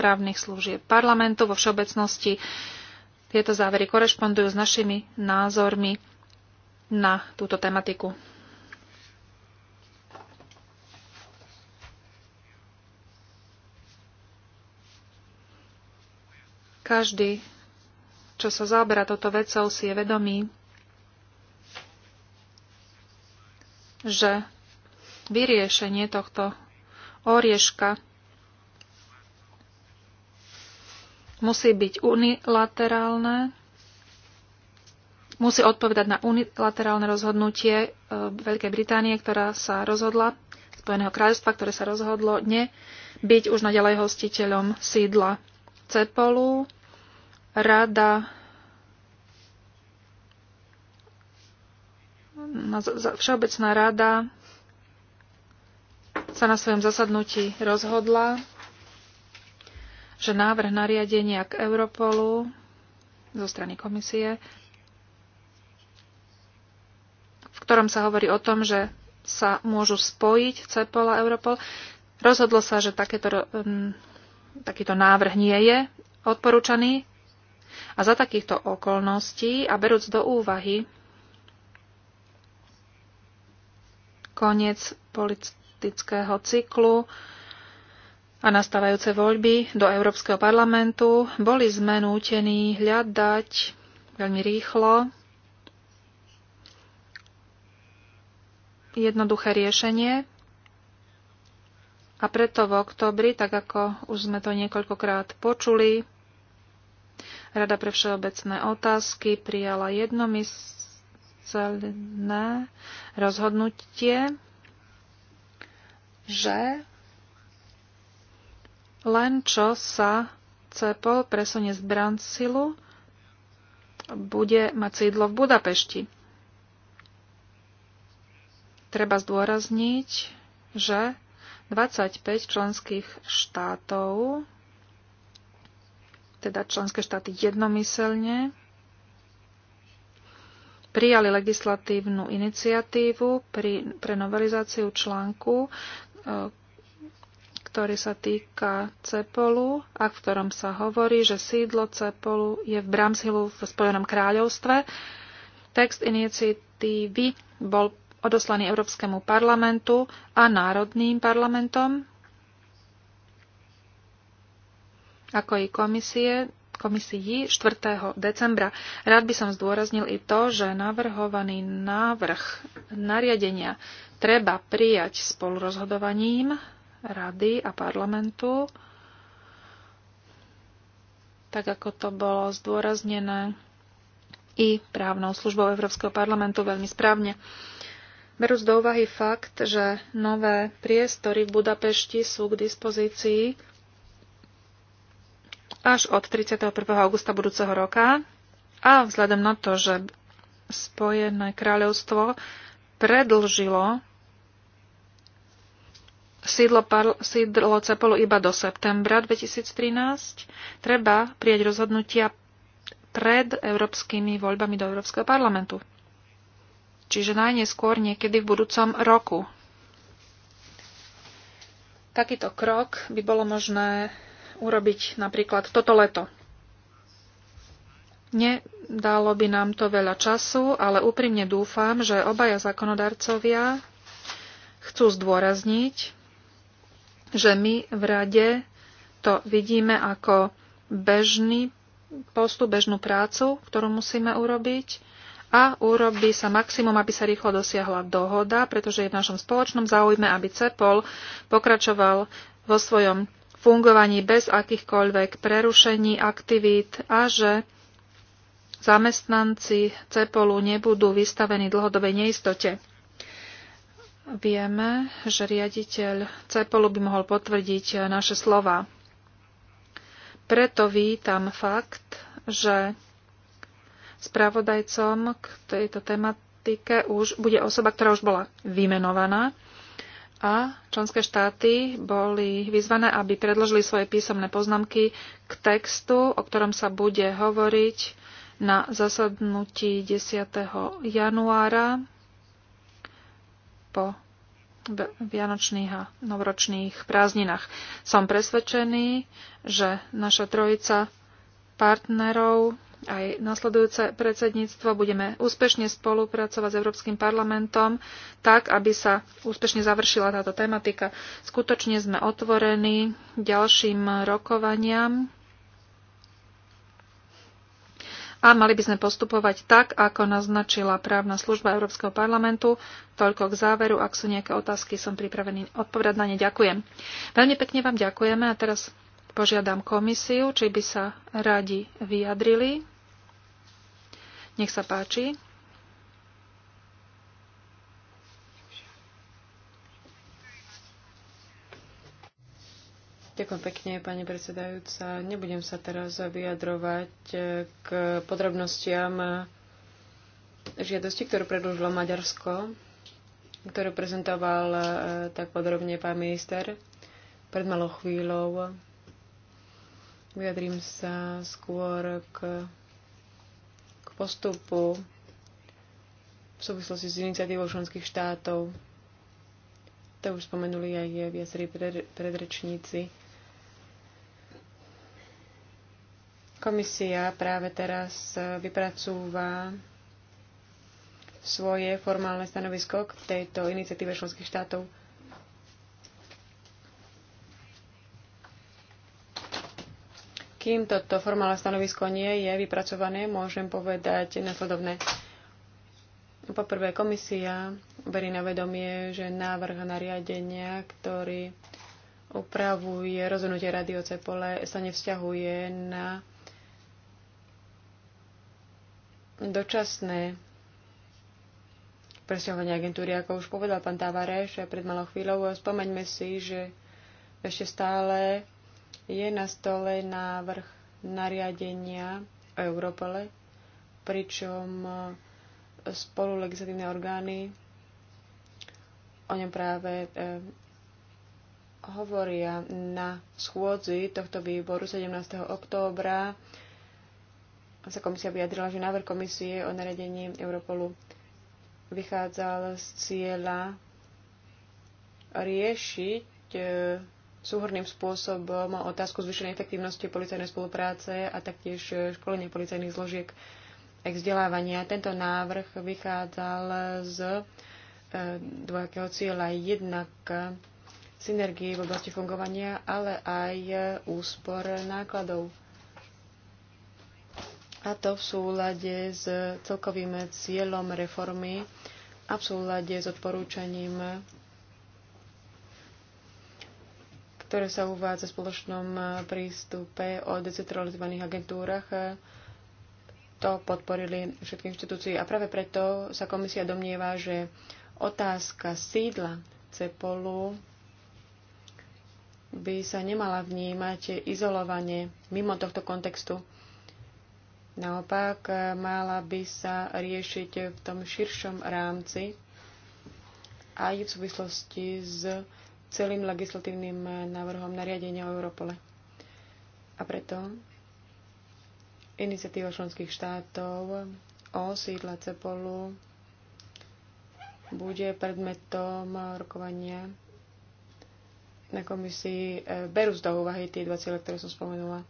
právnych služieb parlamentu vo všeobecnosti. Tieto závery korešpondujú s našimi názormi na túto tematiku. Každý, čo sa zaoberá toto vecou, si je vedomý, že vyriešenie tohto orieška musí byť unilaterálne musí odpovedať na unilaterálne rozhodnutie e, Veľkej Británie, ktorá sa rozhodla, Spojeného kráľovstva, ktoré sa rozhodlo ne byť už naďalej hostiteľom sídla Cepolu. Rada Všeobecná rada sa na svojom zasadnutí rozhodla, že návrh nariadenia k Europolu zo strany komisie ktorom sa hovorí o tom, že sa môžu spojiť CEPOL a Europol. Rozhodlo sa, že takéto, takýto návrh nie je odporúčaný a za takýchto okolností a berúc do úvahy koniec politického cyklu a nastávajúce voľby do Európskeho parlamentu, boli sme nútení hľadať veľmi rýchlo jednoduché riešenie a preto v oktobri, tak ako už sme to niekoľkokrát počuli, Rada pre všeobecné otázky prijala jednomyselné rozhodnutie, že len čo sa CEPOL presunie z Brancilu, bude mať sídlo v Budapešti treba zdôrazniť, že 25 členských štátov, teda členské štáty jednomyselne, prijali legislatívnu iniciatívu pri, pre novelizáciu článku, e, ktorý sa týka Cepolu a v ktorom sa hovorí, že sídlo Cepolu je v Bramshillu v Spojenom kráľovstve. Text iniciatívy bol odoslaný Európskemu parlamentu a národným parlamentom, ako i komisie, komisii 4. decembra. Rád by som zdôraznil i to, že navrhovaný návrh nariadenia treba prijať spolurozhodovaním Rady a parlamentu, tak ako to bolo zdôraznené i právnou službou Európskeho parlamentu veľmi správne. Berúc do úvahy fakt, že nové priestory v Budapešti sú k dispozícii až od 31. augusta budúceho roka a vzhľadom na to, že Spojené kráľovstvo predlžilo sídlo, par, sídlo Cepolu iba do septembra 2013, treba prijať rozhodnutia pred európskymi voľbami do Európskeho parlamentu čiže najneskôr niekedy v budúcom roku. Takýto krok by bolo možné urobiť napríklad toto leto. Nedalo by nám to veľa času, ale úprimne dúfam, že obaja zákonodarcovia chcú zdôrazniť, že my v rade to vidíme ako bežný postup, bežnú prácu, ktorú musíme urobiť a urobí sa maximum, aby sa rýchlo dosiahla dohoda, pretože je v našom spoločnom záujme, aby CEPOL pokračoval vo svojom fungovaní bez akýchkoľvek prerušení aktivít a že zamestnanci CEPOLu nebudú vystavení dlhodobej neistote. Vieme, že riaditeľ CEPOLu by mohol potvrdiť naše slova. Preto vítam fakt, že Spravodajcom k tejto tematike už bude osoba, ktorá už bola vymenovaná a členské štáty boli vyzvané, aby predložili svoje písomné poznámky k textu, o ktorom sa bude hovoriť na zasadnutí 10. januára po vianočných a novoročných prázdninách. Som presvedčený, že naša trojica partnerov aj nasledujúce predsedníctvo budeme úspešne spolupracovať s Európskym parlamentom tak, aby sa úspešne završila táto tematika. Skutočne sme otvorení ďalším rokovaniam a mali by sme postupovať tak, ako naznačila právna služba Európskeho parlamentu. Toľko k záveru. Ak sú nejaké otázky, som pripravený odpovedať na ne. Ďakujem. Veľmi pekne vám ďakujeme a teraz požiadam komisiu, či by sa radi vyjadrili. Nech sa páči. Ďakujem pekne, pani predsedajúca. Nebudem sa teraz vyjadrovať eh, k podrobnostiam eh, žiadosti, ktorú predložilo Maďarsko, ktorú prezentoval eh, tak podrobne pán minister pred malou chvíľou. Vyjadrím sa skôr k postupu v súvislosti s iniciatívou členských štátov. To už spomenuli aj viacerí predrečníci. Komisia práve teraz vypracúva svoje formálne stanovisko k tejto iniciatíve členských štátov Kým toto formálne stanovisko nie je vypracované, môžem povedať nasledovné. Poprvé, komisia berie na vedomie, že návrh nariadenia, ktorý upravuje rozhodnutie Rady o Cepole, sa nevzťahuje na dočasné presťahovanie agentúry. Ako už povedal pán Tavareš pred malou chvíľou, spomeňme si, že ešte stále je na stole návrh nariadenia o Europole, pričom e, spolu legislatívne orgány o ňom práve e, hovoria na schôdzi tohto výboru 17. októbra sa komisia vyjadrila, že návrh komisie o naredení Europolu vychádzal z cieľa riešiť e, súhorným spôsobom otázku zvyšenej efektívnosti policajnej spolupráce a taktiež školenie policajných zložiek a vzdelávania. Tento návrh vychádzal z e, dvojakého cieľa jednak synergii v oblasti fungovania, ale aj úspor nákladov. A to v súlade s celkovým cieľom reformy a v súlade s odporúčaním ktoré sa uvádza v spoločnom eh, prístupe o decentralizovaných agentúrach, eh, to podporili všetky inštitúcie. A práve preto sa komisia domnieva, že otázka sídla CEPOLu by sa nemala vnímať izolovanie mimo tohto kontextu. Naopak, eh, mala by sa riešiť v tom širšom rámci aj v súvislosti s celým legislatívnym eh, návrhom nariadenia o Europole. A preto iniciatíva členských štátov o sídle Cepolu bude predmetom rokovania na komisii. Eh, Berú z do úvahy tie dva cieľe, ktoré som spomenula.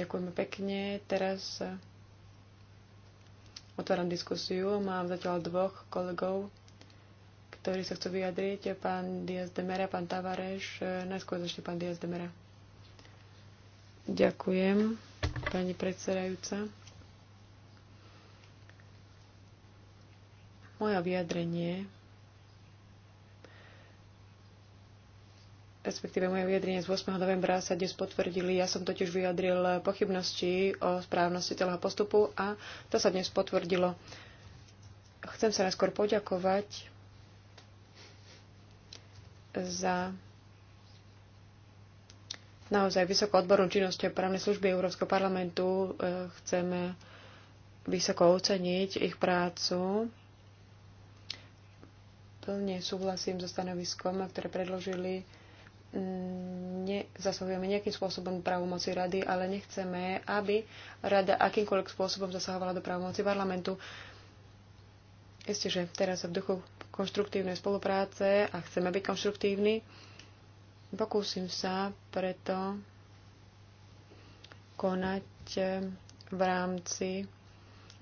Ďakujeme pekne. Teraz eh, otváram diskusiu. Mám zatiaľ dvoch kolegov ktorý sa chcú vyjadriť, pán Diaz de Mera, pán Tavareš. E, najskôr začne pán Diaz de Mera. Ďakujem, pani predsedajúca. Moje vyjadrenie, respektíve moje vyjadrenie z 8. novembra sa dnes potvrdili. Ja som totiž vyjadril pochybnosti o správnosti celého postupu a to sa dnes potvrdilo. Chcem sa najskôr poďakovať za naozaj vysoko odbornú činnosť právnej služby Európskeho parlamentu. E, chceme vysoko oceniť ich prácu. Plne súhlasím so stanoviskom, ktoré predložili. Mm, Nezasahujeme nejakým spôsobom právomoci rady, ale nechceme, aby rada akýmkoľvek spôsobom zasahovala do právomoci parlamentu. Isté, že teraz v duchu konštruktívnej spolupráce a chceme byť konštruktívni, pokúsim sa preto konať eh, v rámci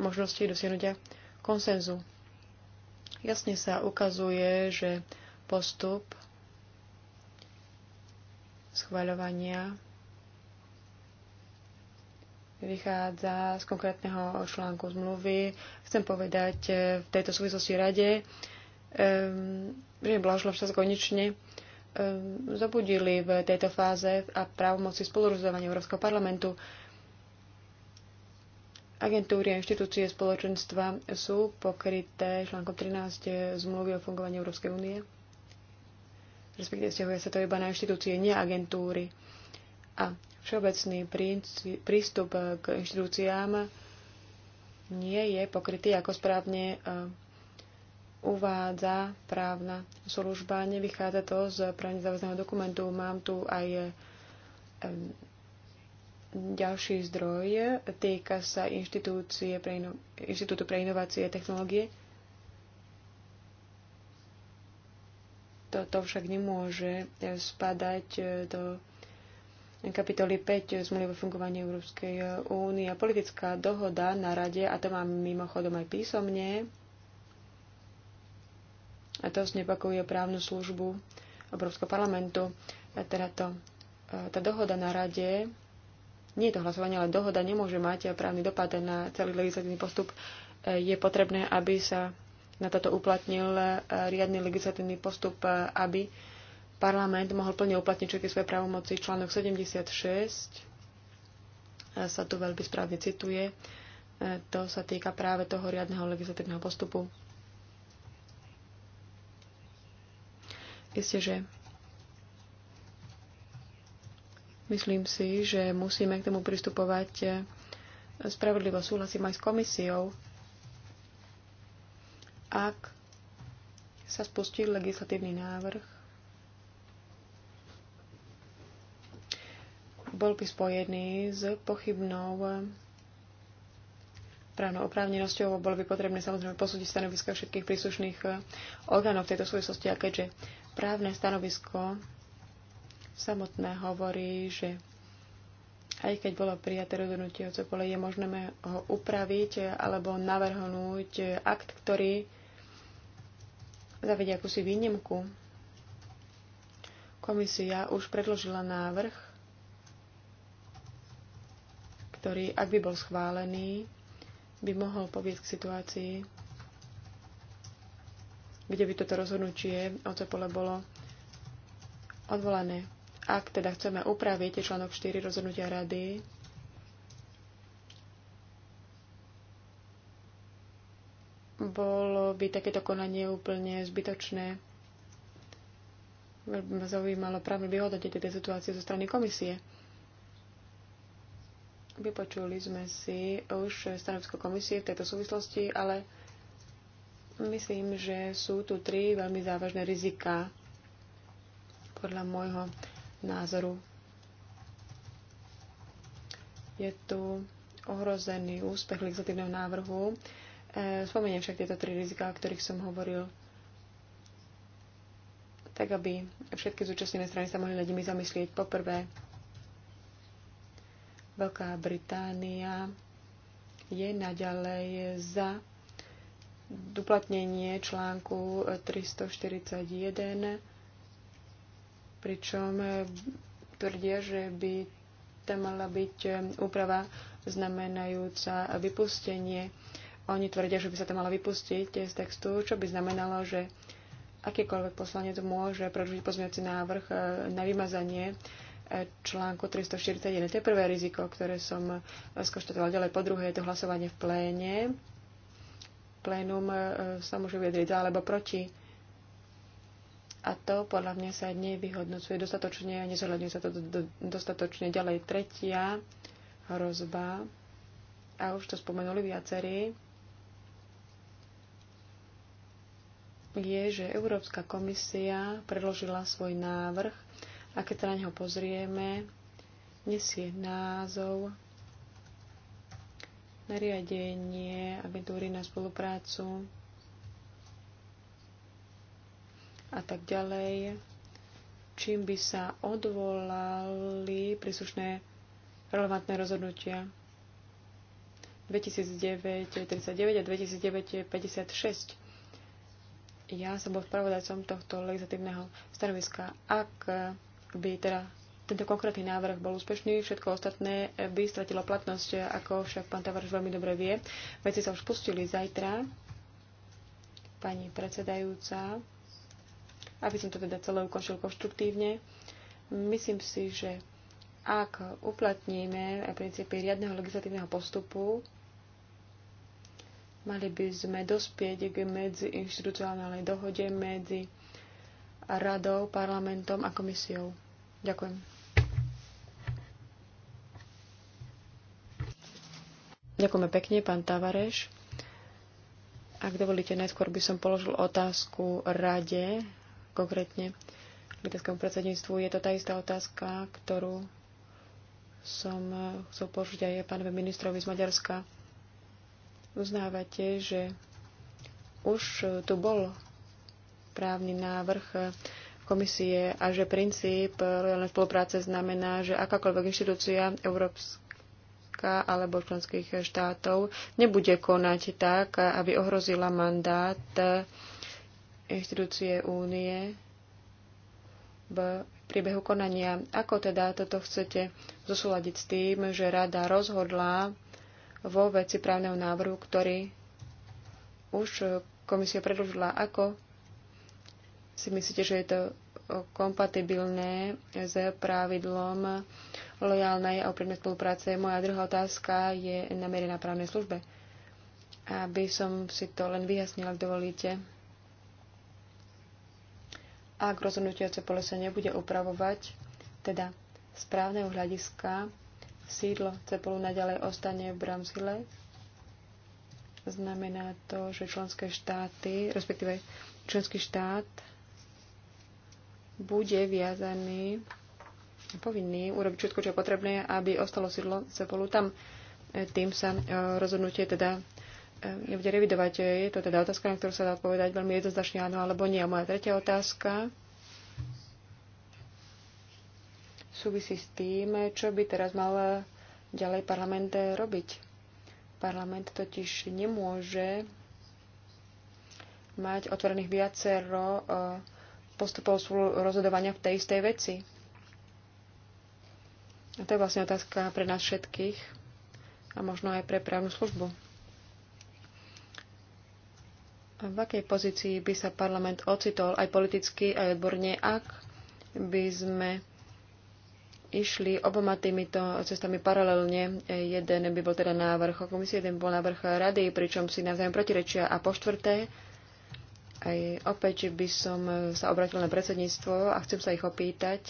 možnosti dosiahnutia konsenzu. Jasne sa ukazuje, že postup schvaľovania vychádza z konkrétneho článku zmluvy. Chcem povedať e, v tejto súvislosti rade, e, že Blažlo sa konečne e, zobudili v tejto fáze a právomoci spolurozhodovania Európskeho parlamentu. Agentúry a inštitúcie spoločenstva sú pokryté článkom 13 zmluvy o fungovaní Európskej únie. Respektíve stiahuje sa to iba na inštitúcie, nie agentúry. A Všeobecný prístup eh, k inštitúciám nie je pokrytý, ako správne eh, uvádza právna služba. Nevychádza to z právne záväzného dokumentu. Mám tu aj eh, ďalší zdroj. Týka sa inštitúcie pre ino- Inštitútu pre inovácie a technológie. Toto však nemôže spadať do kapitoly 5 zmluvy o fungovaní Európskej eh, únie a politická dohoda na rade, a to mám mimochodom aj písomne, a to znepakuje právnu službu Európskeho parlamentu. A teda to, eh, tá dohoda na rade, nie je to hlasovanie, ale dohoda nemôže mať eh, právny dopad na celý legislatívny postup. Je potrebné, aby sa na toto uplatnil riadny legislatívny postup, aby parlament mohol plne uplatniť všetky svoje právomoci. Článok 76 sa tu veľmi správne cituje. E, to sa týka práve toho riadneho legislatívneho postupu. Isté, že myslím si, že musíme k tomu pristupovať e, spravodlivo. Súhlasím aj s komisiou, ak sa spustí legislatívny návrh, bol by spojený s pochybnou eh, právnou oprávnenosťou, bolo by potrebné samozrejme posúdiť stanoviska všetkých príslušných eh, orgánov v tejto súvislosti, a keďže právne stanovisko samotné hovorí, že aj keď bolo prijaté rozhodnutie o cepole, je možné ho upraviť eh, alebo navrhnúť akt, ktorý zavedia akúsi výnimku. Komisia už predložila návrh ktorý, ak by bol schválený, by mohol povieť k situácii, kde by toto rozhodnutie o cepole bolo odvolané. Ak teda chceme upraviť článok 4 rozhodnutia rady, bolo by takéto konanie úplne zbytočné. Veľmi ma zaujímalo práve vyhodnotiť tieto teda situácie zo strany komisie. Vypočuli sme si už stanovisko komisie v tejto súvislosti, ale myslím, že sú tu tri veľmi závažné rizika podľa môjho názoru. Je tu ohrozený úspech legislatívneho návrhu. E, spomeniem však tieto tri rizika, o ktorých som hovoril, tak aby všetky zúčastnené strany sa mohli nad nimi zamyslieť. Poprvé, Veľká Británia je naďalej za duplatnenie článku 341, pričom tvrdia, že by tam mala byť úprava znamenajúca vypustenie. Oni tvrdia, že by sa to mala vypustiť z textu, čo by znamenalo, že akýkoľvek poslanec môže predložiť pozmeňovací návrh na vymazanie článku 341. To je prvé riziko, ktoré som skonštatoval ďalej. Po druhé je to hlasovanie v pléne. Plénum e, sa môže vyjadriť za alebo proti. A to podľa mňa sa nevyhodnocuje dostatočne a nezohľadňuje sa to dostatočne. Ďalej tretia hrozba. A už to spomenuli viacerí. je, že Európska komisia predložila svoj návrh a keď sa na neho pozrieme, nesie názov nariadenie agentúry na spoluprácu a tak ďalej, čím by sa odvolali príslušné relevantné rozhodnutia 2009-39 a 2009-56. Ja som bol spravodajcom tohto legislatívneho stanoviska. Ak by teda tento konkrétny návrh bol úspešný, všetko ostatné by stratilo platnosť, ako však pán Tavarš veľmi dobre vie. Veci sa už pustili zajtra, pani predsedajúca, aby som to teda celé ukončil konštruktívne. Myslím si, že ak uplatníme princípy riadneho legislatívneho postupu, mali by sme dospieť k medziinstitucionálnej dohode medzi radou, parlamentom a komisiou. Ďakujem. Ďakujeme pekne, pán Tavareš. Ak dovolíte, najskôr by som položil otázku rade, konkrétne litevskému predsedníctvu. Je to tá istá otázka, ktorú som eh, chcel požiť aj pánovi ministrovi z Maďarska. Uznávate, že už tu bol právny návrh komisie a že princíp lojálnej spolupráce znamená, že akákoľvek inštitúcia európska alebo členských štátov nebude konať tak, aby ohrozila mandát inštitúcie únie v priebehu konania. Ako teda toto chcete zosúľadiť s tým, že rada rozhodla vo veci právneho návrhu, ktorý už komisia predložila, ako si myslíte, že je to kompatibilné s pravidlom lojálnej a úprimnej spolupráce. Moja druhá otázka je na právnej službe. Aby som si to len vyjasnila, ak dovolíte. Ak rozhodnutie pole sa nebude upravovať, teda správneho hľadiska sídlo Cepolu naďalej ostane v Bramsile. Znamená to, že členské štáty, respektíve členský štát bude viazaný, povinný urobiť všetko, čo je potrebné, aby ostalo sídlo spolu tam. E, tým sa e, rozhodnutie teda e, nebude revidovať. Je to teda otázka, na ktorú sa dá odpovedať veľmi jednoznačne áno alebo nie. A moja tretia otázka súvisí s tým, čo by teraz mal ďalej parlament robiť. Parlament totiž nemôže mať otvorených viacero postupov sú rozhodovania v tej istej veci. A to je vlastne otázka pre nás všetkých a možno aj pre právnu službu. A v akej pozícii by sa parlament ocitol aj politicky, aj odborne, ak by sme išli oboma týmito cestami paralelne. Jeden by bol teda návrh komisie, jeden bol návrh rady, pričom si navzájom protirečia. A po štvrté, aj opäť, by som sa obratil na predsedníctvo a chcem sa ich opýtať,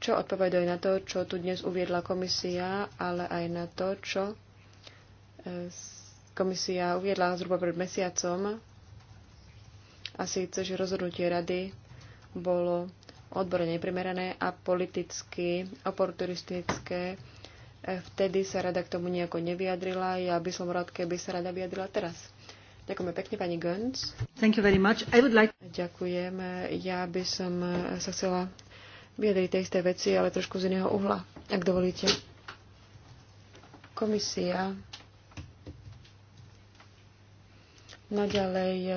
čo odpovedajú na to, čo tu dnes uviedla komisia, ale aj na to, čo e, komisia uviedla zhruba pred mesiacom, a síce, že rozhodnutie rady bolo odborne neprimerané a politicky oportunistické Vtedy sa rada k tomu nejako nevyjadrila. Ja by som rád, keby sa rada vyjadrila teraz. Ďakujeme pekne, pani Gönc. Thank you very much. I would like... Ďakujem. Ja by som eh, sa chcela vyjadriť tej isté veci, ale trošku z iného uhla, ak dovolíte. Komisia naďalej eh,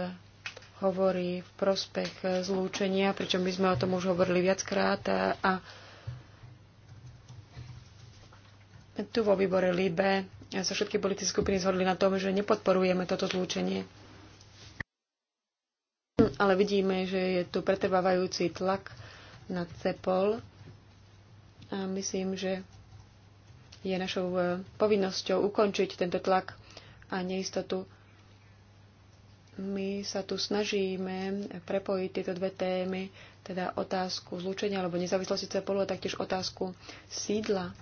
hovorí v prospech eh, zlúčenia, pričom my sme o tom už hovorili viackrát a, a Tu vo výbore LIBE sa všetky politické skupiny zhodli na tom, že nepodporujeme toto zlúčenie. Ale vidíme, že je tu pretrvávajúci tlak na CEPOL a myslím, že je našou e, povinnosťou ukončiť tento tlak a neistotu. My sa tu snažíme prepojiť tieto dve témy, teda otázku zlúčenia alebo nezávislosti CEPOLu a taktiež otázku sídla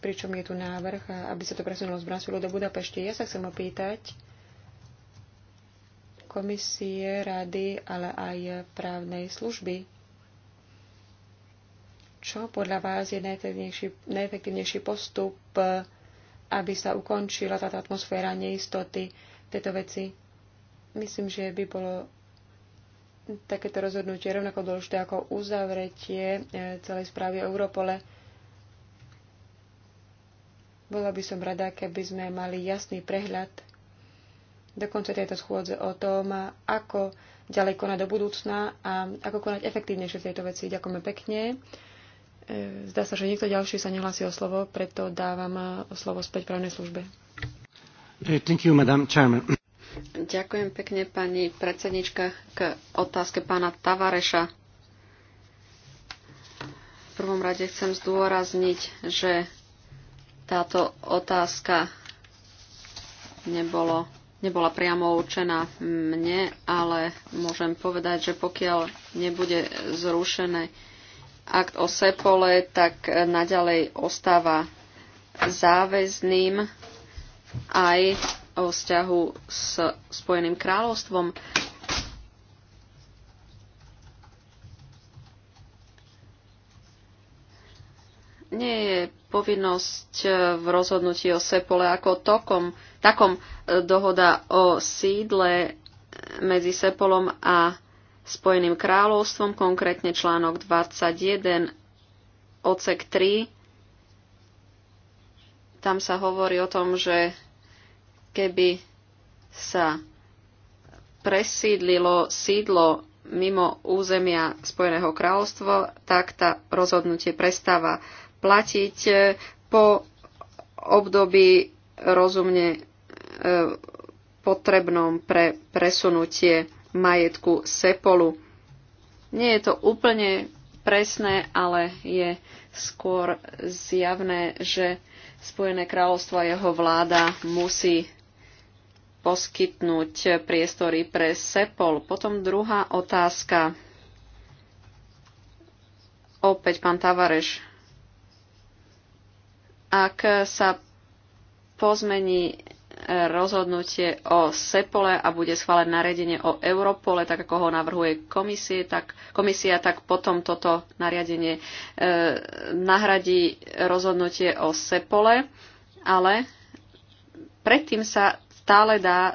pričom je tu návrh, aby sa to presunulo z Brasilu do Budapešti. Ja sa chcem opýtať komisie, rady, ale aj právnej služby. Čo podľa vás je najefektívnejší, najefektívnejší postup, aby sa ukončila táto atmosféra neistoty tejto veci? Myslím, že by bolo takéto rozhodnutie rovnako dôležité ako uzavretie e, celej správy o Europole. Bola by som rada, keby sme mali jasný prehľad do konca tejto schôdze o tom, ako ďalej konať do budúcna a ako konať efektívnejšie v tejto veci. Ďakujeme pekne. E, zdá sa, že niekto ďalší sa nehlasí o slovo, preto dávam e, slovo späť právnej službe. E, thank you, Madam Chairman. Ďakujem pekne, pani predsednička, k otázke pána Tavareša. V prvom rade chcem zdôrazniť, že táto otázka nebolo, nebola priamo určená mne, ale môžem povedať, že pokiaľ nebude zrušené akt o Sepole, tak naďalej ostáva záväzným aj o vzťahu s Spojeným kráľovstvom. nie je povinnosť e, v rozhodnutí o Sepole ako tokom, takom e, dohoda o sídle e, medzi Sepolom a Spojeným kráľovstvom, konkrétne článok 21, ocek 3. Tam sa hovorí o tom, že keby sa presídlilo sídlo mimo územia Spojeného kráľovstva, tak tá rozhodnutie prestáva platiť e, po období rozumne e, potrebnom pre presunutie majetku Sepolu. Nie je to úplne presné, ale je skôr zjavné, že Spojené kráľovstvo a jeho vláda musí poskytnúť priestory pre Sepol. Potom druhá otázka. Opäť pán Tavareš ak sa pozmení e, rozhodnutie o SEPOLE a bude schválené nariadenie o Europole, tak ako ho navrhuje komisie, tak, komisia, tak potom toto nariadenie e, nahradí rozhodnutie o SEPOLE, ale predtým sa stále dá e,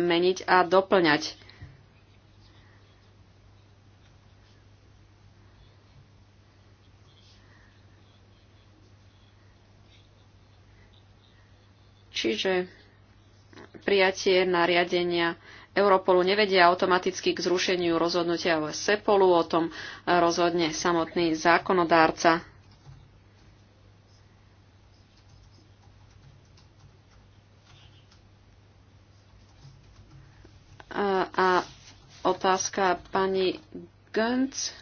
meniť a doplňať. Čiže prijatie nariadenia Europolu nevedia automaticky k zrušeniu rozhodnutia o SEPOLu, o tom rozhodne samotný zákonodárca. A otázka pani Gönc.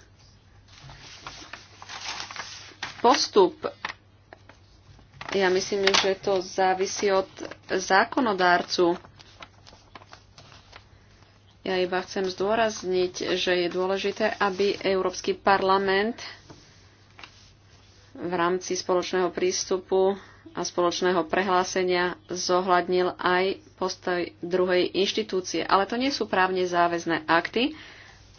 Postup ja myslím, že to závisí od zákonodárcu. Ja iba chcem zdôrazniť, že je dôležité, aby Európsky parlament v rámci spoločného prístupu a spoločného prehlásenia zohľadnil aj postoj druhej inštitúcie. Ale to nie sú právne záväzné akty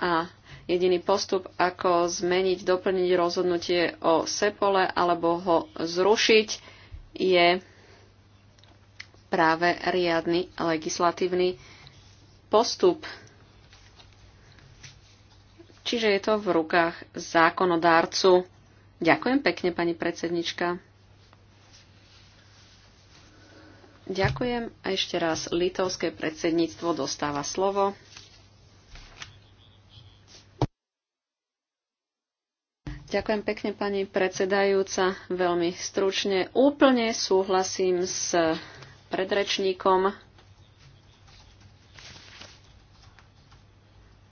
a jediný postup, ako zmeniť, doplniť rozhodnutie o sepole alebo ho zrušiť, je práve riadny legislatívny postup. Čiže je to v rukách zákonodárcu. Ďakujem pekne, pani predsednička. Ďakujem a ešte raz litovské predsedníctvo dostáva slovo. Ďakujem pekne, pani predsedajúca. Veľmi stručne. Úplne súhlasím s predrečníkom,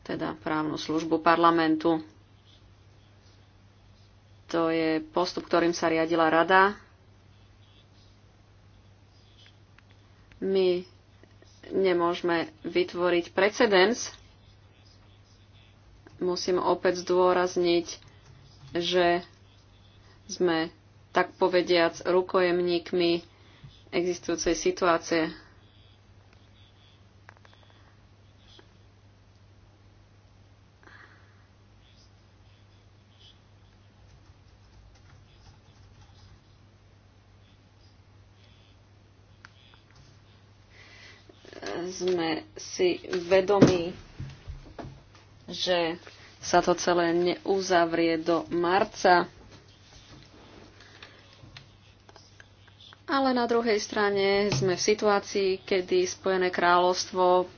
teda právnu službu parlamentu. To je postup, ktorým sa riadila rada. My nemôžeme vytvoriť precedens. Musím opäť zdôrazniť, že sme tak povediac rukojemníkmi existujúcej situácie. Sme si vedomí, že sa to celé neuzavrie do marca. Ale na druhej strane sme v situácii, kedy Spojené kráľovstvo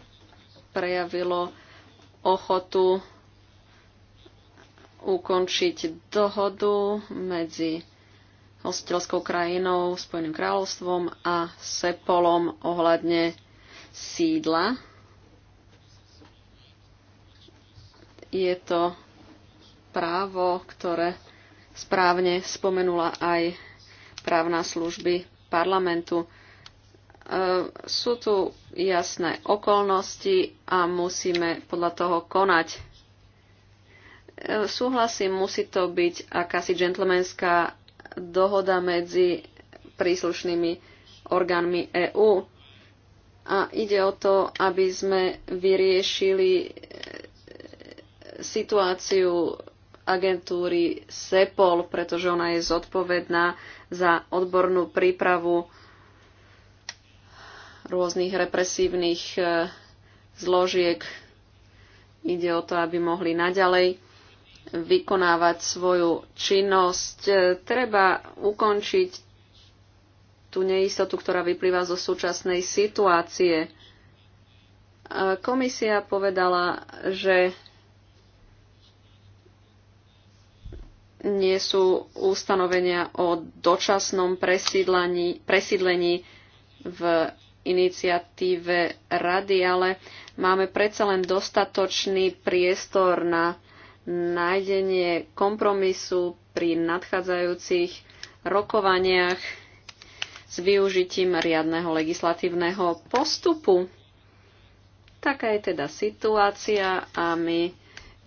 prejavilo ochotu ukončiť dohodu medzi hostiteľskou krajinou, Spojeným kráľovstvom a Sepolom ohľadne sídla Je to právo, ktoré správne spomenula aj právna služby parlamentu. E, sú tu jasné okolnosti a musíme podľa toho konať. E, súhlasím, musí to byť akási džentlmenská dohoda medzi príslušnými orgánmi EÚ. A ide o to, aby sme vyriešili situáciu agentúry SEPOL, pretože ona je zodpovedná za odbornú prípravu rôznych represívnych e, zložiek. Ide o to, aby mohli naďalej vykonávať svoju činnosť. E, treba ukončiť tú neistotu, ktorá vyplýva zo súčasnej situácie. E, komisia povedala, že nie sú ustanovenia o dočasnom presídlení, v iniciatíve rady, ale máme predsa len dostatočný priestor na nájdenie kompromisu pri nadchádzajúcich rokovaniach s využitím riadneho legislatívneho postupu. Taká je teda situácia a my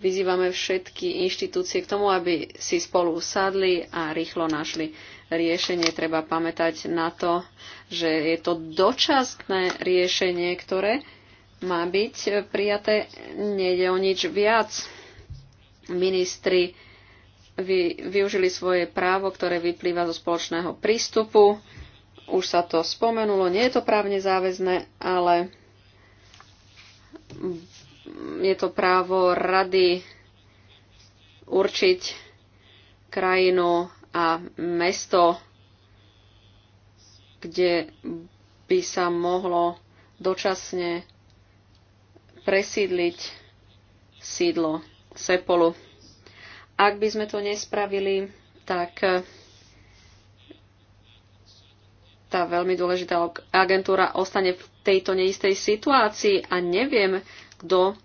Vyzývame všetky inštitúcie k tomu, aby si spolu sadli a rýchlo našli riešenie. Treba pamätať na to, že je to dočasné riešenie, ktoré má byť prijaté. Nejde o nič viac. Ministri vy, využili svoje právo, ktoré vyplýva zo spoločného prístupu. Už sa to spomenulo, nie je to právne záväzné, ale je to právo rady určiť krajinu a mesto, kde by sa mohlo dočasne presídliť sídlo Sepolu. Ak by sme to nespravili, tak tá veľmi dôležitá agentúra ostane v tejto neistej situácii a neviem, kto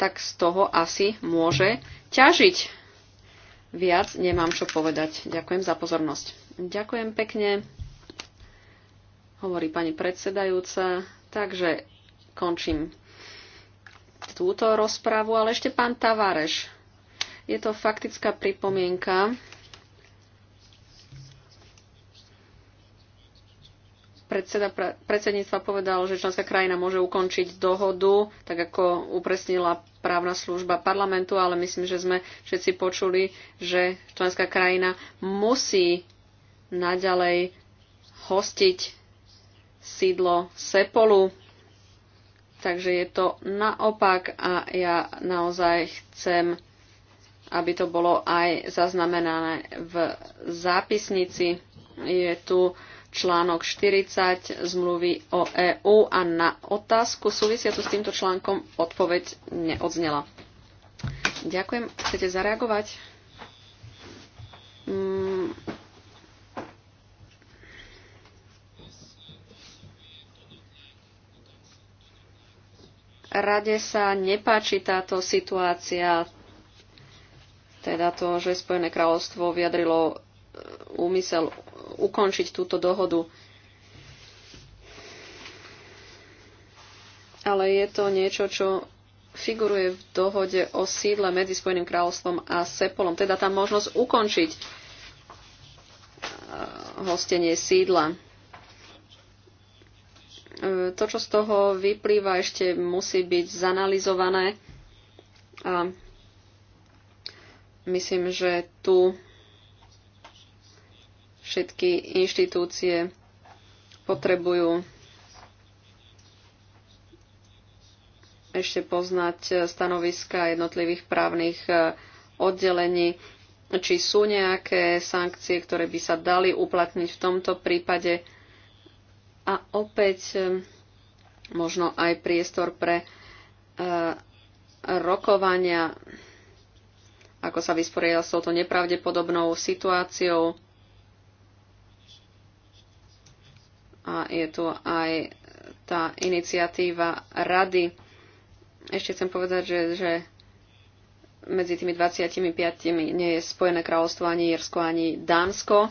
tak z toho asi môže ťažiť. Viac nemám čo povedať. Ďakujem za pozornosť. Ďakujem pekne, hovorí pani predsedajúca. Takže končím túto rozpravu, ale ešte pán Tavareš. Je to faktická pripomienka. predseda predsedníctva povedal, že členská krajina môže ukončiť dohodu, tak ako upresnila právna služba parlamentu, ale myslím, že sme všetci počuli, že členská krajina musí naďalej hostiť sídlo Sepolu. Takže je to naopak a ja naozaj chcem, aby to bolo aj zaznamenané v zápisnici. Je tu článok 40 zmluvy o EÚ a na otázku súvisiacu s týmto článkom odpoveď neodznela. Ďakujem. Chcete zareagovať? Mm. Rade sa nepáči táto situácia, teda to, že Spojené kráľovstvo vyjadrilo e, úmysel ukončiť túto dohodu. Ale je to niečo, čo figuruje v dohode o sídle medzi Spojeným kráľovstvom a Sepolom, teda tá možnosť ukončiť eh, hostenie sídla. Eh, to, čo z toho vyplýva, ešte musí byť zanalizované a myslím, že tu Všetky inštitúcie potrebujú ešte poznať stanoviska jednotlivých právnych e, oddelení, či sú nejaké sankcie, ktoré by sa dali uplatniť v tomto prípade. A opäť e, možno aj priestor pre e, rokovania, ako sa vysporiadal s touto nepravdepodobnou situáciou. a je tu aj tá iniciatíva rady. Ešte chcem povedať, že, že medzi tými 25 nie je Spojené kráľovstvo ani Jirsko, ani Dánsko,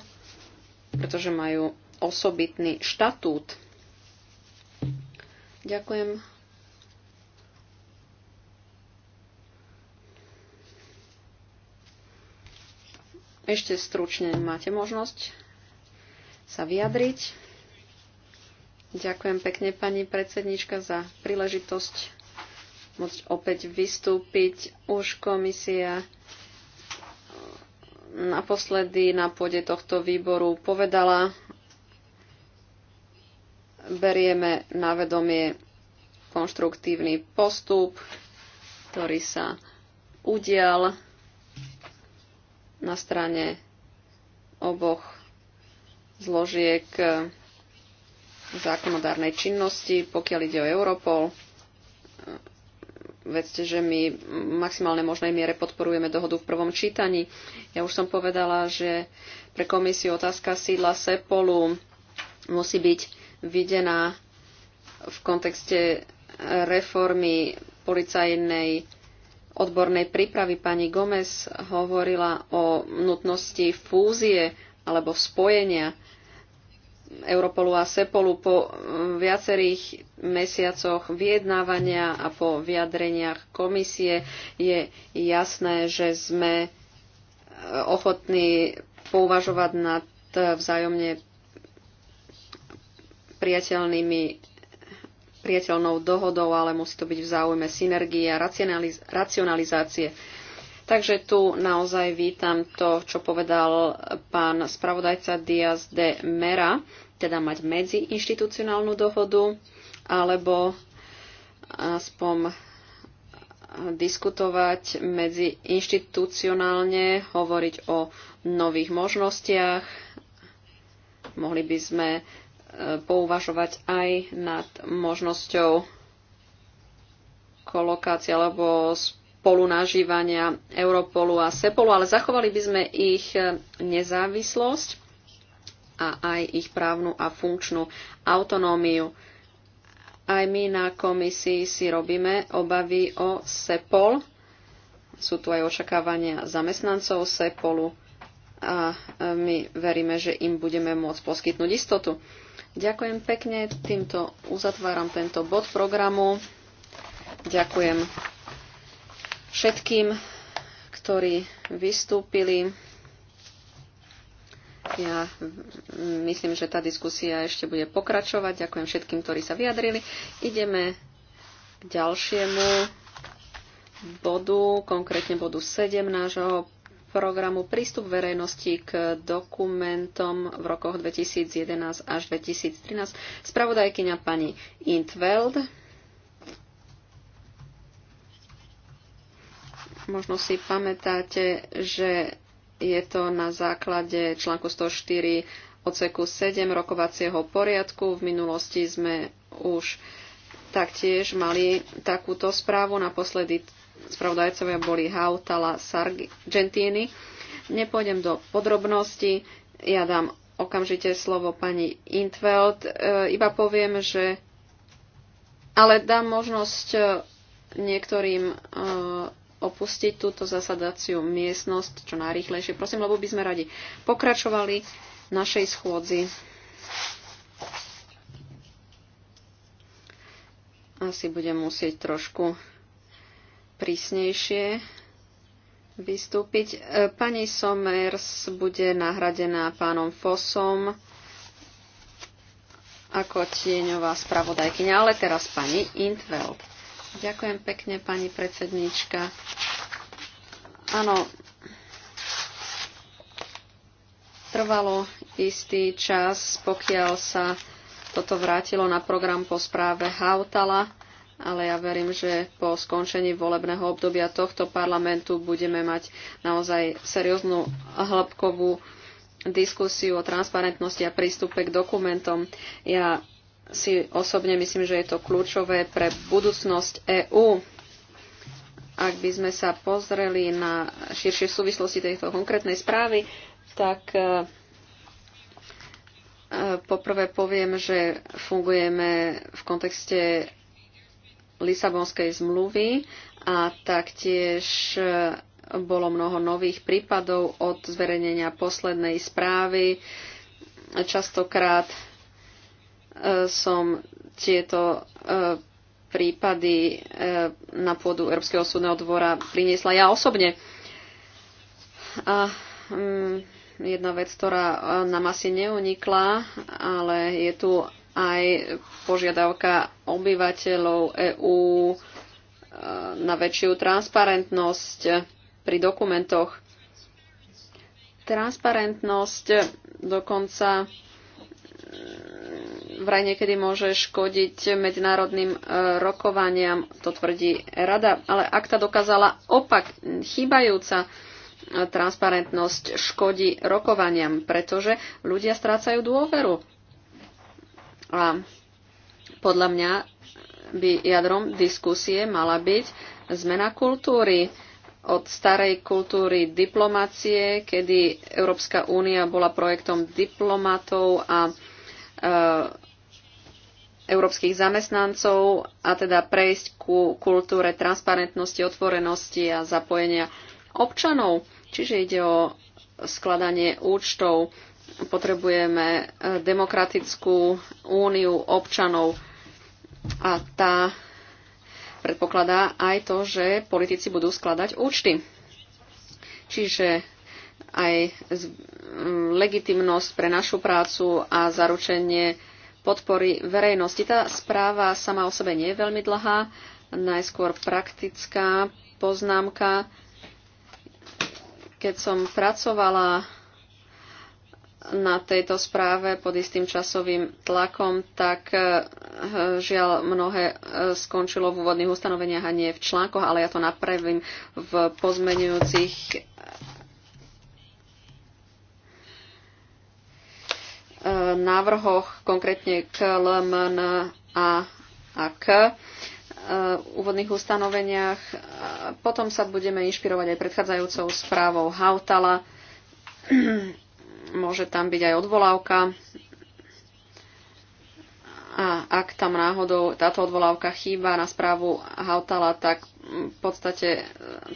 pretože majú osobitný štatút. Ďakujem. Ešte stručne máte možnosť sa vyjadriť. Ďakujem pekne, pani predsednička, za príležitosť môcť opäť vystúpiť. Už komisia naposledy na pôde tohto výboru povedala, berieme na vedomie konštruktívny postup, ktorý sa udial na strane oboch zložiek zákonodárnej činnosti, pokiaľ ide o Europol. Vedzte, že my v maximálnej možnej miere podporujeme dohodu v prvom čítaní. Ja už som povedala, že pre komisiu otázka sídla Sepolu musí byť videná v kontexte reformy policajnej odbornej prípravy. Pani Gomez hovorila o nutnosti fúzie alebo spojenia Europolu a Sepolu po eh, viacerých mesiacoch vyjednávania a po vyjadreniach komisie je jasné, že sme eh, ochotní pouvažovať nad eh, vzájomne priateľnými priateľnou dohodou, ale musí to byť v záujme synergie a racionaliz racionalizácie Takže tu naozaj vítam to, čo povedal pán spravodajca Diaz de Mera, teda mať medziinštitucionálnu dohodu, alebo aspoň diskutovať medzi inštitucionálne, hovoriť o nových možnostiach. Mohli by sme e, pouvažovať aj nad možnosťou kolokácie alebo spolupráce spolunažívania Europolu a Sepolu, ale zachovali by sme ich e, nezávislosť a aj ich právnu a funkčnú autonómiu. Aj my na komisii si robíme obavy o SEPOL. Sú tu aj očakávania zamestnancov SEPOLu a e, my veríme, že im budeme môcť poskytnúť istotu. Ďakujem pekne, týmto uzatváram tento bod programu. Ďakujem všetkým, ktorí vystúpili. Ja myslím, že tá diskusia ešte bude pokračovať. Ďakujem všetkým, ktorí sa vyjadrili. Ideme k ďalšiemu bodu, konkrétne bodu 7 nášho programu Prístup verejnosti k dokumentom v rokoch 2011 až 2013. Spravodajkyňa pani Intveld. Možno si pamätáte, že je to na základe článku 104 odseku 7 rokovacieho poriadku. V minulosti sme už taktiež mali takúto správu. Naposledy spravodajcovia boli Hautala Sargentini. Nepôjdem do podrobností. Ja dám okamžite slovo pani Intveld. E, iba poviem, že ale dám možnosť e, niektorým e, opustiť túto zasadaciu miestnosť čo najrýchlejšie. Prosím, lebo by sme radi pokračovali našej schôdzi. Asi budem musieť trošku prísnejšie vystúpiť. E, pani Somers bude nahradená pánom Fosom ako tieňová spravodajkyňa, ale teraz pani Intveld. Ďakujem pekne, pani predsedníčka. Áno, trvalo istý čas, pokiaľ sa toto vrátilo na program po správe Hautala, ale ja verím, že po skončení volebného obdobia tohto parlamentu budeme mať naozaj serióznu a hĺbkovú diskusiu o transparentnosti a prístupe k dokumentom. Ja si osobne myslím, že je to kľúčové pre budúcnosť EÚ. Ak by sme sa pozreli na širšie súvislosti tejto konkrétnej správy, tak e, e, poprvé poviem, že fungujeme v kontexte Lisabonskej zmluvy a taktiež e, bolo mnoho nových prípadov od zverejnenia poslednej správy. Častokrát som tieto e, prípady e, na pôdu Európskeho súdneho dvora priniesla ja osobne. A mm, jedna vec, ktorá e, nám asi neunikla, ale je tu aj požiadavka obyvateľov EÚ na väčšiu transparentnosť pri dokumentoch. Transparentnosť dokonca vraj niekedy môže škodiť medzinárodným e, rokovaniam, to tvrdí rada. Ale ak tá dokázala opak, chýbajúca e, transparentnosť škodí rokovaniam, pretože ľudia strácajú dôveru. A podľa mňa by jadrom diskusie mala byť zmena kultúry od starej kultúry diplomácie, kedy Európska únia bola projektom diplomatov a e, európskych zamestnancov a teda prejsť ku kultúre transparentnosti, otvorenosti a zapojenia občanov. Čiže ide o skladanie účtov. Potrebujeme eh, demokratickú úniu občanov a tá predpokladá aj to, že politici budú skladať účty. Čiže aj legitimnosť pre našu prácu a zaručenie podpory verejnosti. Tá správa sama o sebe nie je veľmi dlhá, najskôr praktická poznámka. Keď som pracovala na tejto správe pod istým časovým tlakom, tak eh, žiaľ mnohé eh, skončilo v úvodných ustanoveniach a nie v článkoch, ale ja to napravím v pozmenujúcich návrhoch, konkrétne k LMN a, a k e, úvodných ustanoveniach. E, potom sa budeme inšpirovať aj predchádzajúcou správou Hautala. (clears throat) Môže tam byť aj odvolávka. A ak tam náhodou táto odvolávka chýba na správu Hautala, tak v podstate e,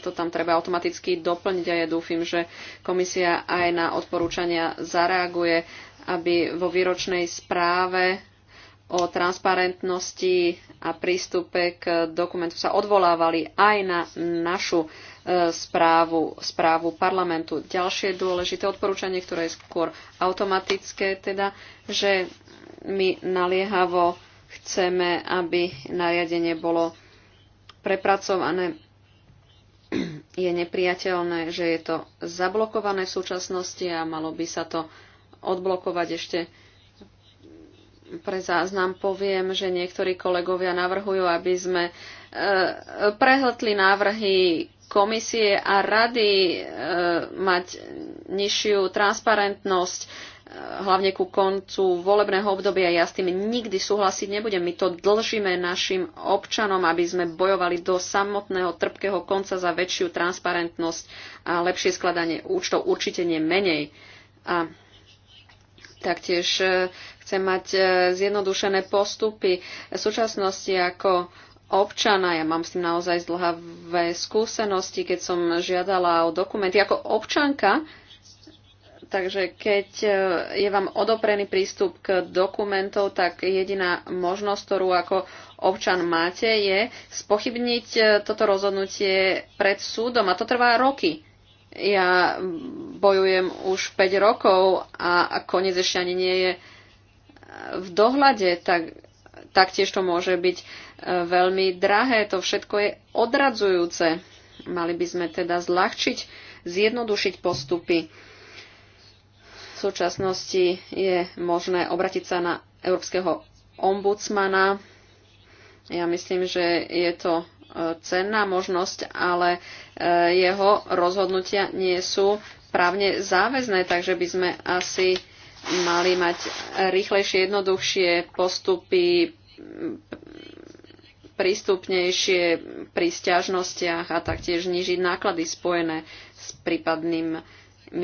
to tam treba automaticky doplniť a ja dúfim, že komisia aj na odporúčania zareaguje aby vo výročnej správe o transparentnosti a prístupe k dokumentu sa odvolávali aj na našu e, správu, správu parlamentu. Ďalšie dôležité odporúčanie, ktoré je skôr automatické, teda, že my naliehavo chceme, aby nariadenie bolo prepracované. Je nepriateľné, že je to zablokované v súčasnosti a malo by sa to odblokovať ešte pre záznam poviem, že niektorí kolegovia navrhujú, aby sme e, prehltli návrhy komisie a rady e, mať nižšiu transparentnosť, e, hlavne ku koncu volebného obdobia. Ja s tým nikdy súhlasiť nebudem. My to dlžíme našim občanom, aby sme bojovali do samotného trpkého konca za väčšiu transparentnosť a lepšie skladanie účtov, určite nie menej. A Taktiež e, chcem mať e, zjednodušené postupy. V súčasnosti ako občana, ja mám s tým naozaj zdlhavé skúsenosti, keď som žiadala o dokumenty ako občanka, Takže keď e, je vám odoprený prístup k dokumentov, tak jediná možnosť, ktorú ako občan máte, je spochybniť toto rozhodnutie pred súdom. A to trvá roky. Ja bojujem už 5 rokov a koniec ešte ani nie je eh, v dohľade, tak taktiež to môže byť eh, veľmi drahé. To všetko je odradzujúce. Mali by sme teda zľahčiť, zjednodušiť postupy. V súčasnosti je možné obratiť sa na európskeho ombudsmana. Ja myslím, že je to cenná možnosť, ale e, jeho rozhodnutia nie sú právne záväzné, takže by sme asi mali mať rýchlejšie, jednoduchšie postupy, prístupnejšie pri stiažnostiach a taktiež znižiť náklady spojené s prípadnými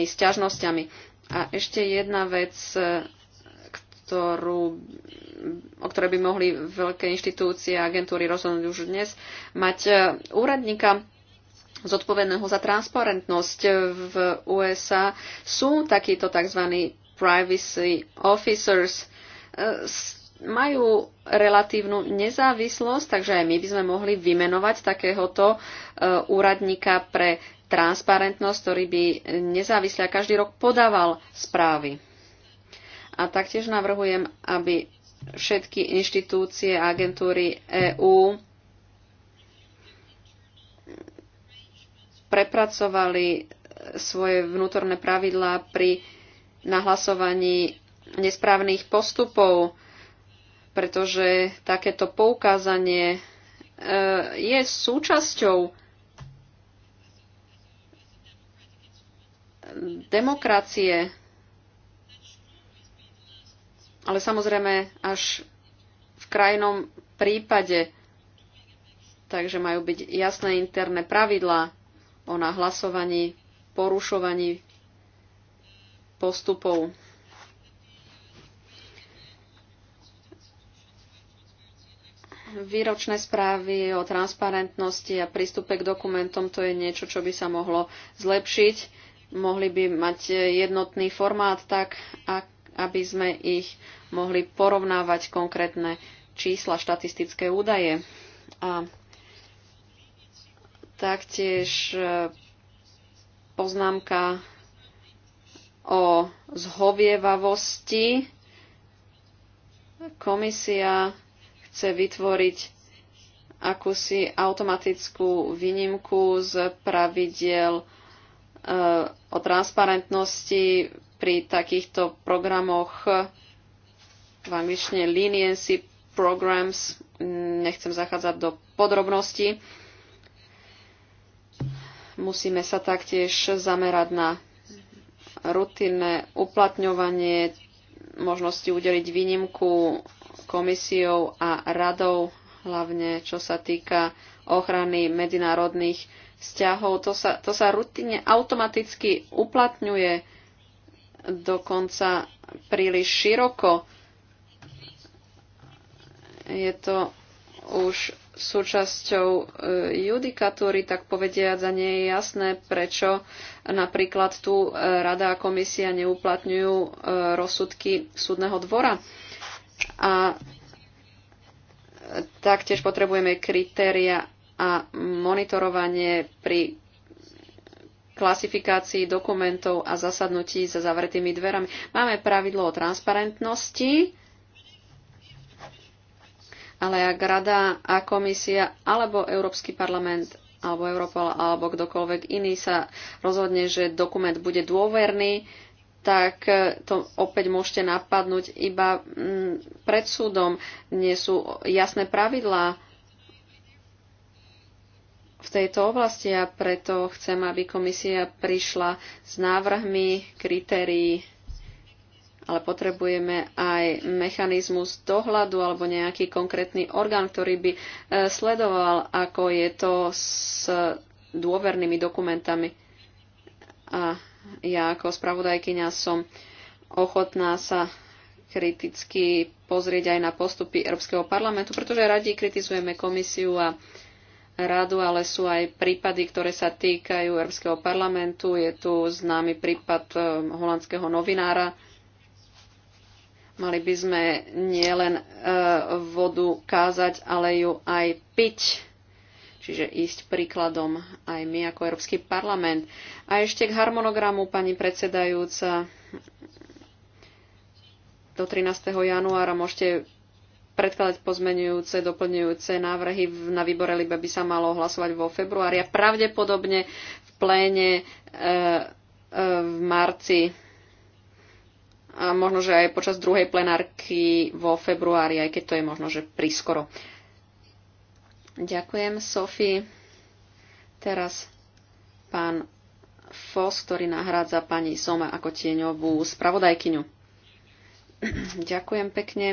stiažnosťami. A ešte jedna vec, ktorú o ktoré by mohli veľké inštitúcie a agentúry rozhodnúť už dnes, mať e, úradníka zodpovedného za transparentnosť v USA sú takíto tzv. privacy officers. E, majú relatívnu nezávislosť, takže aj my by sme mohli vymenovať takéhoto e, úradníka pre transparentnosť, ktorý by nezávisle každý rok podával správy. A taktiež navrhujem, aby všetky inštitúcie a agentúry EÚ prepracovali svoje vnútorné pravidlá pri nahlasovaní nesprávnych postupov, pretože takéto poukázanie e, je súčasťou demokracie ale samozrejme až v krajnom prípade, takže majú byť jasné interné pravidlá o nahlasovaní, porušovaní postupov. výročné správy o transparentnosti a prístupe k dokumentom, to je niečo, čo by sa mohlo zlepšiť. Mohli by mať jednotný formát tak, aby sme ich mohli porovnávať konkrétne čísla, štatistické údaje. A taktiež e, poznámka o zhovievavosti. Komisia chce vytvoriť akúsi automatickú výnimku z pravidiel e, o transparentnosti pri takýchto programoch v angličtine leniency programs. Nechcem zachádzať do podrobností. Musíme sa taktiež zamerať na rutinné uplatňovanie možnosti udeliť výnimku komisiou a radou, hlavne čo sa týka ochrany medzinárodných vzťahov. To sa, to sa rutinne automaticky uplatňuje dokonca príliš široko je to už súčasťou e, judikatúry, tak povediať, za nie je jasné, prečo napríklad tu e, Rada a komisia neuplatňujú e, rozsudky súdneho dvora. A taktiež potrebujeme kritéria a monitorovanie pri klasifikácii dokumentov a zasadnutí za zavretými dverami. Máme pravidlo o transparentnosti, ale ak Rada a Komisia alebo Európsky parlament alebo Europol alebo kdokoľvek iný sa rozhodne, že dokument bude dôverný, tak e, to opäť môžete napadnúť iba mm, pred súdom. Nie sú jasné pravidlá v tejto oblasti a preto chcem, aby komisia prišla s návrhmi kritérií ale potrebujeme aj mechanizmus dohľadu alebo nejaký konkrétny orgán, ktorý by e, sledoval, ako je to s dôvernými dokumentami. A ja ako spravodajkyňa som ochotná sa kriticky pozrieť aj na postupy Európskeho parlamentu, pretože radi kritizujeme komisiu a radu, ale sú aj prípady, ktoré sa týkajú Európskeho parlamentu. Je tu známy prípad e, holandského novinára, Mali by sme nielen e, vodu kázať, ale ju aj piť. Čiže ísť príkladom aj my ako Európsky parlament. A ešte k harmonogramu, pani predsedajúca. Do 13. januára môžete predkladať pozmenujúce, doplňujúce návrhy. Na výbore Libe by sa malo hlasovať vo februári a pravdepodobne v pléne e, e, v marci a možno, že aj počas druhej plenárky vo februári, aj keď to je možno, že prískoro. Ďakujem, Sofi. Teraz pán Fos, ktorý nahrádza pani Soma ako tieňovú spravodajkyňu. Ďakujem pekne.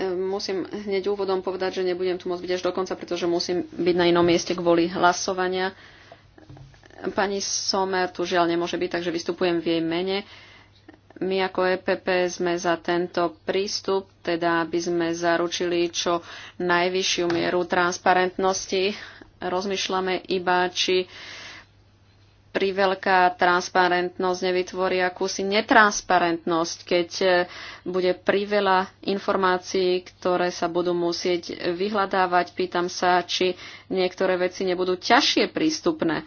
musím hneď úvodom povedať, že nebudem tu môcť byť až dokonca, pretože musím byť na inom mieste kvôli hlasovania. Pani Somer tu žiaľ nemôže byť, takže vystupujem v jej mene. My ako EPP sme za tento prístup, teda aby sme zaručili čo najvyššiu mieru transparentnosti. Rozmýšľame iba, či priveľká transparentnosť nevytvorí akúsi netransparentnosť, keď e, bude priveľa informácií, ktoré sa budú musieť vyhľadávať. Pýtam sa, či niektoré veci nebudú ťažšie prístupné.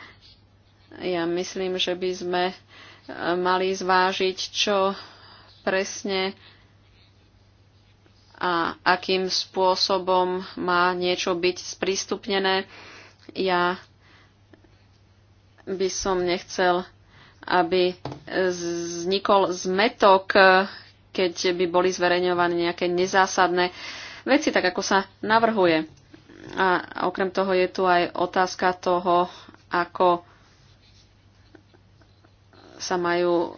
Ja myslím, že by sme e, mali zvážiť, čo presne a akým spôsobom má niečo byť sprístupnené. Ja by som nechcel, aby vznikol zmetok, keď by boli zverejňované nejaké nezásadné veci, tak ako sa navrhuje. A okrem toho je tu aj otázka toho, ako sa majú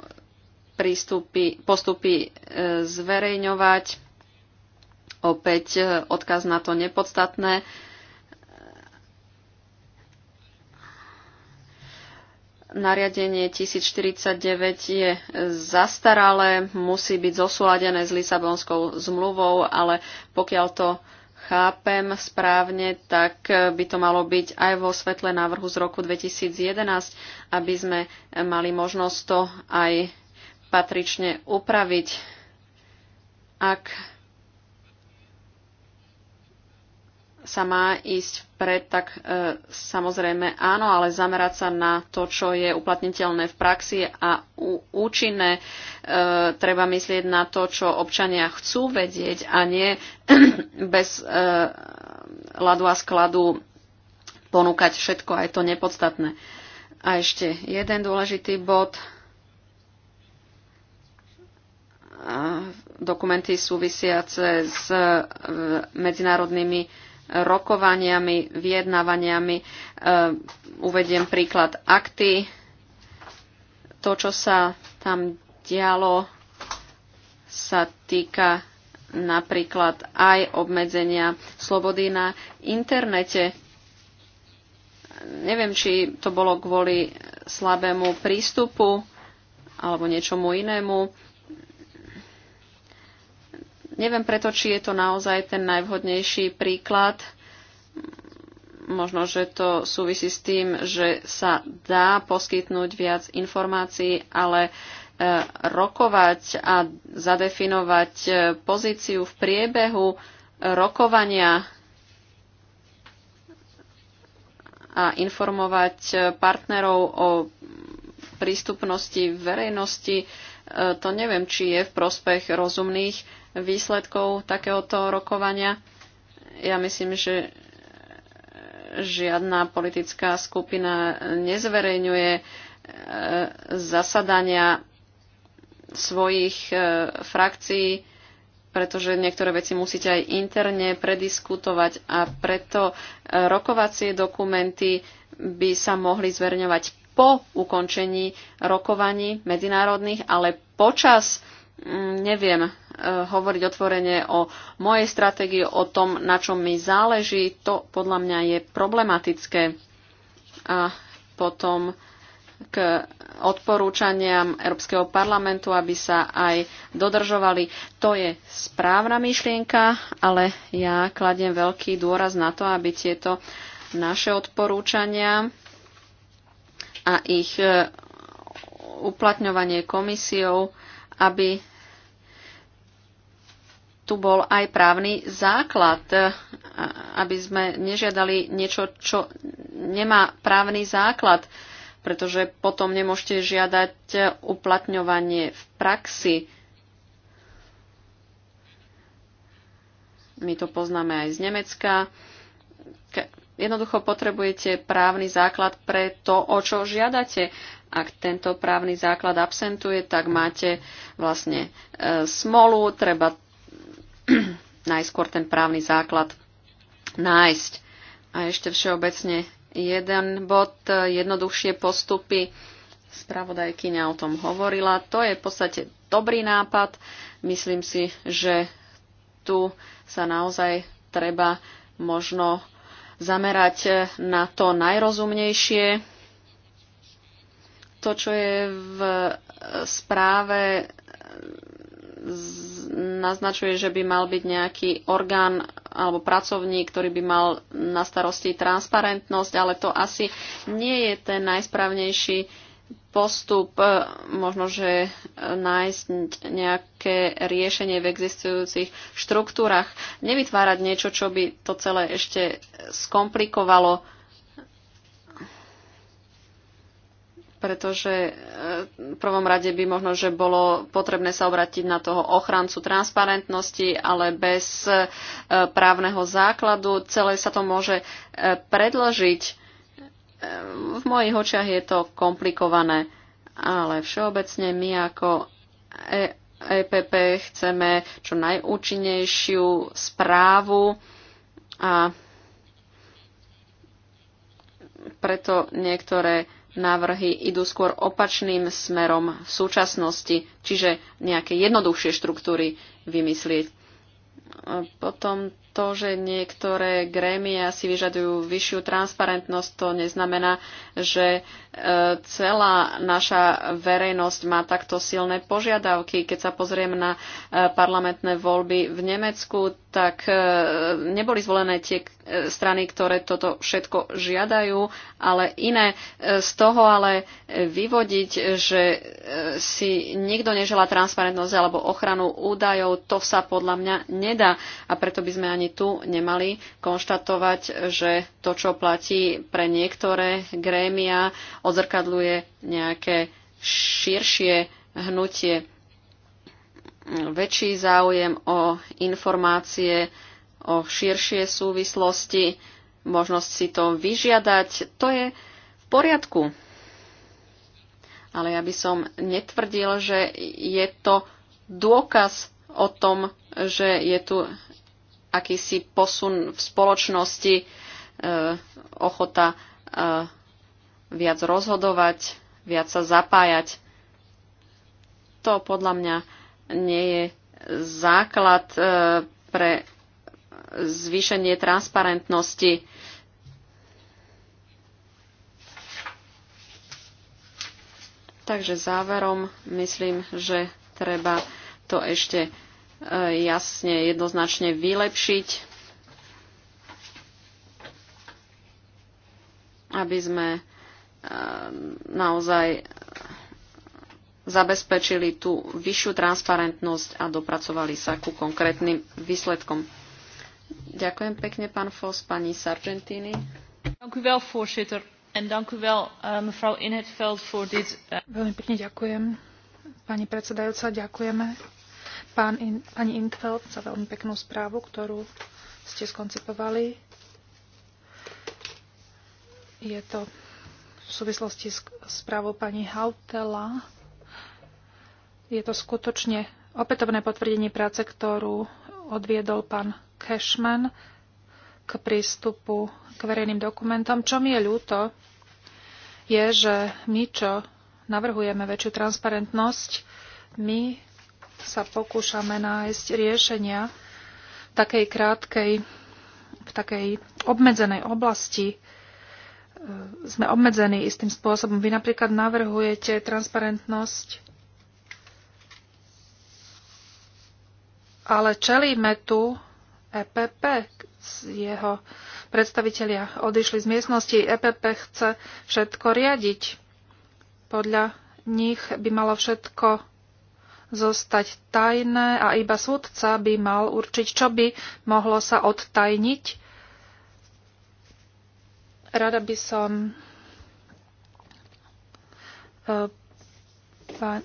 prístupy, postupy e, zverejňovať. Opäť e, odkaz na to nepodstatné. Nariadenie 1049 je zastaralé, musí byť zosúladené s Lisabonskou zmluvou, ale pokiaľ to chápem správne, tak by to malo byť aj vo svetle návrhu z roku 2011, aby sme mali možnosť to aj patrične upraviť. Ak sa má ísť vpred, tak e, samozrejme áno, ale zamerať sa na to, čo je uplatniteľné v praxi a u, účinné. E, treba myslieť na to, čo občania chcú vedieť a nie (clears throat) bez e, ladu a skladu ponúkať všetko, aj to nepodstatné. A ešte jeden dôležitý bod. E, dokumenty súvisiace s e, medzinárodnými rokovaniami, vyjednávaniami. Eh, uvediem príklad akty. To, čo sa tam dialo, sa týka napríklad aj obmedzenia slobody na internete. Neviem, či to bolo kvôli slabému prístupu alebo niečomu inému. Neviem preto, či je to naozaj ten najvhodnejší príklad. Možno, že to súvisí s tým, že sa dá poskytnúť viac informácií, ale e, rokovať a zadefinovať e, pozíciu v priebehu rokovania a informovať e, partnerov o prístupnosti verejnosti, to neviem, či je v prospech rozumných výsledkov takéhoto rokovania. Ja myslím, že žiadna politická skupina nezverejňuje e, zasadania svojich e, frakcií, pretože niektoré veci musíte aj interne prediskutovať a preto e, rokovacie dokumenty by sa mohli zverňovať po ukončení rokovaní medzinárodných, ale počas Mm, neviem eh, hovoriť otvorene o mojej stratégii, o tom, na čom mi záleží. To podľa mňa je problematické. A potom k odporúčaniam Európskeho parlamentu, aby sa aj dodržovali. To je správna myšlienka, ale ja kladiem veľký dôraz na to, aby tieto naše odporúčania a ich eh, uplatňovanie komisiou aby tu bol aj právny základ, e, aby sme nežiadali niečo, čo nemá právny základ, pretože potom nemôžete žiadať e, uplatňovanie v praxi. My to poznáme aj z Nemecka. Jednoducho potrebujete právny základ pre to, o čo žiadate. Ak tento právny základ absentuje, tak máte vlastne e, smolu, treba (clears throat) najskôr ten právny základ nájsť. A ešte všeobecne jeden bod, e, jednoduchšie postupy. Spravodajkyňa o tom hovorila. To je v podstate dobrý nápad. Myslím si, že tu sa naozaj treba možno zamerať na to najrozumnejšie. To, čo je v správe, naznačuje, že by mal byť nejaký orgán alebo pracovník, ktorý by mal na starosti transparentnosť, ale to asi nie je ten najsprávnejší postup, e, možno, že e, nájsť nejaké riešenie v existujúcich štruktúrach, nevytvárať niečo, čo by to celé ešte skomplikovalo, pretože e, v prvom rade by možno, že bolo potrebné sa obrátiť na toho ochrancu transparentnosti, ale bez právneho základu. Celé sa to môže predložiť v mojich očiach je to komplikované, ale všeobecne my ako e- EPP chceme čo najúčinnejšiu správu a preto niektoré návrhy idú skôr opačným smerom v súčasnosti, čiže nejaké jednoduchšie štruktúry vymyslieť. Potom to, že niektoré grémia si vyžadujú vyššiu transparentnosť, to neznamená, že e, celá naša verejnosť má takto silné požiadavky. Keď sa pozriem na e, parlamentné voľby v Nemecku, tak e, neboli zvolené tie strany, ktoré toto všetko žiadajú, ale iné z toho ale vyvodiť, že si nikto nežela transparentnosť alebo ochranu údajov, to sa podľa mňa nedá a preto by sme ani ani tu nemali konštatovať, že to, čo platí pre niektoré grémia, odzrkadluje nejaké širšie hnutie. Väčší záujem o informácie, o širšie súvislosti, možnosť si to vyžiadať, to je v poriadku. Ale ja by som netvrdil, že je to dôkaz o tom, že je tu akýsi posun v spoločnosti, e, ochota e, viac rozhodovať, viac sa zapájať. To podľa mňa nie je základ e, pre zvýšenie transparentnosti. Takže záverom myslím, že treba to ešte jasne, jednoznačne vylepšiť, aby sme eh, naozaj zabezpečili tú vyššiu transparentnosť a dopracovali sa ku konkrétnym výsledkom. Ďakujem pekne, pán Foss, pani Sargentini. Eh, eh, Veľmi pekne ďakujem, pani predsedajúca, ďakujeme pán In, pani Intfeld za veľmi peknú správu, ktorú ste skoncipovali. Je to v súvislosti s správou pani Hautela. Je to skutočne opätovné potvrdenie práce, ktorú odviedol pán Cashman k prístupu k verejným dokumentom. Čo mi je ľúto, je, že my, čo navrhujeme väčšiu transparentnosť, my sa pokúšame nájsť riešenia v takej krátkej, v takej obmedzenej oblasti. E, sme obmedzení istým spôsobom. Vy napríklad navrhujete transparentnosť, ale čelíme tu EPP. Jeho predstavitelia odišli z miestnosti. EPP chce všetko riadiť. Podľa nich by malo všetko zostať tajné a iba súdca by mal určiť, čo by mohlo sa odtajniť. Rada by som e,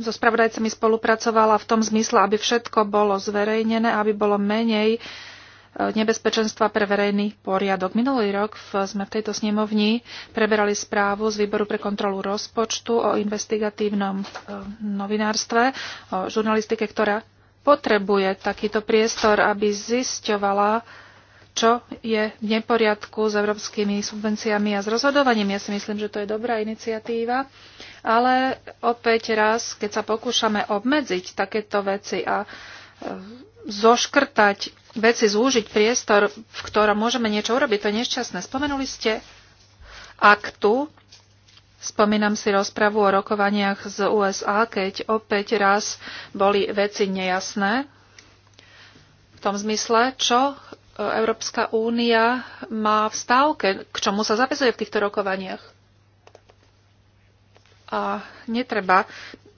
so spravodajcami spolupracovala v tom zmysle, aby všetko bolo zverejnené, aby bolo menej uh, nebezpečenstva pre verejný poriadok. Minulý rok sme v tejto snemovni preberali správu z Výboru pre kontrolu rozpočtu o investigatívnom e, novinárstve, o žurnalistike, ktorá potrebuje takýto priestor, aby zisťovala, čo je v neporiadku s európskymi subvenciami a s rozhodovaním. Ja si myslím, že to je dobrá iniciatíva, ale opäť raz, keď sa pokúšame obmedziť takéto veci a e, zoškrtať veci zúžiť priestor, v ktorom môžeme niečo urobiť. To je nešťastné. Spomenuli ste aktu. Spomínam si rozpravu o rokovaniach z USA, keď opäť raz boli veci nejasné. V tom zmysle, čo e, Európska únia má v stávke, k čomu sa zavezuje v týchto rokovaniach. A netreba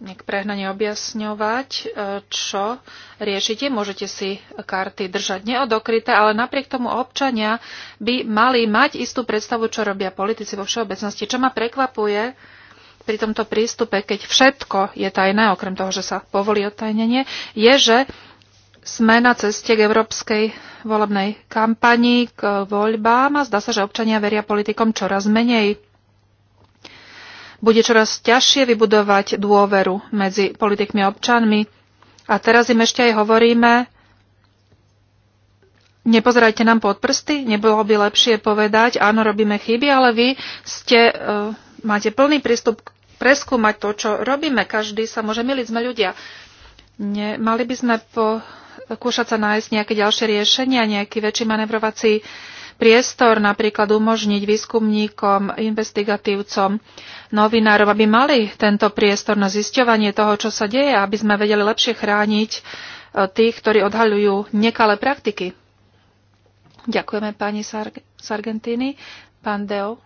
nejak prehnane objasňovať, e, čo riešite. Môžete si karty držať neodokryté, ale napriek tomu občania by mali mať istú predstavu, čo robia politici vo všeobecnosti. Čo ma prekvapuje pri tomto prístupe, keď všetko je tajné, okrem toho, že sa povolí odtajnenie, je, že sme na ceste k európskej volebnej kampani, k voľbám a zdá sa, že občania veria politikom čoraz menej bude čoraz ťažšie vybudovať dôveru medzi politikmi a občanmi. A teraz im ešte aj hovoríme, nepozerajte nám pod prsty, nebolo by lepšie povedať, áno, robíme chyby, ale vy ste, uh, máte plný prístup k preskúmať to, čo robíme. Každý sa môže miliť, sme ľudia. Nemali mali by sme po, kúšať sa nájsť nejaké ďalšie riešenia, nejaký väčší manevrovací priestor napríklad umožniť výskumníkom, investigatívcom, novinárom, aby mali tento priestor na zisťovanie toho, čo sa deje, aby sme vedeli lepšie chrániť e, tých, ktorí odhaľujú nekalé praktiky. Ďakujeme pani Sargentini. Pán Deo,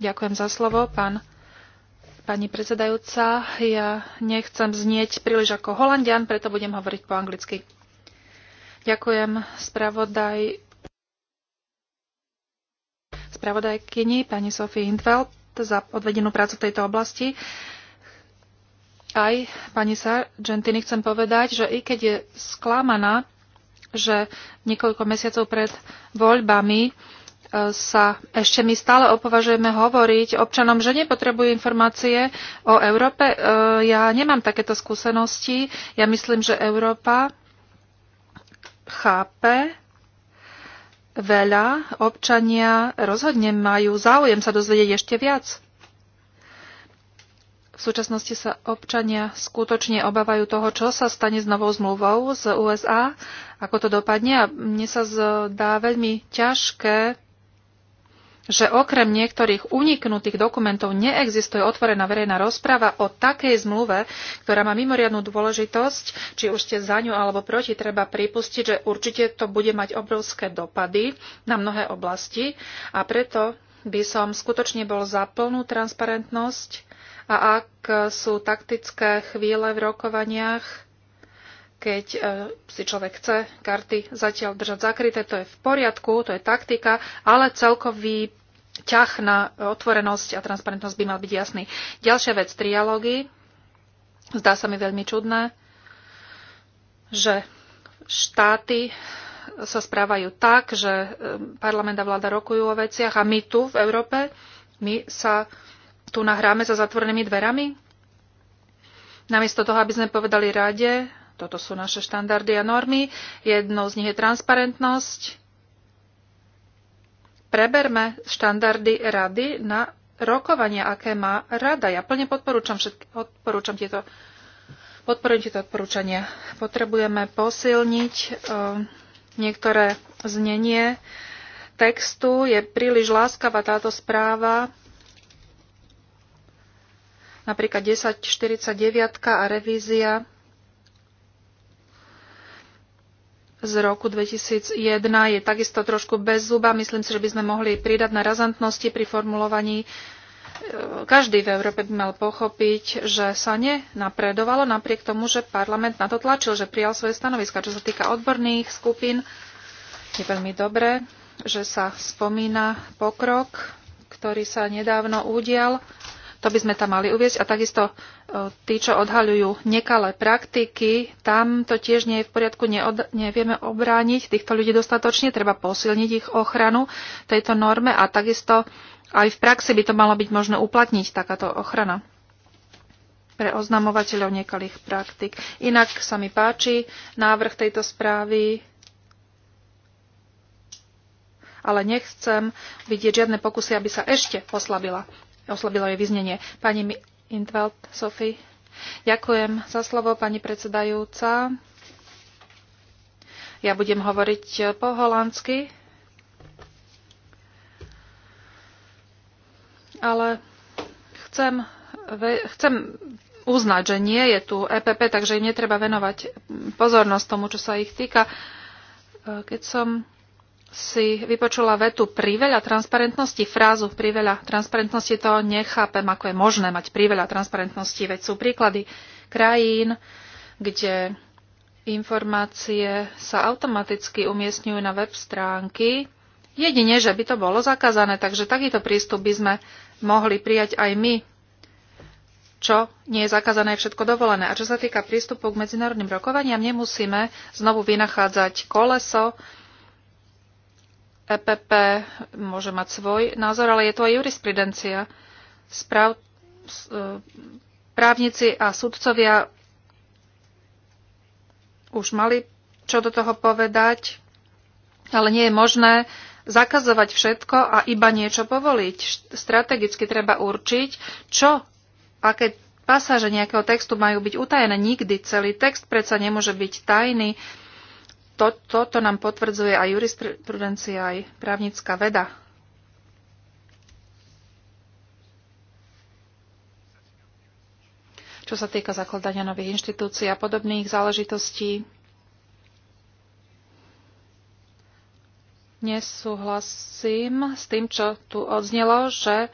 ďakujem za slovo. Pán Pani predsedajúca, ja nechcem znieť príliš ako holandian, preto budem hovoriť po anglicky. Ďakujem spravodaj spravodajkyni, pani Sofie Hintfeld, za odvedenú prácu v tejto oblasti. Aj pani Sargentini chcem povedať, že i keď je sklamaná, že niekoľko mesiacov pred voľbami e, sa ešte my stále opovažujeme hovoriť občanom, že nepotrebujú informácie o Európe. E, ja nemám takéto skúsenosti. Ja myslím, že Európa chápe veľa, občania rozhodne majú záujem sa dozvedieť ešte viac. V súčasnosti sa občania skutočne obávajú toho, čo sa stane s novou zmluvou z USA, ako to dopadne. A mne sa zdá veľmi ťažké že okrem niektorých uniknutých dokumentov neexistuje otvorená verejná rozprava o takej zmluve, ktorá má mimoriadnú dôležitosť, či už ste za ňu alebo proti, treba pripustiť, že určite to bude mať obrovské dopady na mnohé oblasti a preto by som skutočne bol za plnú transparentnosť a ak sú taktické chvíle v rokovaniach, keď e, si človek chce karty zatiaľ držať zakryté, to je v poriadku, to je taktika, ale celkový ťah na otvorenosť a transparentnosť by mal byť jasný. Ďalšia vec, trialógy. Zdá sa mi veľmi čudné, že štáty sa správajú tak, že um, parlament a vláda rokujú o veciach a my tu v Európe, my sa tu nahráme za zatvorenými dverami. Namiesto toho, aby sme povedali rade, toto sú naše štandardy a normy, jednou z nich je transparentnosť, preberme štandardy rady na rokovania, aké má rada. Ja plne podporúčam, všetky, odporúčam tieto, podporujem tieto odporúčania. Potrebujeme posilniť e, niektoré znenie textu. Je príliš láskavá táto správa. Napríklad 1049 a revízia z roku 2001 je takisto trošku bez zuba. Myslím si, že by sme mohli pridať na razantnosti pri formulovaní. E, každý v Európe by mal pochopiť, že sa nenapredovalo napriek tomu, že parlament na to tlačil, že prijal svoje stanoviska. Čo sa týka odborných skupín, je veľmi dobré, že sa spomína pokrok, ktorý sa nedávno udial to by sme tam mali uvieť. A takisto e, tí, čo odhaľujú nekalé praktiky, tam to tiež nie je v poriadku, neod, nevieme obrániť týchto ľudí dostatočne, treba posilniť ich ochranu tejto norme a takisto aj v praxi by to malo byť možné uplatniť takáto ochrana pre oznamovateľov nekalých praktik. Inak sa mi páči návrh tejto správy, ale nechcem vidieť žiadne pokusy, aby sa ešte oslabila oslobilo jej vyznenie. Pani Intveld, Sophie. Ďakujem za slovo, pani predsedajúca. Ja budem hovoriť e, po holandsky, ale chcem, chcem uznať, že nie je tu EPP, takže im netreba venovať pozornosť tomu, čo sa ich týka. E, keď som si vypočula vetu priveľa transparentnosti, frázu priveľa transparentnosti, to nechápem, ako je možné mať priveľa transparentnosti, veď sú príklady krajín, kde informácie sa automaticky umiestňujú na web stránky, jedine, že by to bolo zakázané, takže takýto prístup by sme mohli prijať aj my, čo nie je zakázané, je všetko dovolené. A čo sa týka prístupu k medzinárodným rokovaniam, nemusíme znovu vynachádzať koleso, EPP môže mať svoj názor, ale je to aj jurisprudencia. Správ, e, právnici a sudcovia už mali čo do toho povedať, ale nie je možné zakazovať všetko a iba niečo povoliť. Strategicky treba určiť, čo, aké pasáže nejakého textu majú byť utajené. Nikdy celý text predsa nemôže byť tajný to, toto nám potvrdzuje aj jurisprudencia, aj právnická veda. Čo sa týka zakladania nových inštitúcií a podobných záležitostí, nesúhlasím s tým, čo tu odznelo, že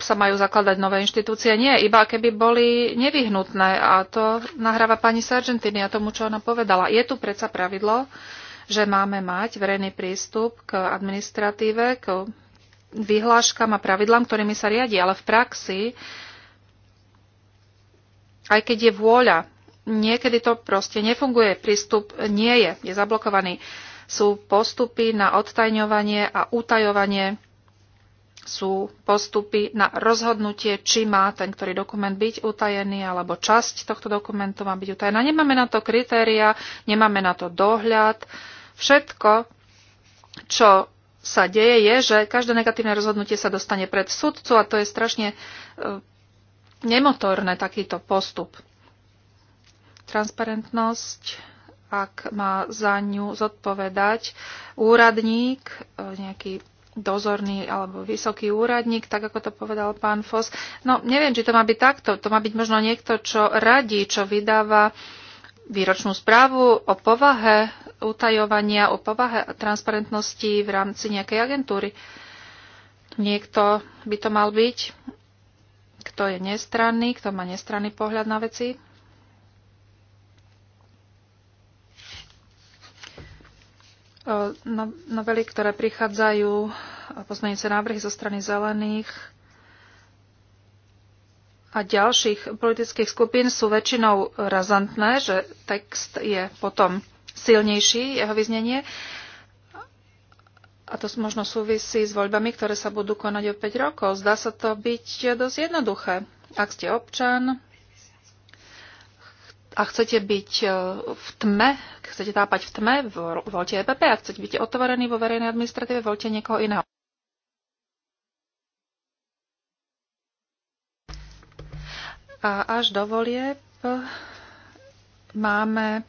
sa majú zakladať nové inštitúcie. Nie, iba keby boli nevyhnutné. A to nahráva pani Sargentini a tomu, čo ona povedala. Je tu predsa pravidlo, že máme mať verejný prístup k administratíve, k vyhláškam a pravidlám, ktorými sa riadi. Ale v praxi, aj keď je vôľa, niekedy to proste nefunguje. Prístup nie je, je zablokovaný. Sú postupy na odtajňovanie a utajovanie sú postupy na rozhodnutie, či má ten, ktorý dokument byť utajený, alebo časť tohto dokumentu má byť utajená. Nemáme na to kritéria, nemáme na to dohľad. Všetko, čo sa deje, je, že každé negatívne rozhodnutie sa dostane pred sudcu a to je strašne e, nemotorné takýto postup. Transparentnosť ak má za ňu zodpovedať úradník, e, nejaký dozorný alebo vysoký úradník, tak ako to povedal pán Fos. No neviem, či to má byť takto. To má byť možno niekto, čo radí, čo vydáva výročnú správu o povahe utajovania, o povahe transparentnosti v rámci nejakej agentúry. Niekto by to mal byť, kto je nestranný, kto má nestranný pohľad na veci. No, novely, ktoré prichádzajú, pozmenice návrhy zo strany zelených a ďalších politických skupín sú väčšinou razantné, že text je potom silnejší, jeho vyznenie. A to možno súvisí s voľbami, ktoré sa budú konať o 5 rokov. Zdá sa to byť dosť jednoduché. Ak ste občan, a chcete byť e, v tme, chcete tápať v tme, voľte EPP, ak chcete byť otvorený vo verejnej administratíve, voľte niekoho iného. A až do volieb máme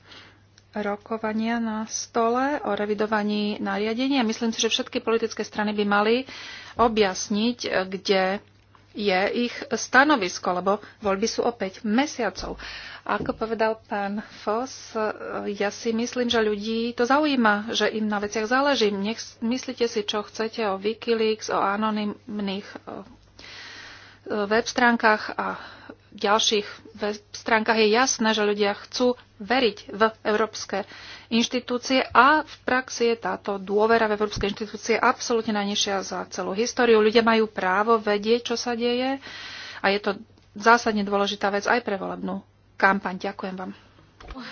rokovania na stole o revidovaní nariadenia. Myslím si, že všetky politické strany by mali objasniť, kde je ich stanovisko, lebo voľby sú opäť mesiacov. Ako povedal pán Foss, ja si myslím, že ľudí to zaujíma, že im na veciach záleží. Nech, myslíte si, čo chcete o Wikileaks, o anonimných web stránkach a ďalších web stránkach je jasné, že ľudia chcú veriť v európske inštitúcie a v praxi je táto dôvera v európske inštitúcie absolútne najnižšia za celú históriu. Ľudia majú právo vedieť, čo sa deje a je to zásadne dôležitá vec aj pre volebnú kampaň. Ďakujem vám.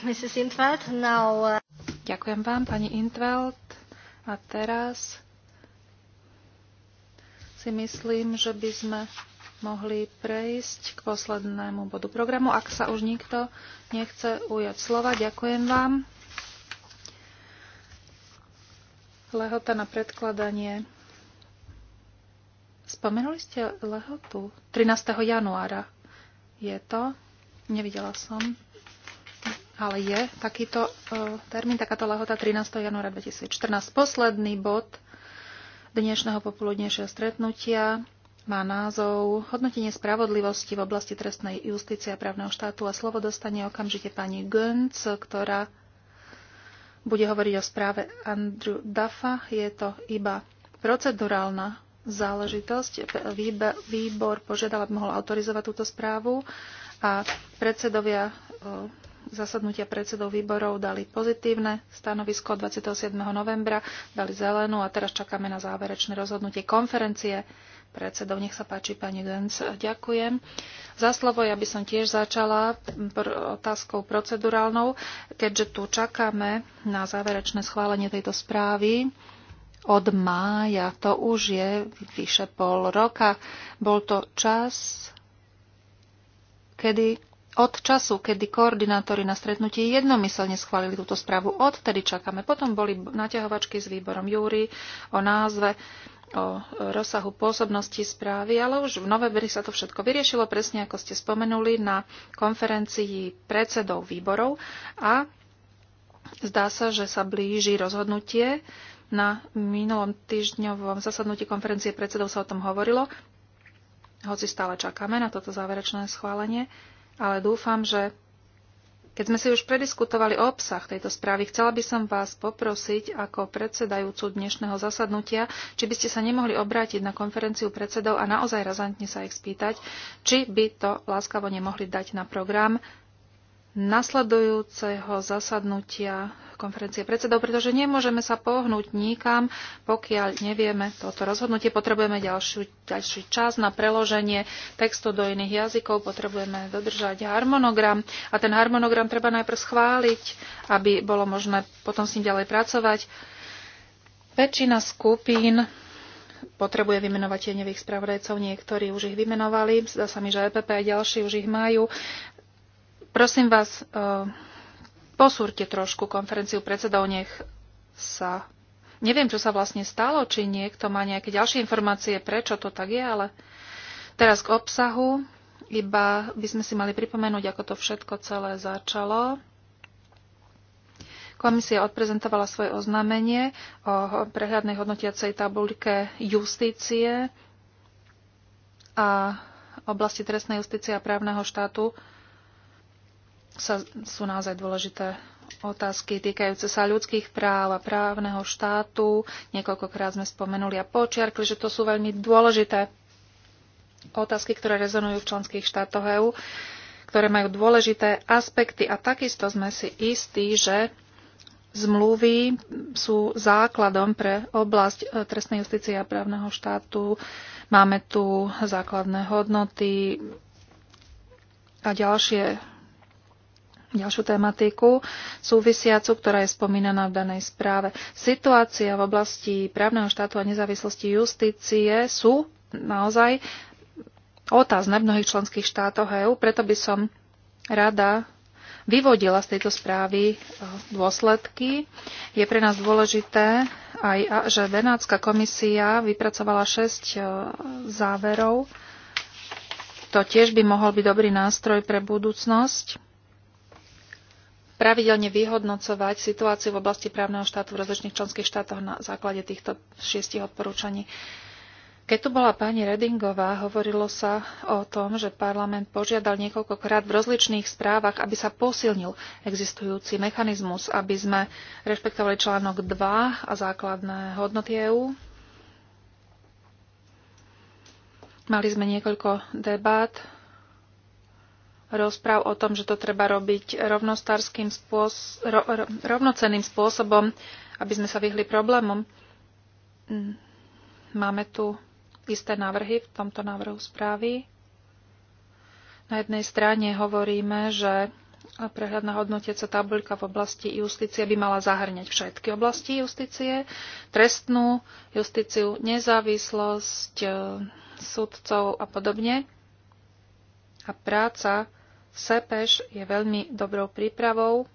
Mrs. Intveld, now... Uh, Ďakujem vám, pani Intveld. A teraz si myslím, že by sme mohli prejsť k poslednému bodu programu. Ak sa už nikto nechce ujať slova, ďakujem vám. Lehota na predkladanie. Spomenuli ste lehotu? 13. januára je to. Nevidela som. Ale je takýto e, termín, takáto lehota 13. januára 2014. Posledný bod dnešného popoludnejšieho stretnutia má názov Hodnotenie spravodlivosti v oblasti trestnej justície a právneho štátu a slovo dostane okamžite pani Gönc, ktorá bude hovoriť o správe Andrew Duffa. Je to iba procedurálna záležitosť. Výbor požiadal, aby mohol autorizovať túto správu a predsedovia zasadnutia predsedov výborov dali pozitívne stanovisko 27. novembra, dali zelenú a teraz čakáme na záverečné rozhodnutie konferencie predsedov. Nech sa páči, pani Denc. Ďakujem. Za slovo ja by som tiež začala pr- otázkou procedurálnou, keďže tu čakáme na záverečné schválenie tejto správy od mája. To už je vyše pol roka. Bol to čas, kedy od času, kedy koordinátori na stretnutí jednomyselne schválili túto správu, odtedy čakáme. Potom boli naťahovačky s výborom Júry o názve o rozsahu pôsobnosti správy, ale už v novembri sa to všetko vyriešilo, presne ako ste spomenuli, na konferencii predsedov výborov a zdá sa, že sa blíži rozhodnutie. Na minulom týždňovom zasadnutí konferencie predsedov sa o tom hovorilo, hoci stále čakáme na toto záverečné schválenie, ale dúfam, že keď sme si už prediskutovali o obsah tejto správy, chcela by som vás poprosiť ako predsedajúcu dnešného zasadnutia, či by ste sa nemohli obrátiť na konferenciu predsedov a naozaj razantne sa ich spýtať, či by to láskavo nemohli dať na program nasledujúceho zasadnutia konferencie predsedov, pretože nemôžeme sa pohnúť nikam, pokiaľ nevieme toto rozhodnutie. Potrebujeme ďalší, ďalší čas na preloženie textu do iných jazykov, potrebujeme dodržať harmonogram a ten harmonogram treba najprv schváliť, aby bolo možné potom s ním ďalej pracovať. Väčšina skupín potrebuje vymenovať tieňových spravodajcov, niektorí už ich vymenovali, zdá sa mi, že EPP a ďalší už ich majú. Prosím vás, eh, posúrte trošku konferenciu predsedov, nech sa... Neviem, čo sa vlastne stalo, či niekto má nejaké ďalšie informácie, prečo to tak je, ale teraz k obsahu. Iba by sme si mali pripomenúť, ako to všetko celé začalo. Komisia odprezentovala svoje oznámenie o prehľadnej hodnotiacej tabuľke justície a oblasti trestnej justície a právneho štátu sa, sú naozaj dôležité otázky týkajúce sa ľudských práv a právneho štátu. Niekoľkokrát sme spomenuli a počiarkli, že to sú veľmi dôležité otázky, ktoré rezonujú v členských štátoch EÚ, ktoré majú dôležité aspekty a takisto sme si istí, že zmluvy sú základom pre oblasť e, trestnej justície a právneho štátu. Máme tu základné hodnoty a ďalšie ďalšiu tematiku súvisiacu, ktorá je spomínaná v danej správe. Situácia v oblasti právneho štátu a nezávislosti justície sú naozaj otázne v mnohých členských štátoch EÚ, preto by som rada vyvodila z tejto správy e, dôsledky. Je pre nás dôležité aj, že Venácka komisia vypracovala 6 e, záverov. To tiež by mohol byť dobrý nástroj pre budúcnosť pravidelne vyhodnocovať situáciu v oblasti právneho štátu v rozličných členských štátoch na základe týchto šiestich odporúčaní. Keď tu bola pani Redingová, hovorilo sa o tom, že parlament požiadal niekoľkokrát v rozličných správach, aby sa posilnil existujúci mechanizmus, aby sme rešpektovali článok 2 a základné hodnoty EÚ. Mali sme niekoľko debát rozpráv o tom, že to treba robiť rovnostárským spôs- ro- ro- rovnocenným spôsobom, aby sme sa vyhli problémom. Mm. Máme tu isté návrhy v tomto návrhu správy. Na jednej strane hovoríme, že prehľadná hodnotiaca tabuľka v oblasti justície by mala zahrňať všetky oblasti justície, trestnú justíciu, nezávislosť, e, sudcov a podobne. A práca SEPEŠ je veľmi dobrou prípravou.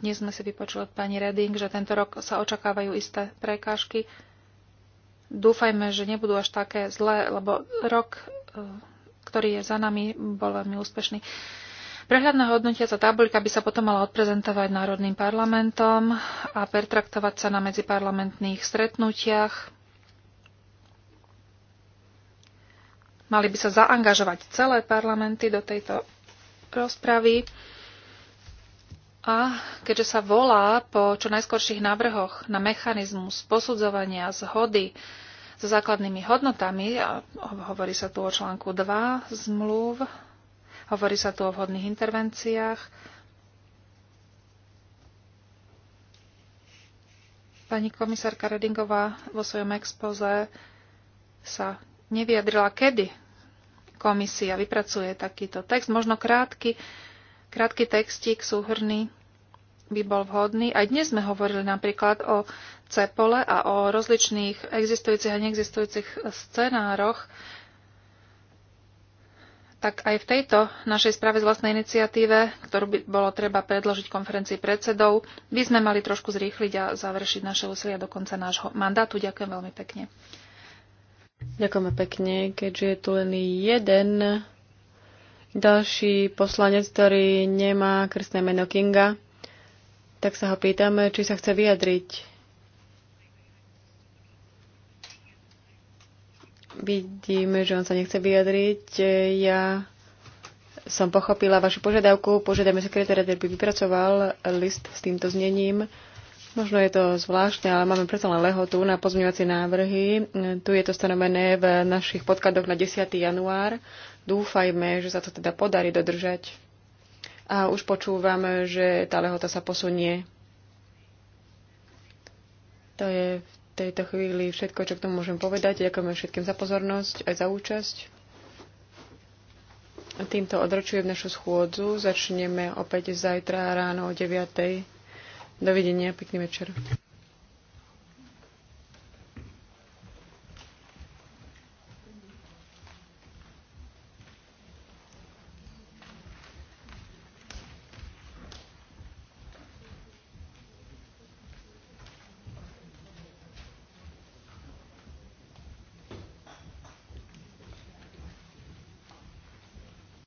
Dnes sme si vypočuli od pani Reding, že tento rok sa očakávajú isté prekážky. Dúfajme, že nebudú až také zlé, lebo rok, e, ktorý je za nami, bol veľmi úspešný. Prehľadná za tabulka by sa potom mala odprezentovať Národným parlamentom a pertraktovať sa na medziparlamentných stretnutiach Mali by sa zaangažovať celé parlamenty do tejto rozpravy. A keďže sa volá po čo najskorších návrhoch na mechanizmus posudzovania zhody so základnými hodnotami, a hovorí sa tu o článku 2 zmluv, hovorí sa tu o vhodných intervenciách, pani komisárka Redingová vo svojom expoze sa nevyjadrila, kedy komisia vypracuje takýto text. Možno krátky, krátky textík súhrný by bol vhodný. Aj dnes sme hovorili napríklad o cepole a o rozličných existujúcich a neexistujúcich scenároch, tak aj v tejto našej správe z vlastnej iniciatíve, ktorú by bolo treba predložiť konferencii predsedov, by sme mali trošku zrýchliť a završiť naše úsilie do konca nášho mandátu. Ďakujem veľmi pekne. Ďakujeme pekne, keďže je tu len jeden ďalší poslanec, ktorý nemá krstné meno Kinga, tak sa ho pýtame, či sa chce vyjadriť. Vidíme, že on sa nechce vyjadriť. Ja som pochopila vašu požiadavku. Požiadame sekretariat, aby vypracoval list s týmto znením. Možno je to zvláštne, ale máme predsa len lehotu na pozmeňovacie návrhy. Tu je to stanovené v našich podkladoch na 10. január. Dúfajme, že sa to teda podarí dodržať. A už počúvam, že tá lehota sa posunie. To je v tejto chvíli všetko, čo k tomu môžem povedať. Ďakujeme všetkým za pozornosť aj za účasť. Týmto odročujem našu schôdzu. Začneme opäť zajtra ráno o 9. Dovidenia, pekný večer.